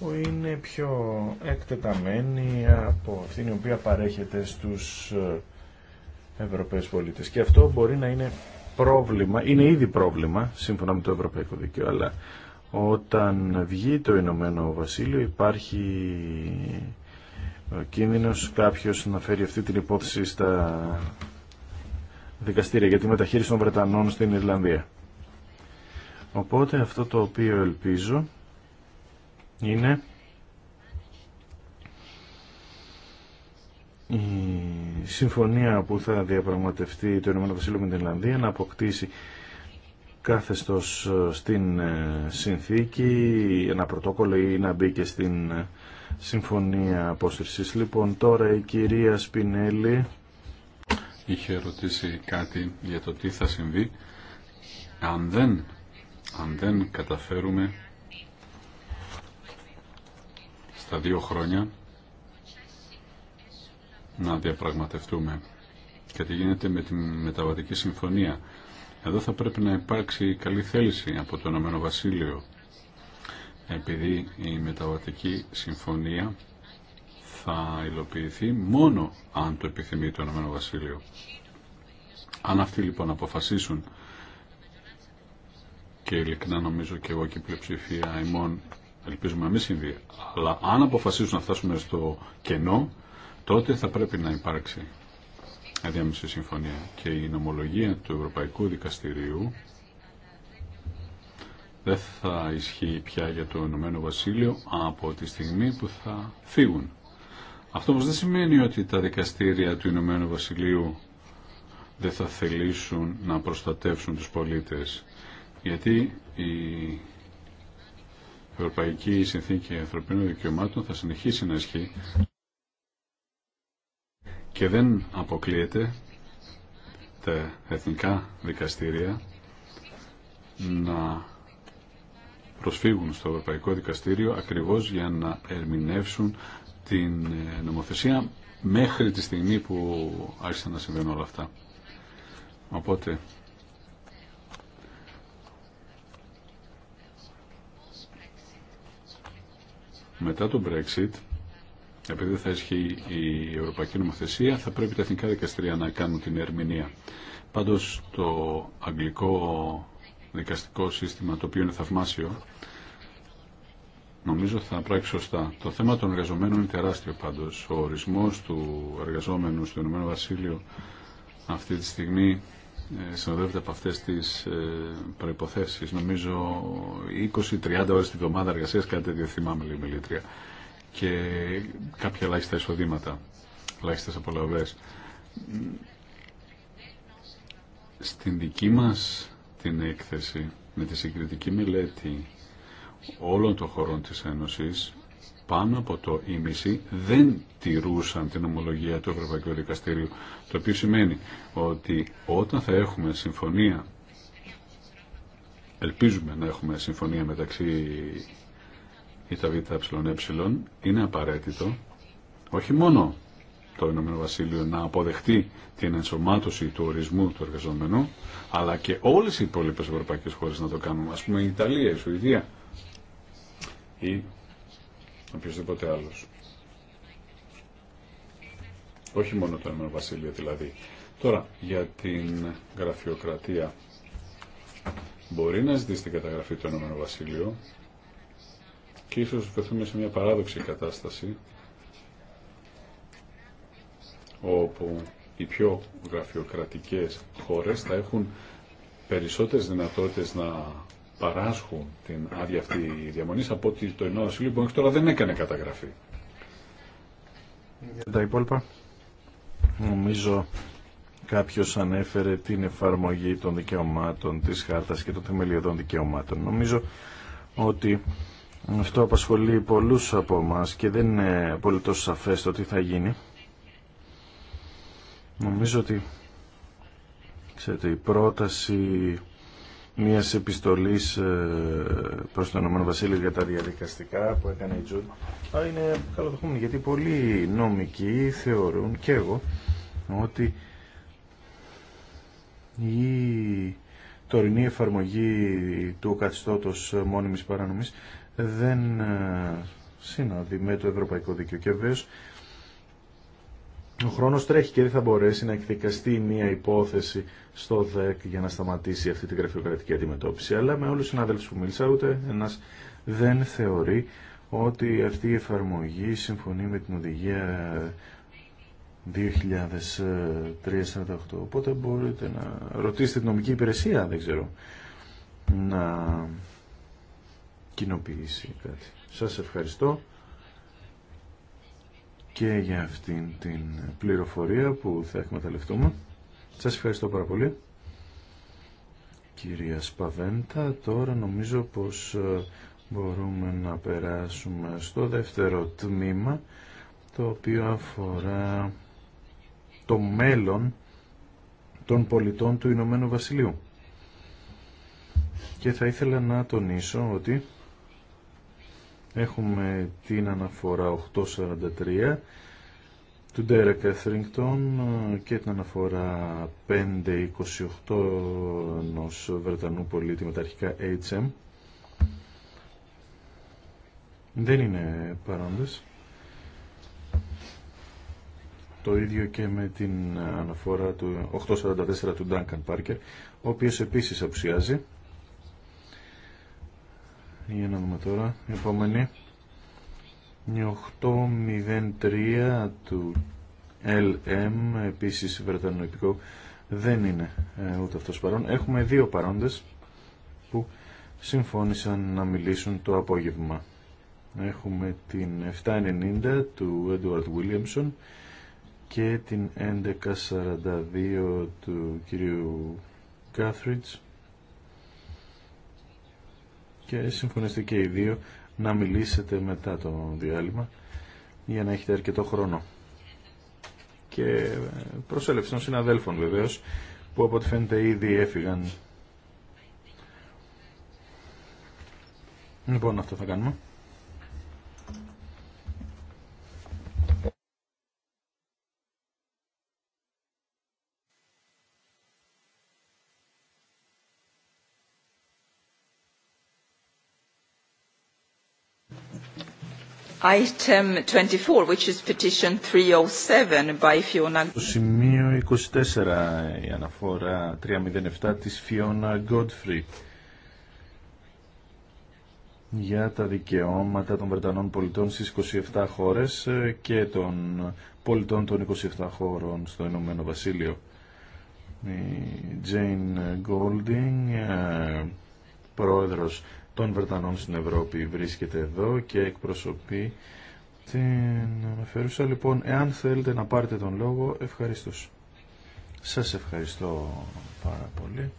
που είναι πιο εκτεταμένη από αυτήν η οποία παρέχεται στους ε, Ευρωπαίους πολίτες. Και αυτό μπορεί να είναι πρόβλημα, είναι ήδη πρόβλημα σύμφωνα με το Ευρωπαϊκό Δίκαιο, αλλά όταν βγει το Ηνωμένο Βασίλειο υπάρχει ο κίνδυνος κάποιος να φέρει αυτή την υπόθεση στα δικαστήρια για τη μεταχείριση των Βρετανών στην Ιρλανδία. Οπότε αυτό το οποίο ελπίζω είναι η συμφωνία που θα διαπραγματευτεί το Ηνωμένο Βασίλειο με την Ιρλανδία να αποκτήσει κάθεστος ε, στην ε, συνθήκη, ένα πρωτόκολλο ή να μπει και στην ε, συμφωνία απόσυρσης. Λοιπόν, τώρα η κυρία Σπινέλη είχε ρωτήσει κάτι για το τι θα συμβεί αν δεν, αν δεν καταφέρουμε στα δύο χρόνια να διαπραγματευτούμε και τι γίνεται με τη μεταβατική συμφωνία. Εδώ θα πρέπει να υπάρξει καλή θέληση από το Ηνωμένο Βασίλειο επειδή η μεταβατική συμφωνία θα υλοποιηθεί μόνο αν το επιθυμεί το Ηνωμένο Βασίλειο. Αν αυτοί λοιπόν αποφασίσουν και ειλικρινά νομίζω και εγώ και η πλειοψηφία ημών ελπίζουμε να μην συμβεί, αλλά αν αποφασίσουν να φτάσουμε στο κενό, τότε θα πρέπει να υπάρξει αδιάμεση συμφωνία. Και η νομολογία του Ευρωπαϊκού Δικαστηρίου δεν θα ισχύει πια για το Ηνωμένο Βασίλειο από τη στιγμή που θα φύγουν. Αυτό όμως δεν σημαίνει ότι τα δικαστήρια του Ηνωμένου Βασιλείου δεν θα θελήσουν να προστατεύσουν τους πολίτες. Γιατί η Ευρωπαϊκή Συνθήκη Ανθρωπίνων Δικαιωμάτων θα συνεχίσει να ισχύει και δεν αποκλείεται τα εθνικά δικαστήρια να προσφύγουν στο Ευρωπαϊκό Δικαστήριο ακριβώς για να ερμηνεύσουν την ε, νομοθεσία μέχρι τη στιγμή που άρχισαν να συμβαίνουν όλα αυτά. Οπότε μετά το Brexit επειδή θα ισχύει η Ευρωπαϊκή Νομοθεσία, θα πρέπει τα εθνικά δικαστήρια να κάνουν την ερμηνεία. Πάντως το αγγλικό δικαστικό σύστημα, το οποίο είναι θαυμάσιο, νομίζω θα πράξει σωστά. Το θέμα των εργαζομένων είναι τεράστιο πάντω. Ο ορισμό του εργαζόμενου στο Ηνωμένο Βασίλειο αυτή τη στιγμή ε, συνοδεύεται από αυτέ τι ε, προποθεσει νομιζω Νομίζω 20-30 ώρε τη εβδομάδα εργασία κάτι τέτοιο θυμάμαι λίγο μιλήτρια. Και κάποια ελάχιστα εισοδήματα, ελάχιστε απολαυέ. Στην δική μα την έκθεση, με τη συγκριτική μελέτη όλων των χωρών της Ένωσης πάνω από το ίμιση δεν τηρούσαν την ομολογία του Ευρωπαϊκού Δικαστηρίου. Το οποίο σημαίνει ότι όταν θα έχουμε συμφωνία, ελπίζουμε να έχουμε συμφωνία μεταξύ ΙΤΑΒΙΤΑΕ, είναι απαραίτητο όχι μόνο το Ηνωμένο Βασίλειο να αποδεχτεί την ενσωμάτωση του ορισμού του εργαζόμενου, αλλά και όλες οι υπόλοιπες ευρωπαϊκές χώρες να το κάνουν, ας πούμε η Ιταλία, η Σουηδία, ή οποιοδήποτε άλλος. Όχι μόνο το ενωμένο Βασίλειο δηλαδή. Τώρα, για την γραφειοκρατία. Μπορεί να ζητήσει την καταγραφή του Ηνωμένου Βασίλειου και ίσως βρεθούμε σε μια παράδοξη κατάσταση όπου οι πιο γραφειοκρατικές χώρες θα έχουν περισσότερες δυνατότητες να παράσχουν την άδεια αυτή διαμονής από ότι το ενό λοιπόν που τώρα δεν έκανε καταγραφή. Για τα υπόλοιπα, νομίζω κάποιο ανέφερε την εφαρμογή των δικαιωμάτων τη χάρτα και των θεμελιωδών δικαιωμάτων. Νομίζω ότι αυτό απασχολεί πολλούς από εμά και δεν είναι πολύ τόσο σαφές το τι θα γίνει. Νομίζω ότι ξέρετε, η πρόταση μιας επιστολής ε, προς τον Ηνωμένο Βασίλη για τα διαδικαστικά που έκανε η Α, είναι καλοδεχούμενη γιατί πολλοί νομικοί θεωρούν και εγώ ότι η τωρινή εφαρμογή του καθιστώτος μόνιμης παράνομης δεν ε, συνάδει με το ευρωπαϊκό δίκαιο και ο χρόνος τρέχει και δεν θα μπορέσει να εκδικαστεί μια υπόθεση στο ΔΕΚ για να σταματήσει αυτή την γραφειοκρατική αντιμετώπιση. Αλλά με όλους τους συναδέλφου που μίλησα ούτε ένα δεν θεωρεί ότι αυτή η εφαρμογή συμφωνεί με την οδηγία Οπότε μπορείτε να ρωτήσετε την νομική υπηρεσία, δεν ξέρω, να κοινοποιήσει κάτι. Σας ευχαριστώ και για αυτήν την πληροφορία που θα εκμεταλλευτούμε. Σας ευχαριστώ πάρα πολύ. Κυρία Σπαβέντα, τώρα νομίζω πως ε, μπορούμε να περάσουμε στο δεύτερο τμήμα το οποίο αφορά το μέλλον των πολιτών του Ηνωμένου Βασιλείου. Και θα ήθελα να τονίσω ότι Έχουμε την αναφορά 843 του Derek Etherington ε, και την αναφορά 528 ενό Βρετανού πολίτη με τα αρχικά HM. Δεν είναι παρόντες. Το ίδιο και με την αναφορά του 844 του Duncan Parker ο οποίος επίσης απουσιάζει. Για να δούμε τώρα. Επόμενη. Η 803 του LM, επίσης βρετανοητικό δεν είναι ε, ούτε αυτός παρόν. Έχουμε δύο παρόντες που συμφώνησαν να μιλήσουν το απόγευμα. Έχουμε την 790 του Edward Williamson και την 1142 του κυρίου Κάθριτς και συμφωνήστε και οι δύο να μιλήσετε μετά το διάλειμμα για να έχετε αρκετό χρόνο. Και προσέλευση των συναδέλφων βεβαίω που από ό,τι φαίνεται ήδη έφυγαν. Λοιπόν, αυτό θα κάνουμε. Item 24, which is petition 307 by Fiona. Το σημείο 24, η αναφορά 307 της Fiona Godfrey για τα δικαιώματα των Βρετανών πολιτών στις 27 χώρες ε, και των πολιτών των 27 χώρων στο Ηνωμένο Βασίλειο. Η Jane Golding, ε, πρόεδρος των Βρετανών στην Ευρώπη βρίσκεται εδώ και εκπροσωπεί την αναφέρουσα. Λοιπόν, εάν θέλετε να πάρετε τον λόγο, ευχαριστώ. Σας ευχαριστώ πάρα πολύ.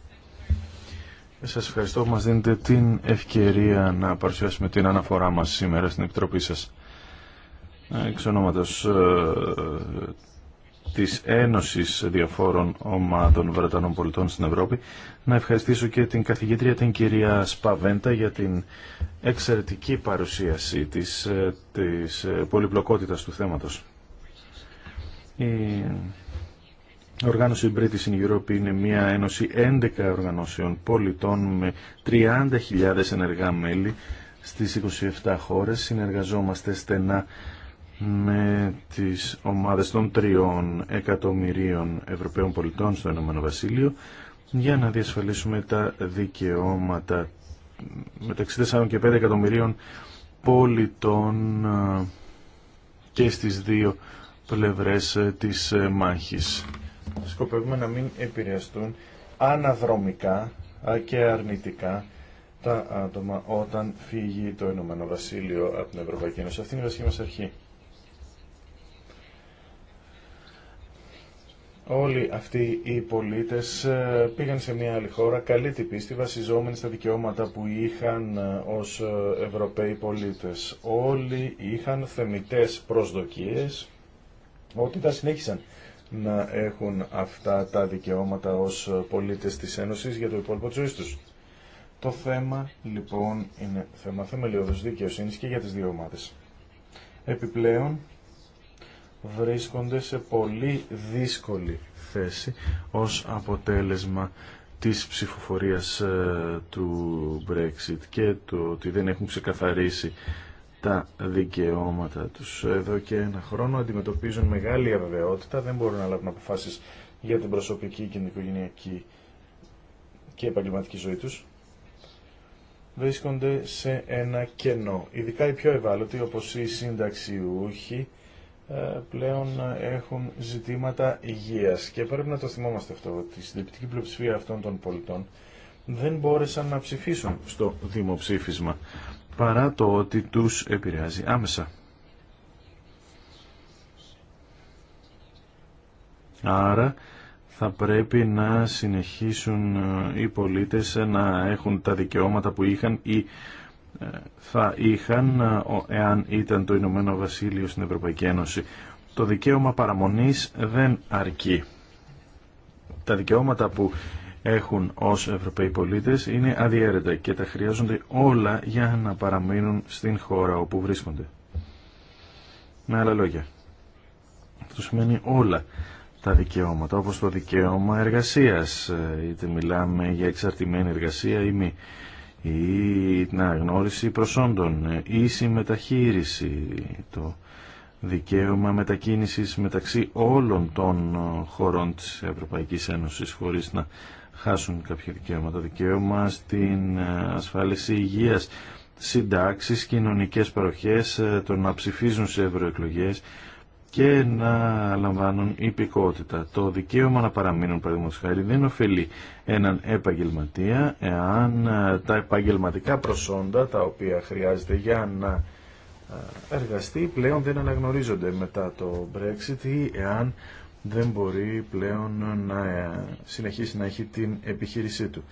Σας ευχαριστώ που μας δίνετε την ευκαιρία να παρουσιάσουμε την αναφορά μας σήμερα στην Επιτροπή σας. Ε, εξ ε, της Ένωσης Διαφόρων Ομάδων Βρετανών Πολιτών στην Ευρώπη. Να ευχαριστήσω και την καθηγήτρια την κυρία Σπαβέντα για την εξαιρετική παρουσίαση της, ε, της ε, πολυπλοκότητας του θέματος. Η οργάνωση British in Europe είναι μια ένωση 11 οργανώσεων πολιτών με 30.000 ενεργά μέλη στις 27 χώρες. Συνεργαζόμαστε στενά με τις ομάδες των τριών εκατομμυρίων Ευρωπαίων πολιτών στο Ηνωμένο για να διασφαλίσουμε τα δικαιώματα μεταξύ 4 και 5 εκατομμυρίων πολιτών ε, και στις δύο πλευρές ε, της ε, μάχης. Σκοπεύουμε να μην επηρεαστούν αναδρομικά και αρνητικά τα άτομα όταν φύγει το Ηνωμένο Βασίλειο από την Ευρωπαϊκή Ένωση. Αυτή είναι η βασική μας αρχή. Όλοι αυτοί οι πολίτες ε, πήγαν σε μια άλλη χώρα καλή την πίστη βασιζόμενοι στα δικαιώματα που είχαν ε, ως ε, Ευρωπαίοι πολίτες. Όλοι είχαν θεμητές προσδοκίες ότι τα συνέχισαν να έχουν αυτά τα δικαιώματα ως πολίτες της Ένωσης για το υπόλοιπο της ζωής τους. Το θέμα λοιπόν είναι θέμα θεμελιώδους δικαιοσύνης και για τις δύο ομάδες. Επιπλέον βρίσκονται σε πολύ δύσκολη θέση ως αποτέλεσμα της ψηφοφορίας ε, του Brexit και το ότι δεν έχουν ξεκαθαρίσει τα δικαιώματα τους. Εδώ και ένα χρόνο αντιμετωπίζουν μεγάλη αβεβαιότητα, δεν μπορούν να λάβουν αποφάσεις για την προσωπική και την οικογενειακή και επαγγελματική ζωή τους. Βρίσκονται σε ένα κενό, ειδικά οι πιο ευάλωτοι όπως σύνταξη συνταξιούχοι, ε, πλέον έχουν ζητήματα υγείας και πρέπει να το θυμόμαστε αυτό ότι η συντριπτική πλειοψηφία αυτών των πολιτών δεν μπόρεσαν να ψηφίσουν στο δημοψήφισμα παρά το ότι τους επηρεάζει άμεσα. Άρα θα πρέπει να συνεχίσουν ε, οι πολίτες να έχουν τα δικαιώματα που είχαν οι θα είχαν ε, εάν ήταν το Ηνωμένο Βασίλειο στην Ευρωπαϊκή Ένωση. Το δικαίωμα παραμονής δεν αρκεί. Τα δικαιώματα που έχουν ως Ευρωπαίοι πολίτες είναι αδιέρετα και τα χρειάζονται όλα για να παραμείνουν στην χώρα όπου βρίσκονται. Με άλλα λόγια, αυτό σημαίνει όλα τα δικαιώματα, όπως το δικαίωμα εργασίας, ε, είτε μιλάμε για εξαρτημένη εργασία ή μη ή την αγνώριση προσόντων ή μεταχείριση το δικαίωμα μετακίνησης μεταξύ όλων των ε, χωρών της Ευρωπαϊκής Ένωσης χωρίς να χάσουν κάποια δικαίωματα δικαίωμα στην ε, ασφάλιση υγείας συντάξεις, κοινωνικές παροχές, ε, το να ψηφίζουν σε ευρωεκλογές και να λαμβάνουν υπηκότητα. Το δικαίωμα να παραμείνουν, παραδείγματος χάρη, δεν ωφελεί έναν επαγγελματία εάν ε, τα επαγγελματικά προσόντα τα οποία χρειάζεται για να ε, εργαστεί πλέον δεν αναγνωρίζονται μετά το Brexit ή εάν δεν μπορεί πλέον να ε, συνεχίσει να έχει την επιχείρησή του.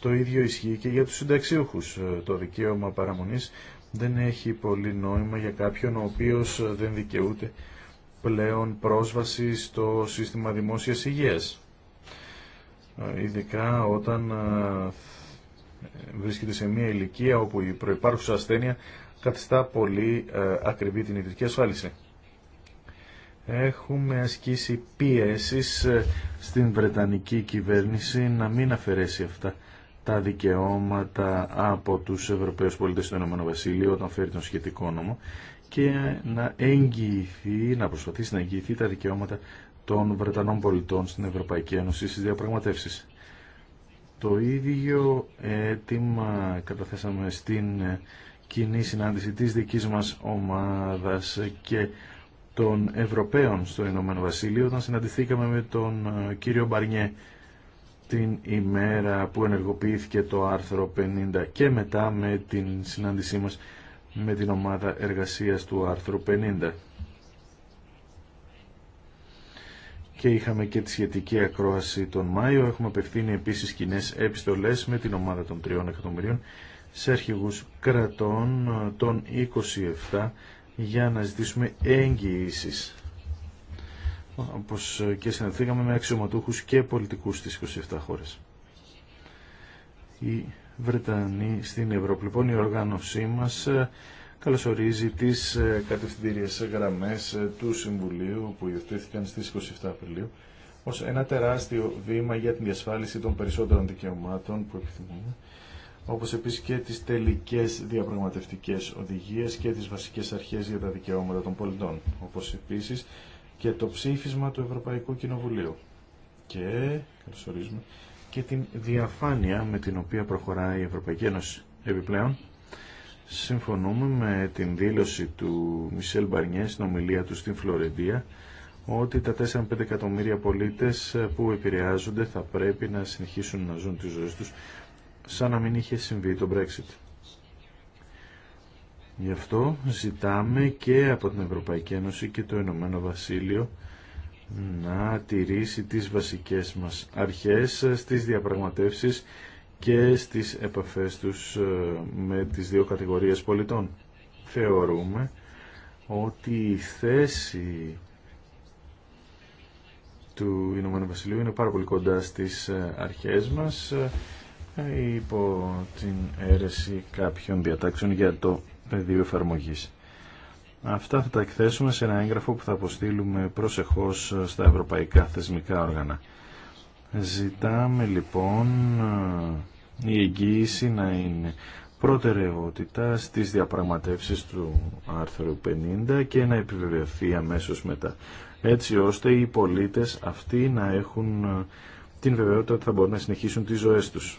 Το ίδιο ισχύει και για τους συνταξιούχους. Το δικαίωμα παραμονής δεν έχει πολύ νόημα για κάποιον ο οποίος δεν δικαιούται πλέον πρόσβαση στο σύστημα δημόσιας υγείας. Ειδικά όταν βρίσκεται σε μια ηλικία όπου η προϋπάρχουσα ασθένεια καθιστά πολύ ακριβή την ιδρυτική ασφάλιση. Έχουμε ασκήσει πίεση στην Βρετανική κυβέρνηση να μην αφαιρέσει αυτά τα δικαιώματα από τους Ευρωπαίους πολίτες στο Ηνωμένο Βασίλειο όταν φέρει τον σχετικό νόμο και να εγγυηθεί, να προσπαθήσει να εγγυηθεί τα δικαιώματα των Βρετανών πολιτών στην Ευρωπαϊκή Ένωση στις διαπραγματεύσεις. Το ίδιο αίτημα καταθέσαμε στην κοινή συνάντηση της δικής μας ομάδας και των Ευρωπαίων στο Ηνωμένο Βασίλειο όταν συναντηθήκαμε με τον ε, κύριο Μπαρνιέ την ημέρα που ενεργοποιήθηκε το άρθρο 50 και μετά με την συνάντησή μας με την ομάδα εργασίας του άρθρου 50. Και είχαμε και τη σχετική ακρόαση τον Μάιο. Έχουμε απευθύνει επίσης κοινέ επιστολές με την ομάδα των 3 εκατομμυρίων σε αρχηγούς κρατών ε, των 27 για να ζητήσουμε εγγυήσεις. Όπως ε, και συναντήκαμε με αξιωματούχους και πολιτικούς στις 27 χώρες. Βρετανοί στην Ευρώπη. Λοιπόν, η οργάνωσή μας ε, καλωσορίζει τις ε, κατευθυντήριες γραμμές ε, του Συμβουλίου που υιοθετήθηκαν στις 27 Απριλίου ως ένα τεράστιο βήμα για την διασφάλιση των περισσότερων δικαιωμάτων που επιθυμούμε, όπως επίσης και τις τελικές διαπραγματευτικές οδηγίες και τις βασικές αρχές για τα δικαιώματα των πολιτών, όπως επίσης και το ψήφισμα του Ευρωπαϊκού Κοινοβουλίου. Και καλωσορίζουμε και την διαφάνεια με την οποία προχωράει η Ευρωπαϊκή Ένωση. Επιπλέον, συμφωνούμε με την δήλωση του Μισελ Μπαρνιέ στην ομιλία του στην Φλωρεντία ότι τα 4-5 εκατομμύρια πολίτες που επηρεάζονται θα πρέπει να συνεχίσουν να ζουν τις ζωές τους σαν να μην είχε συμβεί το Brexit. Γι' αυτό ζητάμε και από την Ευρωπαϊκή Ένωση και το Ηνωμένο Βασίλειο να τηρήσει τις βασικές μας αρχές στις διαπραγματεύσεις και στις επαφές τους ε, με τις δύο κατηγορίες πολιτών. Θεωρούμε ότι η θέση του Ηνωμένου Βασιλείου είναι πάρα πολύ κοντά στις ε, αρχές μας ε, υπό την αίρεση κάποιων διατάξεων για το πεδίο εφαρμογής. Αυτά θα τα εκθέσουμε σε ένα έγγραφο που θα αποστείλουμε προσεχώς στα ευρωπαϊκά θεσμικά όργανα. Ζητάμε λοιπόν ε, η εγγύηση να είναι προτεραιότητα στις διαπραγματεύσεις του άρθρου 50 και να επιβεβαιωθεί αμέσως μετά. Έτσι ώστε οι πολίτες αυτοί να έχουν ε, την βεβαιότητα ότι θα μπορούν να συνεχίσουν τις ζωές τους.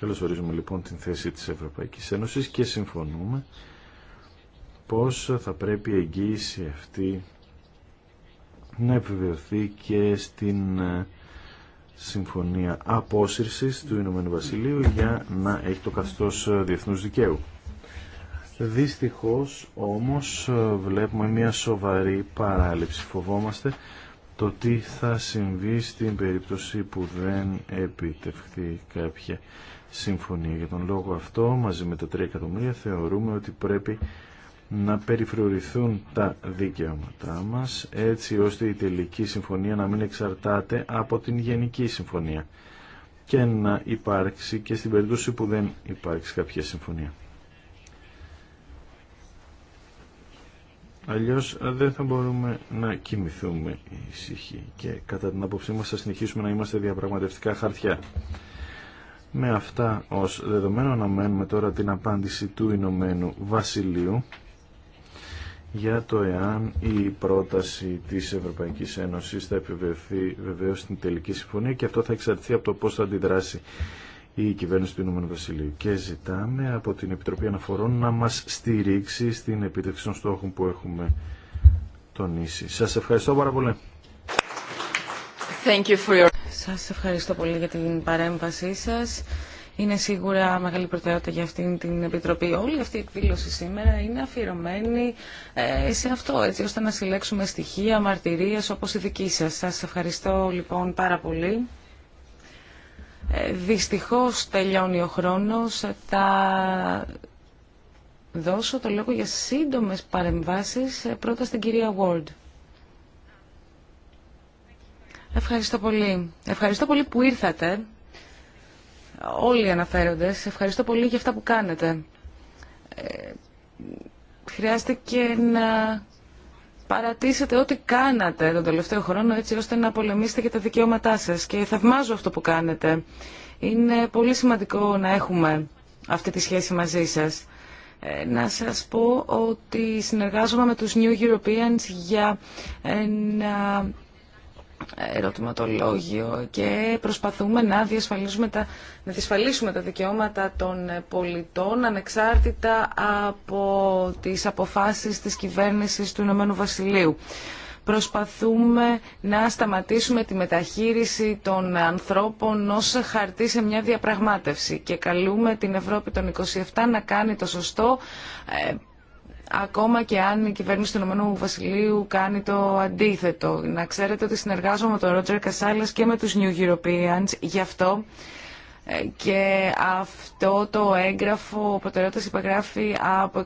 Καλώς ορίζουμε λοιπόν την θέση της Ευρωπαϊκής Ένωσης και συμφωνούμε πως θα πρέπει η εγγύηση αυτή να επιβεβαιωθεί και στην ε, συμφωνία απόσυρσης του Ηνωμένου Βασιλείου για να έχει το καθεστώς ε, διεθνούς δικαίου. Δυστυχώς όμως ε, βλέπουμε μια σοβαρή παράληψη. Φοβόμαστε το τι θα συμβεί στην περίπτωση που δεν επιτευχθεί κάποια συμφωνία. Για τον λόγο αυτό μαζί με τα 3 εκατομμύρια θεωρούμε ότι πρέπει να περιφρουρηθούν τα δικαιώματά μας έτσι ώστε η τελική συμφωνία να μην εξαρτάται από την γενική συμφωνία και να υπάρξει και στην περίπτωση που δεν υπάρξει κάποια συμφωνία. Αλλιώς δεν θα μπορούμε να κοιμηθούμε ησυχοί και κατά την άποψή μας θα συνεχίσουμε να είμαστε διαπραγματευτικά χαρτιά. Με αυτά ως δεδομένο αναμένουμε τώρα την απάντηση του Ηνωμένου Βασιλείου για το εάν η πρόταση της Ευρωπαϊκής Ένωσης θα επιβεβαιωθεί βεβαίως στην τελική συμφωνία και αυτό θα εξαρτηθεί από το πώς θα αντιδράσει η κυβέρνηση του Ηνωμένου Βασιλείου. Και ζητάμε από την Επιτροπή Αναφορών να μας στηρίξει στην επίτευξη των στόχων που έχουμε τονίσει. Σας ευχαριστώ πάρα πολύ. Thank you for your... Σας ευχαριστώ πολύ για την παρέμβασή σας είναι σίγουρα μεγάλη προτεραιότητα για αυτήν την Επιτροπή. Όλη αυτή η εκδήλωση σήμερα είναι αφιερωμένη ε, σε αυτό, έτσι ώστε να συλλέξουμε στοιχεία, μαρτυρίες όπως η δική σας. Σας ευχαριστώ λοιπόν πάρα πολύ. Ε, δυστυχώς τελειώνει ο χρόνος. Θα δώσω το λόγο για σύντομες παρεμβάσεις ε, πρώτα στην κυρία Ward. Ευχαριστώ πολύ. Ευχαριστώ πολύ που ήρθατε όλοι οι αναφέροντες. Ευχαριστώ πολύ για αυτά που κάνετε. Ε, χρειάστηκε να παρατήσετε ό,τι κάνατε τον τελευταίο χρόνο έτσι ώστε να πολεμήσετε για τα δικαιώματά σας και θαυμάζω αυτό που κάνετε. Είναι πολύ σημαντικό να έχουμε αυτή τη σχέση μαζί σας. Ε, να σας πω ότι συνεργάζομαι με τους New Europeans για ένα ερωτηματολόγιο και προσπαθούμε να, διασφαλίσουμε τα, να διασφαλίσουμε τα δικαιώματα των πολιτών ανεξάρτητα από τις αποφάσεις της κυβέρνησης του Ηνωμένου Βασιλείου. Προσπαθούμε να σταματήσουμε τη μεταχείριση των ανθρώπων ως χαρτί σε μια διαπραγμάτευση και καλούμε την Ευρώπη των 27 να κάνει το σωστό ε, ακόμα και αν η κυβέρνηση του Ηνωμένου Βασιλείου κάνει το αντίθετο. Να ξέρετε ότι συνεργάζομαι με τον Ρότζερ Κασάλλας και με τους New Europeans γι' αυτό ε, και αυτό το έγγραφο προτεραιότητας υπεγράφει από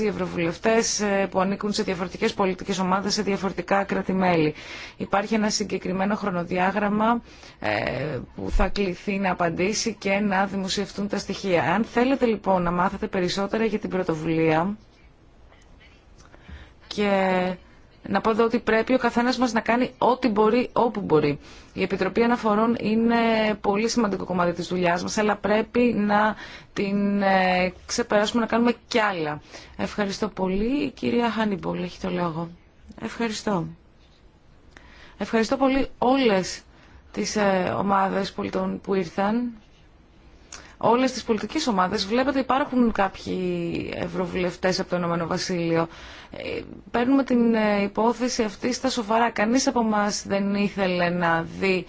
26 ευρωβουλευτές ε, που ανήκουν σε διαφορετικές πολιτικές ομάδες, σε διαφορετικά κράτη-μέλη. Υπάρχει ένα συγκεκριμένο χρονοδιάγραμμα ε, που θα κληθεί να απαντήσει και να δημοσιευτούν τα στοιχεία. Αν θέλετε λοιπόν να μάθετε περισσότερα για την πρωτοβουλία, και να πω εδώ ότι πρέπει ο καθένας μας να κάνει ό,τι μπορεί, όπου μπορεί. Η Επιτροπή Αναφορών είναι πολύ σημαντικό κομμάτι της δουλειάς μας, αλλά πρέπει να την ε, ξεπεράσουμε, να κάνουμε κι άλλα. Ευχαριστώ πολύ. Η κυρία Χάνιμπολ έχει το λόγο. Ευχαριστώ. Ευχαριστώ πολύ όλες τις ε, ομάδες πολιτών που ήρθαν όλες τις πολιτικέ ομάδε Βλέπετε υπάρχουν κάποιοι ευρωβουλευτέ από το Ηνωμένο Βασίλειο. Ε, παίρνουμε την ε, υπόθεση αυτή στα σοβαρά. Κανείς από εμά δεν ήθελε να δει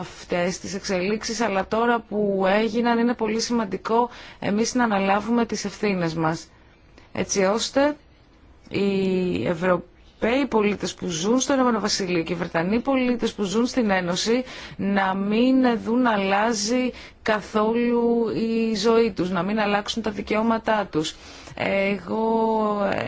αυτές τις εξελίξεις, αλλά τώρα που έγιναν είναι πολύ σημαντικό εμείς να αναλάβουμε τις ευθύνες μας. Έτσι ώστε οι Ευρωπαίοι πολίτε που ζουν στο Ηνωμένο Βασίλειο και οι Βρετανοί πολίτε που ζουν στην Ένωση να μην δουν αλλάζει καθόλου η ζωή τους, να μην αλλάξουν τα δικαιώματά τους. Εγώ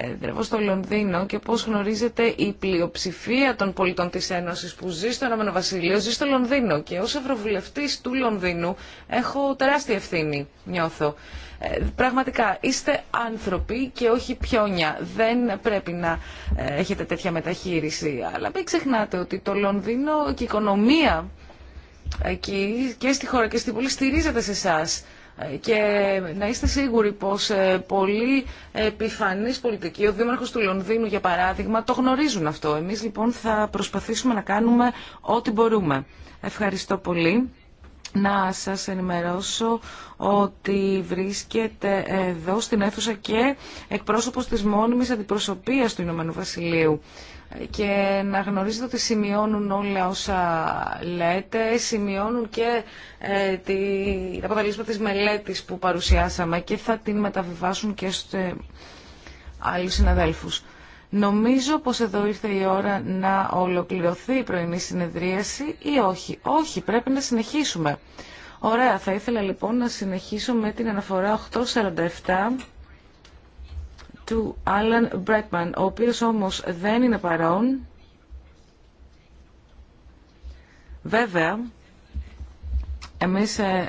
ε, δρεύω στο Λονδίνο και πώς γνωρίζετε η πλειοψηφία των πολιτών της Ένωσης που ζει στο Ηνωμένο Βασίλειο ζει στο Λονδίνο και ως Ευρωβουλευτής του Λονδίνου έχω τεράστια ευθύνη, νιώθω. Ε, πραγματικά, είστε άνθρωποι και όχι πιόνια. Δεν πρέπει να ε, έχετε τέτοια μεταχείριση. Αλλά μην ξεχνάτε ότι το Λονδίνο και η οικονομία και στη χώρα και στην πόλη στηρίζεται σε εσά. Και να είστε σίγουροι πως ε, πολλοί ε, επιφανείς πολιτικοί, ο Δήμαρχος του Λονδίνου για παράδειγμα, το γνωρίζουν αυτό. Εμείς λοιπόν θα προσπαθήσουμε να κάνουμε ό,τι μπορούμε. Ευχαριστώ πολύ. Να σας ενημερώσω ότι βρίσκεται εδώ στην αίθουσα και εκπρόσωπος της μόνιμης αντιπροσωπείας του Ηνωμένου Βασιλείου και να γνωρίζετε ότι σημειώνουν όλα όσα λέτε, σημειώνουν και ε, τη, τα αποτελέσματα της μελέτης που παρουσιάσαμε και θα την μεταβιβάσουν και στους άλλους συναδέλφους. Νομίζω πως εδώ ήρθε η ώρα να ολοκληρωθεί η πρωινή συνεδρίαση ή όχι. Όχι, πρέπει να συνεχίσουμε. Ωραία, θα ήθελα λοιπόν να συνεχίσω με την αναφορά 847 του Άλαν Μπρέκμαν, ο οποίος όμως δεν είναι παρόν. Βέβαια, εμείς ε,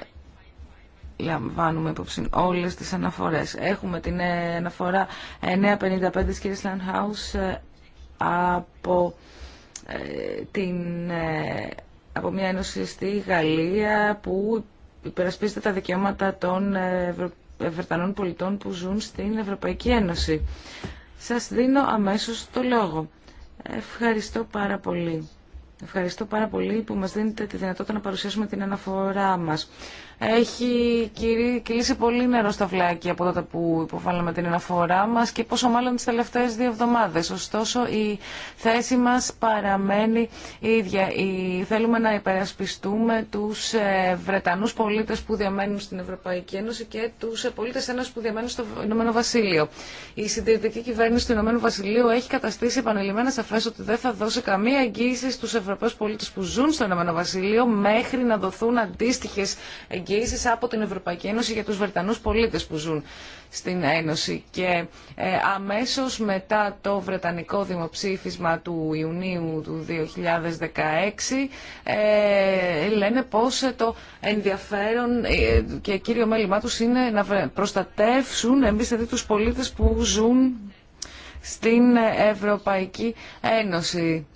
λαμβάνουμε υπόψη όλες τις αναφορές. Έχουμε την ε, αναφορά 955 της κ. Λανχάους ε, από, την, από μια ένωση στη Γαλλία που υπερασπίζεται τα δικαιώματα των Ευρωπαίων Βρετανών πολιτών που ζουν στην Ευρωπαϊκή Ένωση. Σας δίνω αμέσως το λόγο. Ευχαριστώ πάρα πολύ. Ευχαριστώ πάρα πολύ που μας δίνετε τη δυνατότητα να παρουσιάσουμε την αναφορά μας έχει κυλήσει πολύ νερό στα βλάκια από τότε που υποβάλαμε την αναφορά μας και πόσο μάλλον τις τελευταίες δύο εβδομάδες. Ωστόσο η θέση μας παραμένει η ίδια. Θέλουμε να υπερασπιστούμε τους ε, Βρετανούς πολίτες που διαμένουν στην Ευρωπαϊκή Ένωση και τους ε, πολίτες ένας που διαμένουν στο Ηνωμένο Βασίλειο. Η συντηρητική κυβέρνηση του Ηνωμένου Βασιλείου έχει καταστήσει επανειλημμένα σαφέ ότι δεν θα δώσει καμία εγγύηση στους Ευρωπαίους πολίτες που ζουν στο Ηνωμένο Βασίλειο μέχρι να δοθούν αντίστοιχε εγγύησει από την Ευρωπαϊκή Ένωση για τους Βρετανούς πολίτες που ζουν στην Ένωση. Και ε, αμέσως μετά το Βρετανικό δημοψήφισμα του Ιουνίου του 2016 ε, λένε πως ε, το ενδιαφέρον ε, και κύριο μέλημά τους είναι να προστατεύσουν εμπιστευτεί δηλαδή, τους πολίτες που ζουν στην Ευρωπαϊκή Ένωση.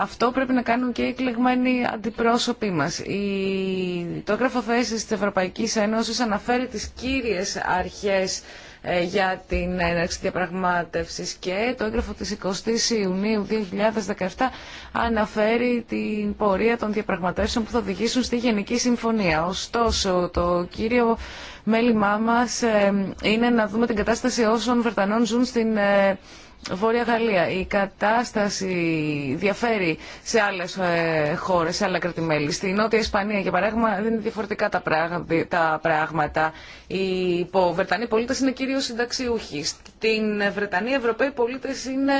Αυτό πρέπει να κάνουν και οι εκλεγμένοι αντιπρόσωποι μας. Η... Το έγγραφο θέση της Ευρωπαϊκής Ένωσης αναφέρει τις κύριες αρχές ε, για την έναρξη διαπραγμάτευση και το έγγραφο της 20ης Ιουνίου 2017 αναφέρει την πορεία των διαπραγματεύσεων που θα οδηγήσουν στη Γενική Συμφωνία. Ωστόσο, το κύριο μέλημά μας ε, είναι να δούμε την κατάσταση όσων Βρετανών ζουν στην ε, Βόρεια Γαλλία. Η κατάσταση διαφέρει σε άλλε χώρε, σε άλλα κρατημέλη. Στη Νότια Ισπανία, για παράδειγμα, δεν είναι διαφορετικά τα πράγματα. Οι Βρετανοί πολίτε είναι κυρίω συνταξιούχοι. Στην Βρετανία, οι Ευρωπαίοι πολίτε είναι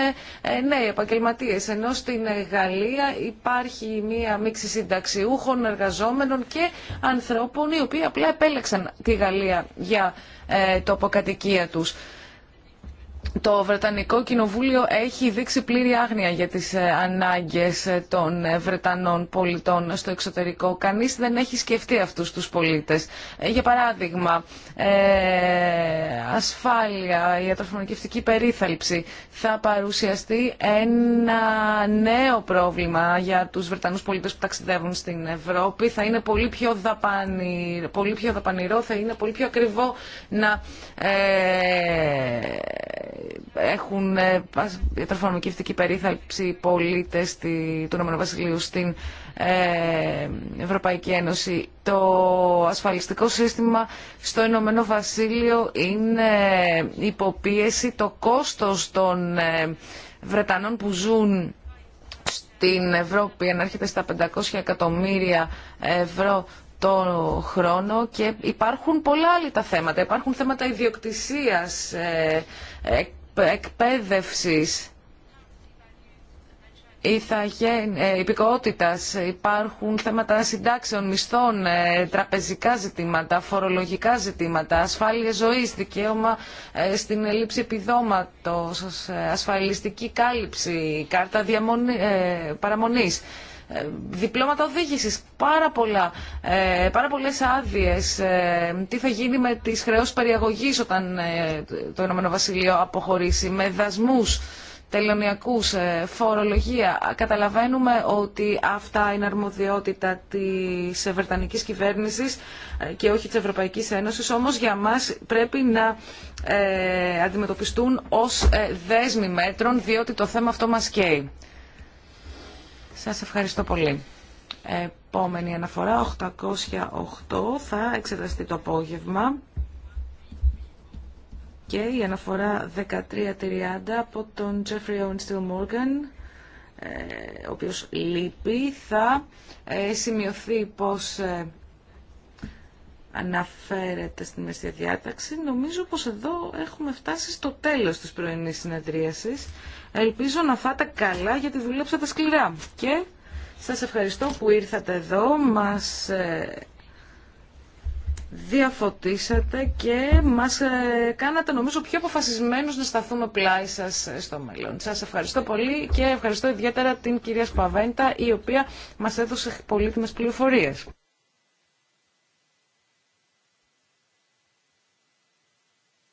ε, νέοι επαγγελματίε. Ενώ στην Γαλλία υπάρχει μία μίξη συνταξιούχων, εργαζόμενων και ανθρώπων οι οποίοι απλά επέλεξαν τη Γαλλία για το ε, του. τους το Βρετανικό Κοινοβούλιο έχει δείξει πλήρη άγνοια για τις ε, ανάγκες ε, των ε, Βρετανών πολιτών στο εξωτερικό. Κανείς δεν έχει σκεφτεί αυτούς τους πολίτες. Για παράδειγμα, ε, ασφάλεια, ιατροφωνικευτική περίθαλψη. Θα παρουσιαστεί ένα νέο πρόβλημα για τους Βρετανούς πολίτες που ταξιδεύουν στην Ευρώπη. Θα είναι πολύ πιο, πολύ πιο δαπανηρό, θα είναι πολύ πιο ακριβό να έχουν ε, φτική περίθαλψη πολίτες του Ηνωμένου Βασιλείου στην ε, Ευρωπαϊκή Ένωση. Το ασφαλιστικό σύστημα στο Ηνωμένο Βασίλειο είναι υποπίεση. Το κόστος των ε, Βρετανών που ζουν στην Ευρώπη ανάρχεται στα 500 εκατομμύρια ευρώ το χρόνο και υπάρχουν πολλά άλλα τα θέματα. Υπάρχουν θέματα ιδιοκτησίας, ε, εκπαίδευσης, ε, υπηκότητας, υπάρχουν θέματα συντάξεων, μισθών, ε, τραπεζικά ζητήματα, φορολογικά ζητήματα, ασφάλεια ζωής, δικαίωμα στην ελλείψη επιδόματος, ασφαλιστική κάλυψη, κάρτα παραμονής διπλώματα οδήγηση, πάρα, πολλά, ε, πάρα πολλές ε, τι θα γίνει με τι χρεώσει περιαγωγή όταν ε, το Ηνωμένο Βασιλείο αποχωρήσει, με δασμούς τελωνιακού, φορολογία. Καταλαβαίνουμε ότι αυτά είναι αρμοδιότητα της βρετανική κυβέρνησης και όχι της Ευρωπαϊκής Ένωση, όμως για μας πρέπει να αντιμετωπιστούν ως δέσμοι μέτρων, διότι το θέμα αυτό μας καίει. Σας ευχαριστώ πολύ. Επόμενη αναφορά, 808, θα εξεταστεί το απόγευμα. Και η αναφορά 1330 από τον Jeffrey Owen Steele Morgan, ε, ο οποίος λείπει, θα ε, σημειωθεί πως ε, αναφέρεται στην μεστία διάταξη. Νομίζω πως εδώ έχουμε φτάσει στο τέλος της πρωινής συνεδρίασης. Ελπίζω να φάτε καλά γιατί δουλέψατε σκληρά. Και σας ευχαριστώ που ήρθατε εδώ, μας ε, διαφωτίσατε και μας ε, κάνατε νομίζω πιο αποφασισμένους να σταθούμε πλάι σας ε, στο μέλλον. Σας ευχαριστώ πολύ και ευχαριστώ ιδιαίτερα την κυρία Σπαβέντα η οποία μας έδωσε πολύτιμες πληροφορίες.